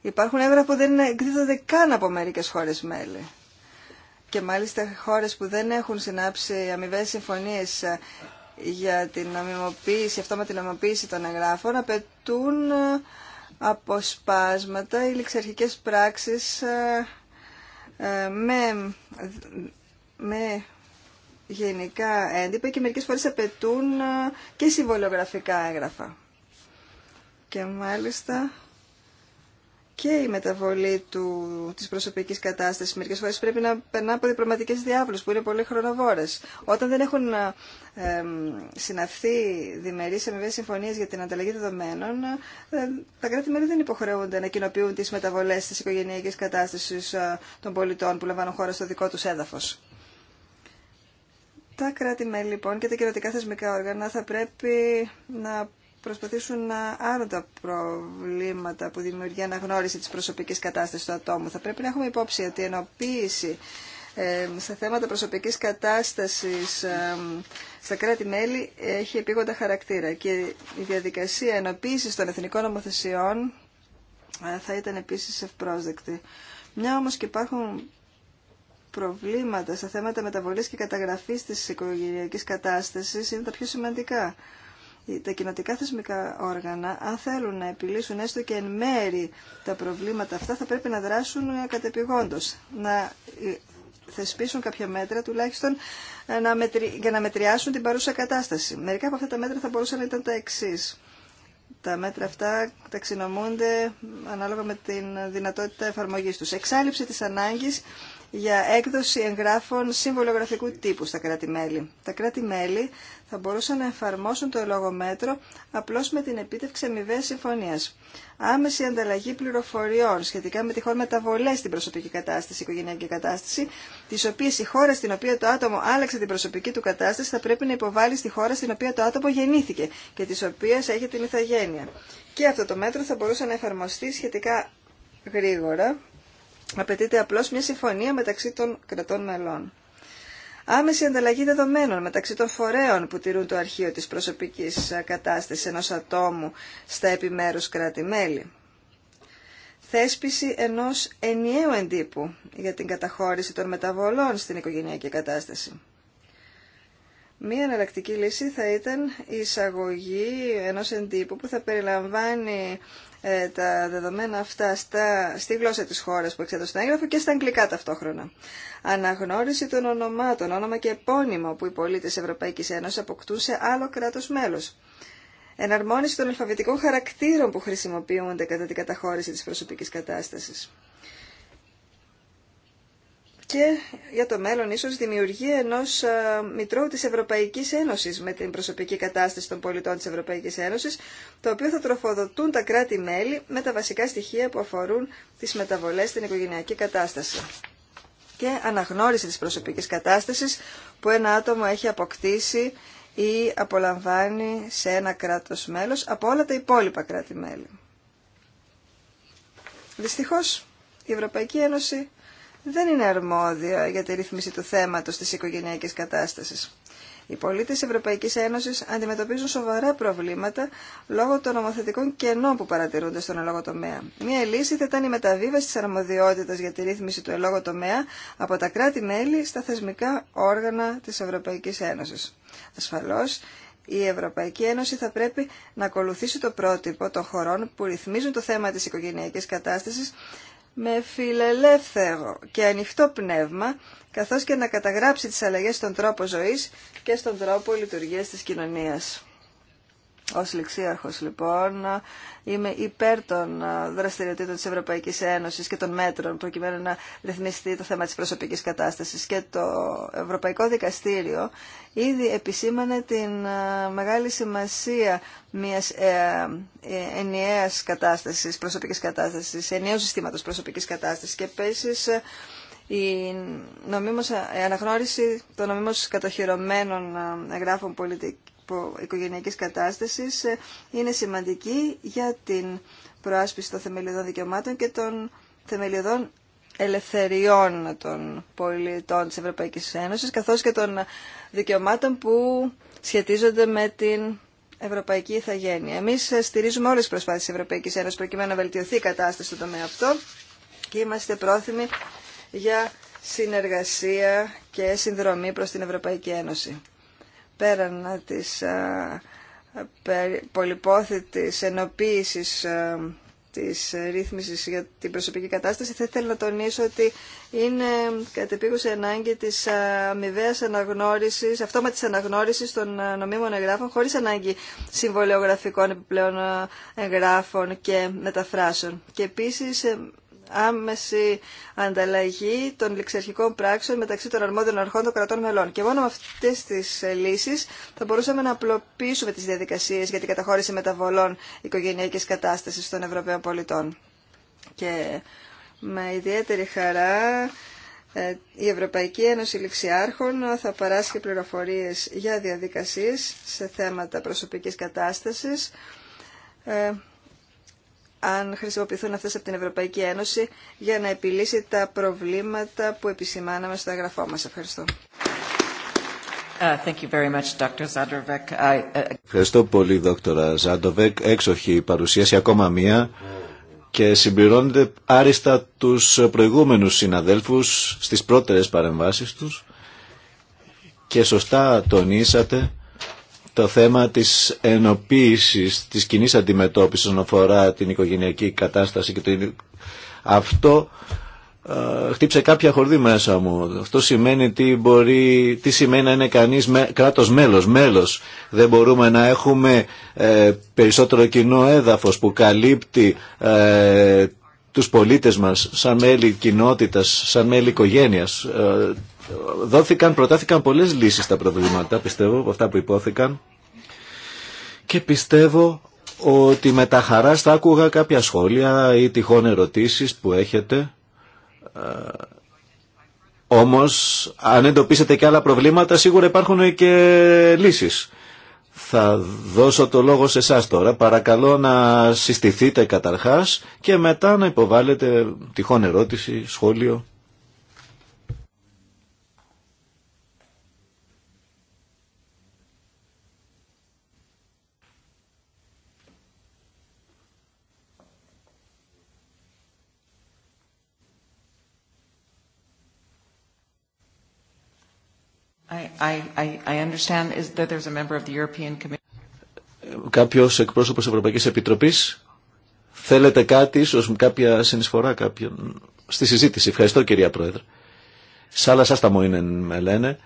Υπάρχουν έγγραφα που δεν εκδίδονται καν από μερικές χώρες μέλη. Και μάλιστα χώρες που δεν έχουν συνάψει αμοιβέ συμφωνίες ε, για την αμοιμοποίηση, αυτό με την νομιμοποίηση των εγγράφων, απαιτούν ε, αποσπάσματα ή ληξιαρχικές πράξεις ε, με, με γενικά έντυπα και μερικές φορές απαιτούν και συμβολιογραφικά έγγραφα. Και μάλιστα και η μεταβολή του, της προσωπικής κατάστασης μερικές φορές πρέπει να περνά από διπλωματικές διάβλους που είναι πολύ χρονοβόρες. Όταν δεν έχουν ε, συναυθεί διμερείς αμοιβές συμφωνίες για την ανταλλαγή δεδομένων, ε, τα κράτη-μέλη δεν υποχρεούνται να κοινοποιούν τις μεταβολές της οικογενειακής κατάστασης ε, των πολιτών που λαμβάνουν χώρα στο δικό τους έδαφος. Τα κράτη-μέλη λοιπόν και τα κοινωτικά θεσμικά όργανα θα πρέπει να προσπαθήσουν να άρουν τα προβλήματα που δημιουργεί αναγνώριση της προσωπικής κατάστασης του ατόμου. Θα πρέπει να έχουμε υπόψη ότι η ενοποίηση ε, στα θέματα προσωπικής κατάστασης ε, στα κράτη-μέλη έχει επίγοντα χαρακτήρα και η διαδικασία ενοποίησης των εθνικών νομοθεσιών ε, θα ήταν επίσης ευπρόσδεκτη. Μια όμως και υπάρχουν προβλήματα στα θέματα μεταβολής και καταγραφής της οικογενειακής κατάστασης είναι τα πιο σημαντικά τα κοινοτικά θεσμικά όργανα, αν θέλουν να επιλύσουν έστω και εν μέρη τα προβλήματα αυτά, θα πρέπει να δράσουν κατεπηγόντως, να ε, θεσπίσουν κάποια μέτρα, τουλάχιστον ε, να μετρι... για να μετριάσουν την παρούσα κατάσταση. Μερικά από αυτά τα μέτρα θα μπορούσαν να ήταν τα εξή. Τα μέτρα αυτά ταξινομούνται ανάλογα με την δυνατότητα εφαρμογής τους. Εξάλληψη της ανάγκης για έκδοση εγγράφων συμβολογραφικού τύπου στα κράτη-μέλη. Τα κράτη-μέλη θα μπορούσαν να εφαρμόσουν το λόγο μέτρο απλώς με την επίτευξη αμοιβαία συμφωνίας. Άμεση ανταλλαγή πληροφοριών σχετικά με τυχόν μεταβολές στην προσωπική κατάσταση, οικογενειακή κατάσταση, τις οποίες η χώρα στην οποία το άτομο άλλαξε την προσωπική του κατάσταση θα πρέπει να υποβάλει στη χώρα στην οποία το άτομο γεννήθηκε και της οποία έχει την ηθαγένεια. Και αυτό το μέτρο θα μπορούσε να εφαρμοστεί σχετικά γρήγορα Απαιτείται απλώ μια συμφωνία μεταξύ των κρατών μελών. Άμεση ανταλλαγή δεδομένων μεταξύ των φορέων που τηρούν το αρχείο της προσωπικής κατάστασης ενός ατόμου στα επιμέρους κράτη-μέλη. Θέσπιση ενός ενιαίου εντύπου για την καταχώρηση των μεταβολών στην οικογενειακή κατάσταση. Μία εναλλακτική λύση θα ήταν η εισαγωγή ενός εντύπου που θα περιλαμβάνει ε, τα δεδομένα αυτά στα, στη γλώσσα της χώρας που εξέδωσε το έγγραφο και στα αγγλικά ταυτόχρονα. Αναγνώριση των ονομάτων, όνομα και επώνυμο που οι πολίτες Ευρωπαϊκής Ένωσης αποκτούν σε άλλο κράτος μέλος. Εναρμόνιση των αλφαβητικών χαρακτήρων που χρησιμοποιούνται κατά την καταχώρηση της προσωπικής κατάστασης και για το μέλλον ίσως δημιουργία ενός ε, Μητρώου της Ευρωπαϊκής Ένωσης με την προσωπική κατάσταση των πολιτών της Ευρωπαϊκής Ένωσης, το οποίο θα τροφοδοτούν τα κράτη-μέλη με τα βασικά στοιχεία που αφορούν τις μεταβολές στην οικογενειακή κατάσταση και αναγνώριση της προσωπικής κατάστασης που ένα άτομο έχει αποκτήσει ή απολαμβάνει σε ένα κράτος μέλος από όλα τα υπόλοιπα κράτη-μέλη. Δυστυχώς, η Ευρωπαϊκή Ένωση δεν είναι αρμόδια για τη ρύθμιση του θέματος της οικογενειακής κατάστασης. Οι πολίτες της Ευρωπαϊκής Ένωσης αντιμετωπίζουν σοβαρά προβλήματα λόγω των νομοθετικών κενών που παρατηρούνται στον ελόγο τομέα. Μία λύση θα ήταν η μεταβίβαση της αρμοδιότητας για τη ρύθμιση του ελόγω τομέα από τα κράτη-μέλη στα θεσμικά όργανα της Ευρωπαϊκής Ένωσης. Ασφαλώς, η Ευρωπαϊκή Ένωση θα πρέπει να ακολουθήσει το πρότυπο των χωρών που ρυθμίζουν το θέμα της οικογένειακή κατάσταση με φιλελεύθερο και ανοιχτό πνεύμα, καθώς και να καταγράψει τις αλλαγές στον τρόπο ζωής και στον τρόπο λειτουργίας της κοινωνίας. Ως ληξίαρχος λοιπόν είμαι υπέρ των ε, δραστηριοτήτων της Ευρωπαϊκής Ένωσης και των μέτρων προκειμένου να ρυθμιστεί το θέμα της προσωπικής κατάστασης και το Ευρωπαϊκό Δικαστήριο ήδη επισήμανε την ε, μεγάλη σημασία μιας ε, ενιαίας κατάστασης, προσωπικής κατάστασης, ενιαίου συστήματος προσωπικής κατάστασης και επίση η, αναγνώριση των νομίμως κατοχυρωμένων εγγράφων πολιτικών οικογενειακής κατάστασης ε, είναι σημαντική για την προάσπιση των θεμελιωδών δικαιωμάτων και των θεμελιωδών ελευθεριών των πολιτών της Ευρωπαϊκής Ένωσης καθώς και των δικαιωμάτων που σχετίζονται με την Ευρωπαϊκή Ιθαγένεια. Εμείς ε, στηρίζουμε όλες τις προσπάθειες της Ευρωπαϊκής Ένωσης προκειμένου να βελτιωθεί η κατάσταση στον τομέα αυτό και είμαστε πρόθυμοι για συνεργασία και συνδρομή προς την Ευρωπαϊκή Ένωση πέραν της πολυπόθητης ενοποίησης της ρύθμισης για την προσωπική κατάσταση, θα ήθελα να τονίσω ότι είναι κατεπίγουσα ανάγκη της αμοιβαίας αναγνώρισης, αυτόματης αναγνώρισης των νομίμων εγγράφων, χωρίς ανάγκη συμβολιογραφικών επιπλέον εγγράφων και μεταφράσεων. Και επίσης ε, άμεση ανταλλαγή των ληξιαρχικών πράξεων μεταξύ των αρμόδιων αρχών των κρατών μελών. Και μόνο με αυτέ τι λύσει θα μπορούσαμε να απλοποιήσουμε τι διαδικασίε για την καταχώρηση μεταβολών οικογένειακή κατάσταση των Ευρωπαίων πολιτών. Και με ιδιαίτερη χαρά ε, η Ευρωπαϊκή Ένωση Ληξιάρχων θα παράσχει πληροφορίες για διαδικασίες σε θέματα προσωπικής κατάστασης ε, αν χρησιμοποιηθούν αυτές από την Ευρωπαϊκή Ένωση για να επιλύσει τα προβλήματα που επισημάναμε στο εγγραφό μας. Ευχαριστώ. Uh, uh, Ευχαριστώ πολύ, Δόκτωρα Ζάντοβεκ. Έξοχη παρουσίαση ακόμα μία και συμπληρώνεται άριστα τους προηγούμενους συναδέλφους στις πρώτερες παρεμβάσεις τους και σωστά τονίσατε το θέμα της ενοποίησης, της κοινή αντιμετώπισης όσον αφορά την οικογενειακή κατάσταση και το... αυτό ε, χτύψε κάποια χορδή μέσα μου. Αυτό σημαίνει τι, μπορεί, τι σημαίνει να είναι κανείς κράτος μέλος, μέλος. Δεν μπορούμε να έχουμε ε, περισσότερο κοινό έδαφος που καλύπτει ε, τους πολίτες μας σαν μέλη κοινότητας, σαν μέλη οικογένειας. Ε, δόθηκαν, προτάθηκαν πολλές λύσεις τα προβλήματα, πιστεύω, από αυτά που υπόθηκαν. Και πιστεύω ότι με τα χαρά θα άκουγα κάποια σχόλια ή τυχόν ερωτήσεις που έχετε. Ε, όμως, αν εντοπίσετε και άλλα προβλήματα, σίγουρα υπάρχουν και λύσεις. Θα δώσω το λόγο σε εσά τώρα. Παρακαλώ να συστηθείτε καταρχάς και μετά να υποβάλλετε τυχόν ερώτηση, σχόλιο. I understand is that of the European Commission. Κάποιος εκπρόσωπος Ευρωπαϊκής Επιτροπής θέλετε κάτι, ίσως κάποια συνεισφορά κάποιον στη συζήτηση. Ευχαριστώ κυρία Πρόεδρε. Σάλα μου είναι με λένε.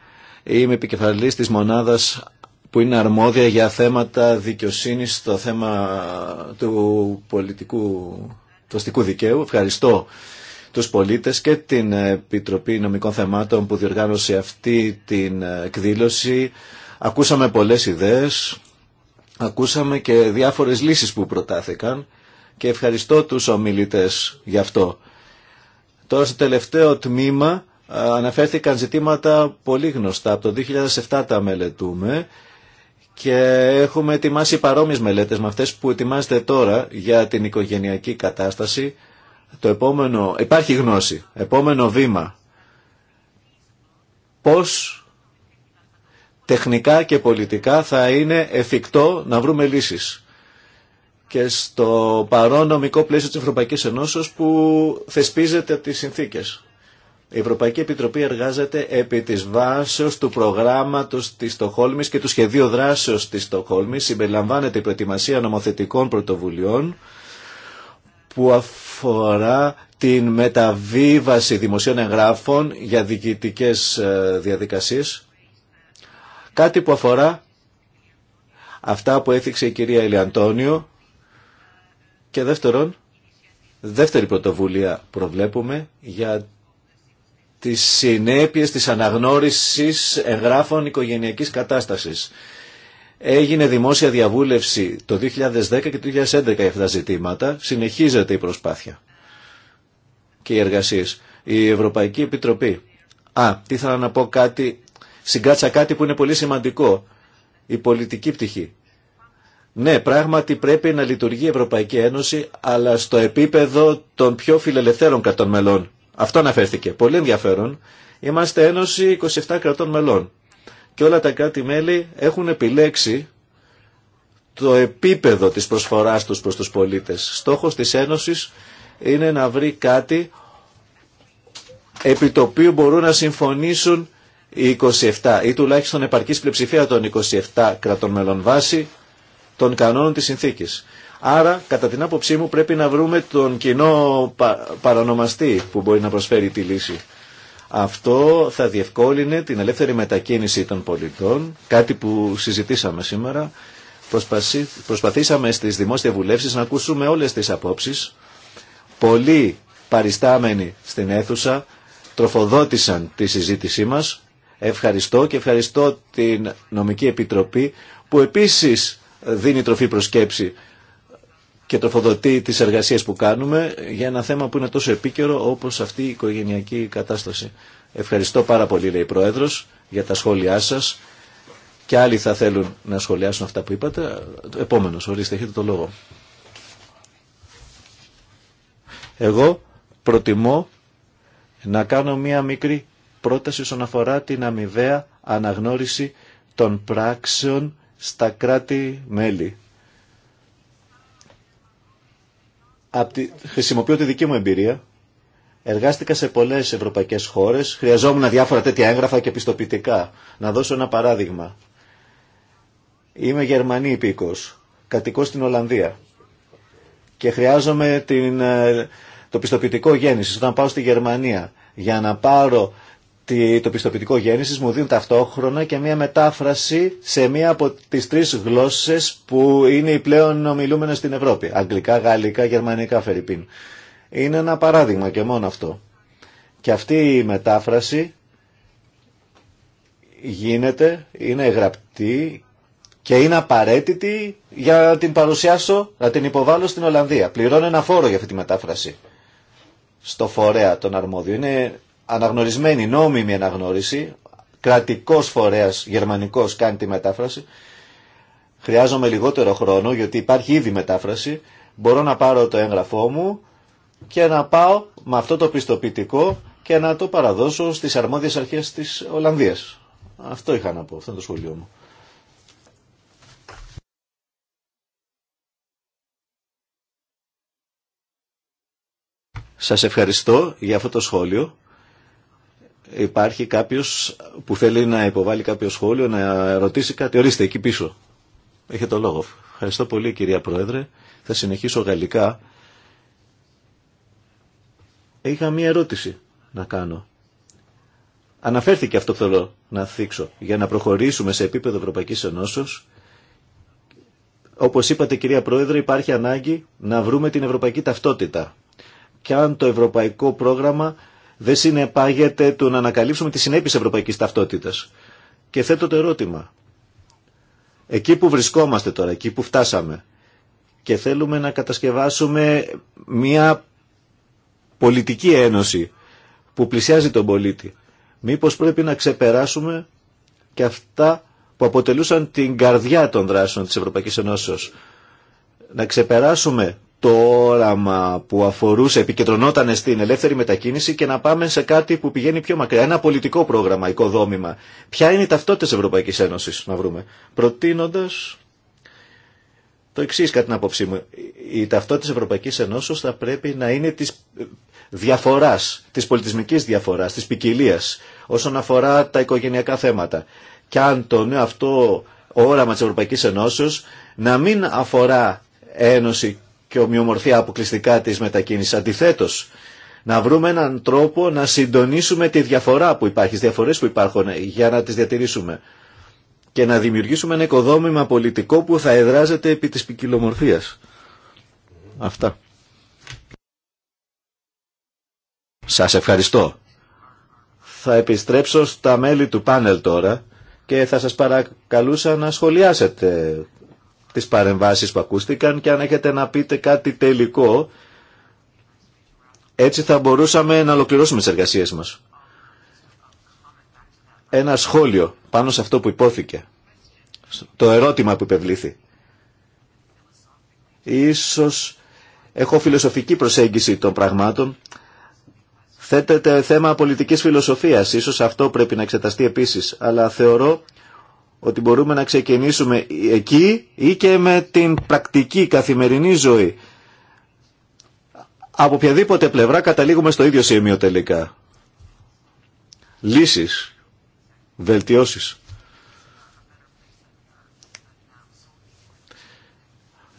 Είμαι επικεφαλής της μονάδας που είναι αρμόδια για θέματα δικαιοσύνης στο θέμα του πολιτικού, του αστικού δικαίου. Ευχαριστώ τους πολίτες και την Επιτροπή Νομικών Θεμάτων που διοργάνωσε αυτή την εκδήλωση. Ακούσαμε πολλές ιδέες, ακούσαμε και διάφορες λύσεις που προτάθηκαν και ευχαριστώ τους ομιλητές γι' αυτό. Τώρα στο τελευταίο τμήμα αναφέρθηκαν ζητήματα πολύ γνωστά. Από το 2007 τα μελετούμε και έχουμε ετοιμάσει παρόμοιες μελέτες με αυτές που ετοιμάζεται τώρα για την οικογενειακή κατάσταση το επόμενο, υπάρχει γνώση. Επόμενο βήμα. Πώς τεχνικά και πολιτικά θα είναι εφικτό να βρούμε λύσεις. Και στο παρόν νομικό πλαίσιο της Ευρωπαϊκής Ενώσεως που θεσπίζεται τις συνθήκες. Η Ευρωπαϊκή Επιτροπή εργάζεται επί της βάσεως του προγράμματος της Στοχόλμης και του σχεδίου δράσεως της Στοχόλμης. Συμπεριλαμβάνεται η προετοιμασία νομοθετικών πρωτοβουλειών που αφορά την μεταβίβαση δημοσίων εγγράφων για διοικητικές ε, διαδικασίες. Κάτι που αφορά αυτά που έθιξε η κυρία Ηλιαντώνιο και δεύτερον, δεύτερη πρωτοβουλία προβλέπουμε για τις συνέπειες της αναγνώρισης εγγράφων οικογενειακής κατάστασης. Έγινε δημόσια διαβούλευση το 2010 και το 2011 για αυτά τα ζητήματα. Συνεχίζεται η προσπάθεια και οι εργασίες. Η Ευρωπαϊκή Επιτροπή. Α, τι ήθελα να πω κάτι, συγκάτσα κάτι που είναι πολύ σημαντικό. Η πολιτική πτυχή. Ναι, πράγματι πρέπει να λειτουργεί η Ευρωπαϊκή Ένωση, αλλά στο επίπεδο των πιο φιλελευθέρων κρατών μελών. Αυτό αναφέρθηκε. Πολύ ενδιαφέρον. Είμαστε Ένωση 27 κρατών μελών και όλα τα κράτη-μέλη έχουν επιλέξει το επίπεδο της προσφοράς τους προς τους πολίτες. Στόχος της Ένωσης είναι να βρει κάτι επί το οποίο μπορούν να συμφωνήσουν οι 27 ή τουλάχιστον επαρκής πλειοψηφία των 27 κρατών μελών βάση των κανόνων της συνθήκης. Άρα, κατά την άποψή μου, πρέπει να βρούμε τον κοινό παρανομαστή που μπορεί να προσφέρει τη λύση. Αυτό θα διευκόλυνε την ελεύθερη μετακίνηση των πολιτών, κάτι που συζητήσαμε σήμερα. Προσπαθήσαμε στις δημόσια βουλεύσεις να ακούσουμε όλες τις απόψεις. Πολλοί παριστάμενοι στην αίθουσα τροφοδότησαν τη συζήτησή μας. Ευχαριστώ και ευχαριστώ την Νομική Επιτροπή που επίσης δίνει τροφή προσκέψη και τροφοδοτεί τις εργασίες που κάνουμε για ένα θέμα που είναι τόσο επίκαιρο όπως αυτή η οικογενειακή κατάσταση. Ευχαριστώ πάρα πολύ, λέει η Πρόεδρος, για τα σχόλιά σας και άλλοι θα θέλουν να σχολιάσουν αυτά που είπατε. Επόμενος, ορίστε, έχετε το λόγο. Εγώ προτιμώ να κάνω μία μικρή πρόταση όσον αφορά την αμοιβαία αναγνώριση των πράξεων στα κράτη-μέλη. χρησιμοποιώ τη δική μου εμπειρία. Εργάστηκα σε πολλέ ευρωπαϊκέ χώρε. Χρειαζόμουν διάφορα τέτοια έγγραφα και πιστοποιητικά. Να δώσω ένα παράδειγμα. Είμαι Γερμανή υπήκο. Κατοικώ στην Ολλανδία. Και χρειάζομαι την, ε, το πιστοποιητικό γέννηση όταν πάω στη Γερμανία για να πάρω το πιστοποιητικό γέννηση μου δίνει ταυτόχρονα και μια μετάφραση σε μία από τις τρεις γλώσσες που είναι οι πλέον ομιλούμενε στην Ευρώπη. Αγγλικά, γαλλικά, γερμανικά, φερρυπίν. Είναι ένα παράδειγμα και μόνο αυτό. Και αυτή η μετάφραση γίνεται, είναι γραπτή και είναι απαραίτητη για να την παρουσιάσω, να την υποβάλω στην Ολλανδία. Πληρώνω ένα φόρο για αυτή τη μετάφραση στο φορέα τον αρμόδιο. Είναι αναγνωρισμένη νόμιμη αναγνώριση, κρατικός φορέας γερμανικός κάνει τη μετάφραση, χρειάζομαι λιγότερο χρόνο γιατί υπάρχει ήδη μετάφραση, μπορώ να πάρω το έγγραφό μου και να πάω με αυτό το πιστοποιητικό και να το παραδώσω στις αρμόδιες αρχές της Ολλανδίας. Αυτό είχα να πω, αυτό είναι το σχολείο μου. Σας ευχαριστώ για αυτό το σχόλιο. Υπάρχει κάποιος που θέλει να υποβάλει κάποιο σχόλιο, να ρωτήσει κάτι. Ορίστε, εκεί πίσω. Έχετε το λόγο. Ευχαριστώ πολύ κυρία Πρόεδρε. Θα συνεχίσω γαλλικά. Είχα μία ερώτηση να κάνω. Αναφέρθηκε αυτό που θέλω να θίξω. Για να προχωρήσουμε σε επίπεδο Ευρωπαϊκής Ενώσεω. όπως είπατε κυρία Πρόεδρε, υπάρχει ανάγκη να βρούμε την ευρωπαϊκή ταυτότητα. Και αν το ευρωπαϊκό πρόγραμμα δεν συνεπάγεται το να ανακαλύψουμε τη συνέπειες ευρωπαϊκής ταυτότητας. Και θέτω το ερώτημα. Εκεί που βρισκόμαστε τώρα, εκεί που φτάσαμε και θέλουμε να κατασκευάσουμε μια πολιτική ένωση που πλησιάζει τον πολίτη. Μήπως πρέπει να ξεπεράσουμε και αυτά που αποτελούσαν την καρδιά των δράσεων της Ευρωπαϊκής Ενώσεως. Να ξεπεράσουμε το όραμα που αφορούσε, επικεντρωνόταν στην ελεύθερη μετακίνηση και να πάμε σε κάτι που πηγαίνει πιο μακριά. Ένα πολιτικό πρόγραμμα, οικοδόμημα. Ποια είναι η ταυτότητα της Ευρωπαϊκής Ένωσης, να βρούμε. Προτείνοντας το εξή κατά την απόψή μου. Η ταυτότητα της Ευρωπαϊκής Ένωσης θα πρέπει να είναι της διαφοράς, της πολιτισμικής διαφοράς, της ποικιλία όσον αφορά τα οικογενειακά θέματα. Και αν το νέο αυτό όραμα της Ευρωπαϊκής Ένωσης να μην αφορά ένωση και ομοιομορφία αποκλειστικά της μετακίνησης. Αντιθέτως, να βρούμε έναν τρόπο να συντονίσουμε τη διαφορά που υπάρχει, τις διαφορές που υπάρχουν για να τις διατηρήσουμε και να δημιουργήσουμε ένα οικοδόμημα πολιτικό που θα εδράζεται επί της ποικιλομορφία. Αυτά. Σας ευχαριστώ. Θα επιστρέψω στα μέλη του πάνελ τώρα και θα σας παρακαλούσα να σχολιάσετε τις παρεμβάσεις που ακούστηκαν και αν έχετε να πείτε κάτι τελικό, έτσι θα μπορούσαμε να ολοκληρώσουμε τις εργασίες μας. Ένα σχόλιο πάνω σε αυτό που υπόθηκε, το ερώτημα που υπευλήθη. Ίσως έχω φιλοσοφική προσέγγιση των πραγμάτων, θέτεται θέμα πολιτικής φιλοσοφίας, ίσως αυτό πρέπει να εξεταστεί επίσης, αλλά θεωρώ ότι μπορούμε να ξεκινήσουμε εκεί ή και με την πρακτική καθημερινή ζωή. Από οποιαδήποτε πλευρά καταλήγουμε στο ίδιο σημείο τελικά. Λύσεις, βελτιώσεις.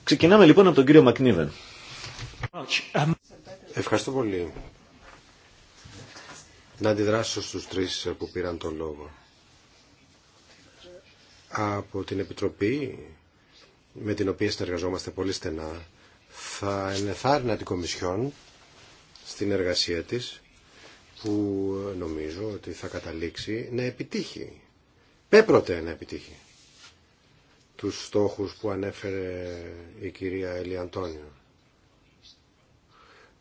Ξεκινάμε λοιπόν από τον κύριο Μακνίβεν. Ευχαριστώ πολύ. Να αντιδράσω στους τρεις που πήραν το λόγο από την Επιτροπή με την οποία συνεργαζόμαστε πολύ στενά θα ενεθάρρυνα την Κομισιόν στην εργασία της που νομίζω ότι θα καταλήξει να επιτύχει. Πέπρωτε να επιτύχει τους στόχους που ανέφερε η κυρία Ελιαντώνιο.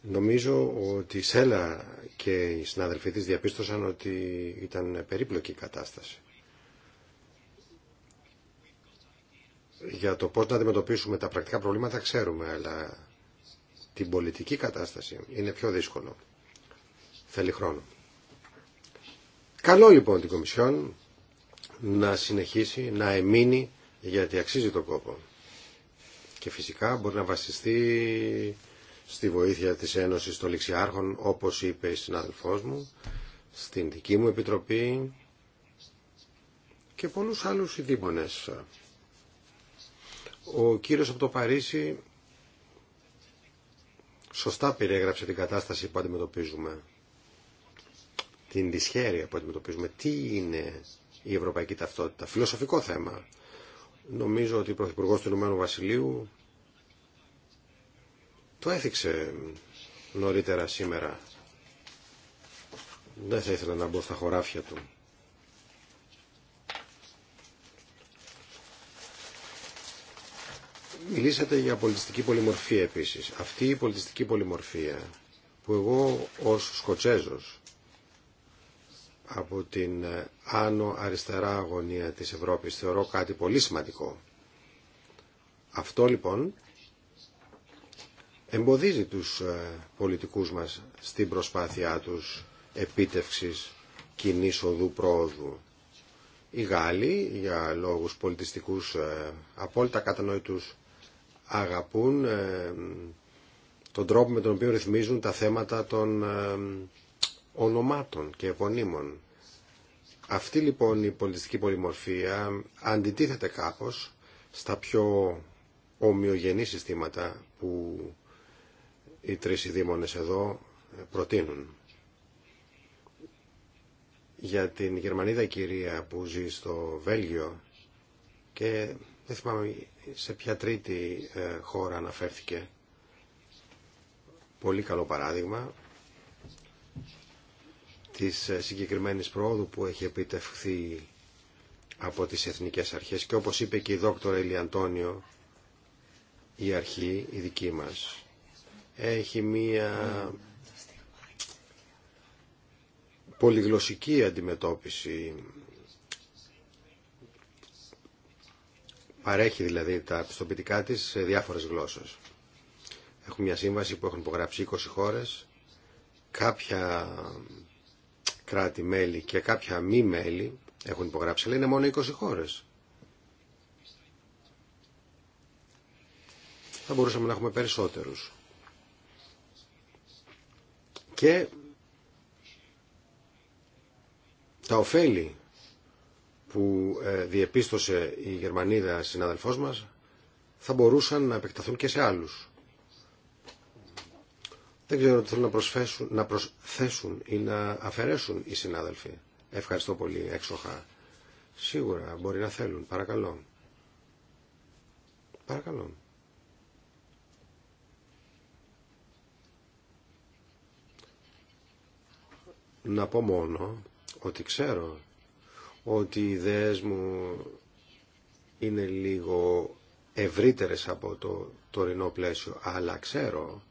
Νομίζω ότι η Σέλα και οι συνάδελφοί της διαπίστωσαν ότι ήταν περίπλοκη η κατάσταση. για το πώς να αντιμετωπίσουμε τα πρακτικά προβλήματα ξέρουμε, αλλά την πολιτική κατάσταση είναι πιο δύσκολο. Θέλει χρόνο. Καλό λοιπόν την Κομισιόν να συνεχίσει, να εμείνει γιατί αξίζει τον κόπο. Και φυσικά μπορεί να βασιστεί στη βοήθεια της Ένωσης των Ληξιάρχων, όπως είπε η συνάδελφός μου, στην δική μου επιτροπή και πολλούς άλλους ειδήμονες ο κύριος από το Παρίσι σωστά περιέγραψε την κατάσταση που αντιμετωπίζουμε. Την δυσχέρεια που αντιμετωπίζουμε. Τι είναι η ευρωπαϊκή ταυτότητα. Φιλοσοφικό θέμα. Νομίζω ότι ο Πρωθυπουργός του Ηνωμένου Βασιλείου το έθιξε νωρίτερα σήμερα. Δεν θα ήθελα να μπω στα χωράφια του. Μιλήσατε για πολιτιστική πολυμορφία επίσης. Αυτή η πολιτιστική πολυμορφία που εγώ ως Σκοτσέζος από την άνω αριστερά αγωνία της Ευρώπης θεωρώ κάτι πολύ σημαντικό. Αυτό λοιπόν εμποδίζει τους ε, πολιτικούς μας στην προσπάθειά τους επίτευξης κοινή οδού πρόοδου. Οι Γάλλοι για λόγους πολιτιστικούς ε, απόλυτα κατανοητούς αγαπούν ε, τον τρόπο με τον οποίο ρυθμίζουν τα θέματα των ε, ονομάτων και επωνύμων. Αυτή λοιπόν η πολιτιστική πολυμορφία αντιτίθεται κάπως στα πιο ομοιογενή συστήματα που οι τρεις ειδήμονες εδώ προτείνουν. Για την Γερμανίδα κυρία που ζει στο Βέλγιο και δεν θυμάμαι σε ποια τρίτη ε, χώρα αναφέρθηκε. Πολύ καλό παράδειγμα της ε, συγκεκριμένης πρόοδου που έχει επιτευχθεί από τις εθνικές αρχές και όπως είπε και η δόκτωρα Ηλιαντώνιο η αρχή η δική μας έχει μία πολυγλωσσική αντιμετώπιση παρέχει δηλαδή τα πιστοποιητικά της σε διάφορες γλώσσες. Έχουμε μια σύμβαση που έχουν υπογράψει 20 χώρες, κάποια κράτη-μέλη και κάποια μη-μέλη έχουν υπογράψει, αλλά είναι μόνο 20 χώρες. Θα μπορούσαμε να έχουμε περισσότερους. Και τα ωφέλη που ε, διεπίστωσε η Γερμανίδα συναδελφός μας θα μπορούσαν να επεκταθούν και σε άλλους. Δεν ξέρω τι θέλουν να, να προσθέσουν ή να αφαιρέσουν οι συνάδελφοι. Ευχαριστώ πολύ έξοχα. Σίγουρα μπορεί να θέλουν. Παρακαλώ. Παρακαλώ. Να πω μόνο ότι ξέρω ότι οι ιδέες μου είναι λίγο ευρύτερες από το τωρινό πλαίσιο, αλλά ξέρω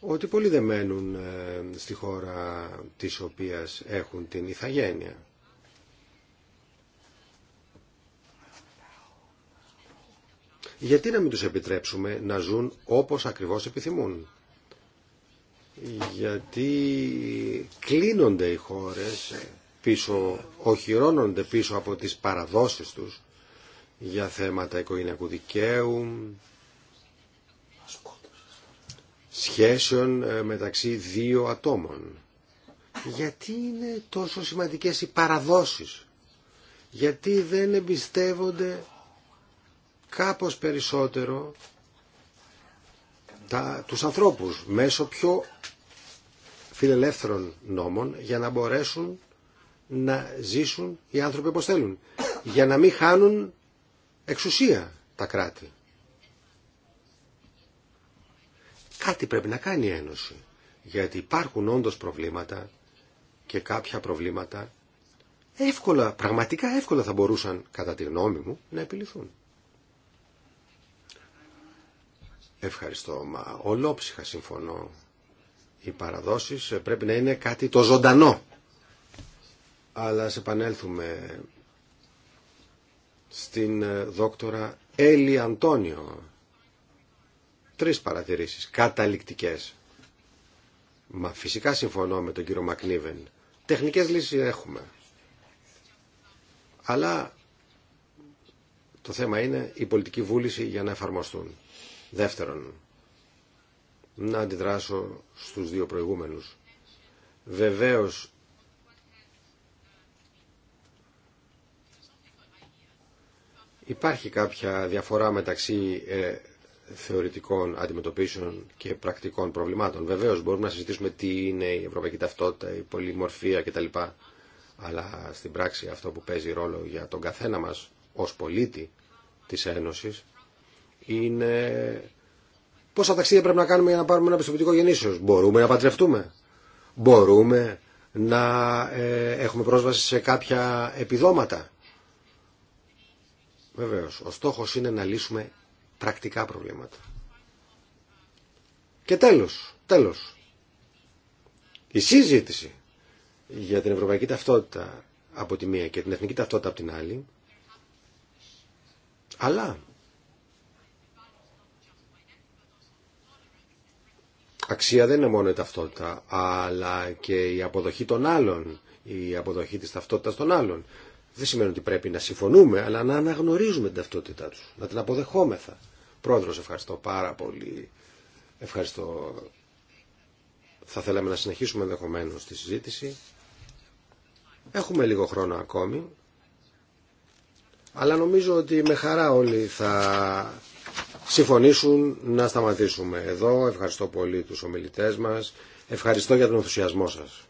ότι πολλοί δεν μένουν ε, στη χώρα της οποίας έχουν την ηθαγένεια. Γιατί να μην τους επιτρέψουμε να ζουν όπως ακριβώς επιθυμούν. Γιατί κλείνονται οι χώρες πίσω, οχυρώνονται πίσω από τις παραδόσεις τους για θέματα οικογενειακού δικαίου, σχέσεων ε, μεταξύ δύο ατόμων. Γιατί είναι τόσο σημαντικές οι παραδόσεις. Γιατί δεν εμπιστεύονται κάπως περισσότερο τα, τους ανθρώπους μέσω πιο φιλελεύθερων νόμων για να μπορέσουν να ζήσουν οι άνθρωποι όπως θέλουν. Για να μην χάνουν εξουσία τα κράτη. Κάτι πρέπει να κάνει η Ένωση. Γιατί υπάρχουν όντως προβλήματα και κάποια προβλήματα εύκολα, πραγματικά εύκολα θα μπορούσαν, κατά τη γνώμη μου, να επιληθούν. Ευχαριστώ. Μα ολόψυχα συμφωνώ. Οι παραδόσεις πρέπει να είναι κάτι το ζωντανό αλλά σε επανέλθουμε στην ε, δόκτορα Έλλη Αντώνιο. Τρεις παρατηρήσεις, καταληκτικές. Μα φυσικά συμφωνώ με τον κύριο Μακνίβεν. Τεχνικές λύσεις έχουμε. Αλλά το θέμα είναι η πολιτική βούληση για να εφαρμοστούν. Δεύτερον, να αντιδράσω στους δύο προηγούμενους. Βεβαίως Υπάρχει κάποια διαφορά μεταξύ ε, θεωρητικών αντιμετωπίσεων και πρακτικών προβλημάτων. Βεβαίως μπορούμε να συζητήσουμε τι είναι η ευρωπαϊκή ταυτότητα, η πολυμορφία κτλ. Αλλά στην πράξη αυτό που παίζει ρόλο για τον καθένα μας ως πολίτη της Ένωσης είναι πόσα ταξίδια πρέπει να κάνουμε για να πάρουμε ένα πιστοποιητικό γεννήσεως. Μπορούμε να παντρευτούμε. Μπορούμε να ε, έχουμε πρόσβαση σε κάποια επιδόματα. Βεβαίω, ο στόχο είναι να λύσουμε πρακτικά προβλήματα. Και τέλος, τέλος, η συζήτηση για την ευρωπαϊκή ταυτότητα από τη μία και την εθνική ταυτότητα από την άλλη, αλλά αξία δεν είναι μόνο η ταυτότητα, αλλά και η αποδοχή των άλλων, η αποδοχή της ταυτότητας των άλλων. Δεν σημαίνει ότι πρέπει να συμφωνούμε, αλλά να αναγνωρίζουμε την ταυτότητά του, να την αποδεχόμεθα. Πρόεδρο, ευχαριστώ πάρα πολύ. Ευχαριστώ. Θα θέλαμε να συνεχίσουμε ενδεχομένω τη συζήτηση. Έχουμε λίγο χρόνο ακόμη. Αλλά νομίζω ότι με χαρά όλοι θα συμφωνήσουν να σταματήσουμε εδώ. Ευχαριστώ πολύ τους ομιλητές μας. Ευχαριστώ για τον ενθουσιασμό σας.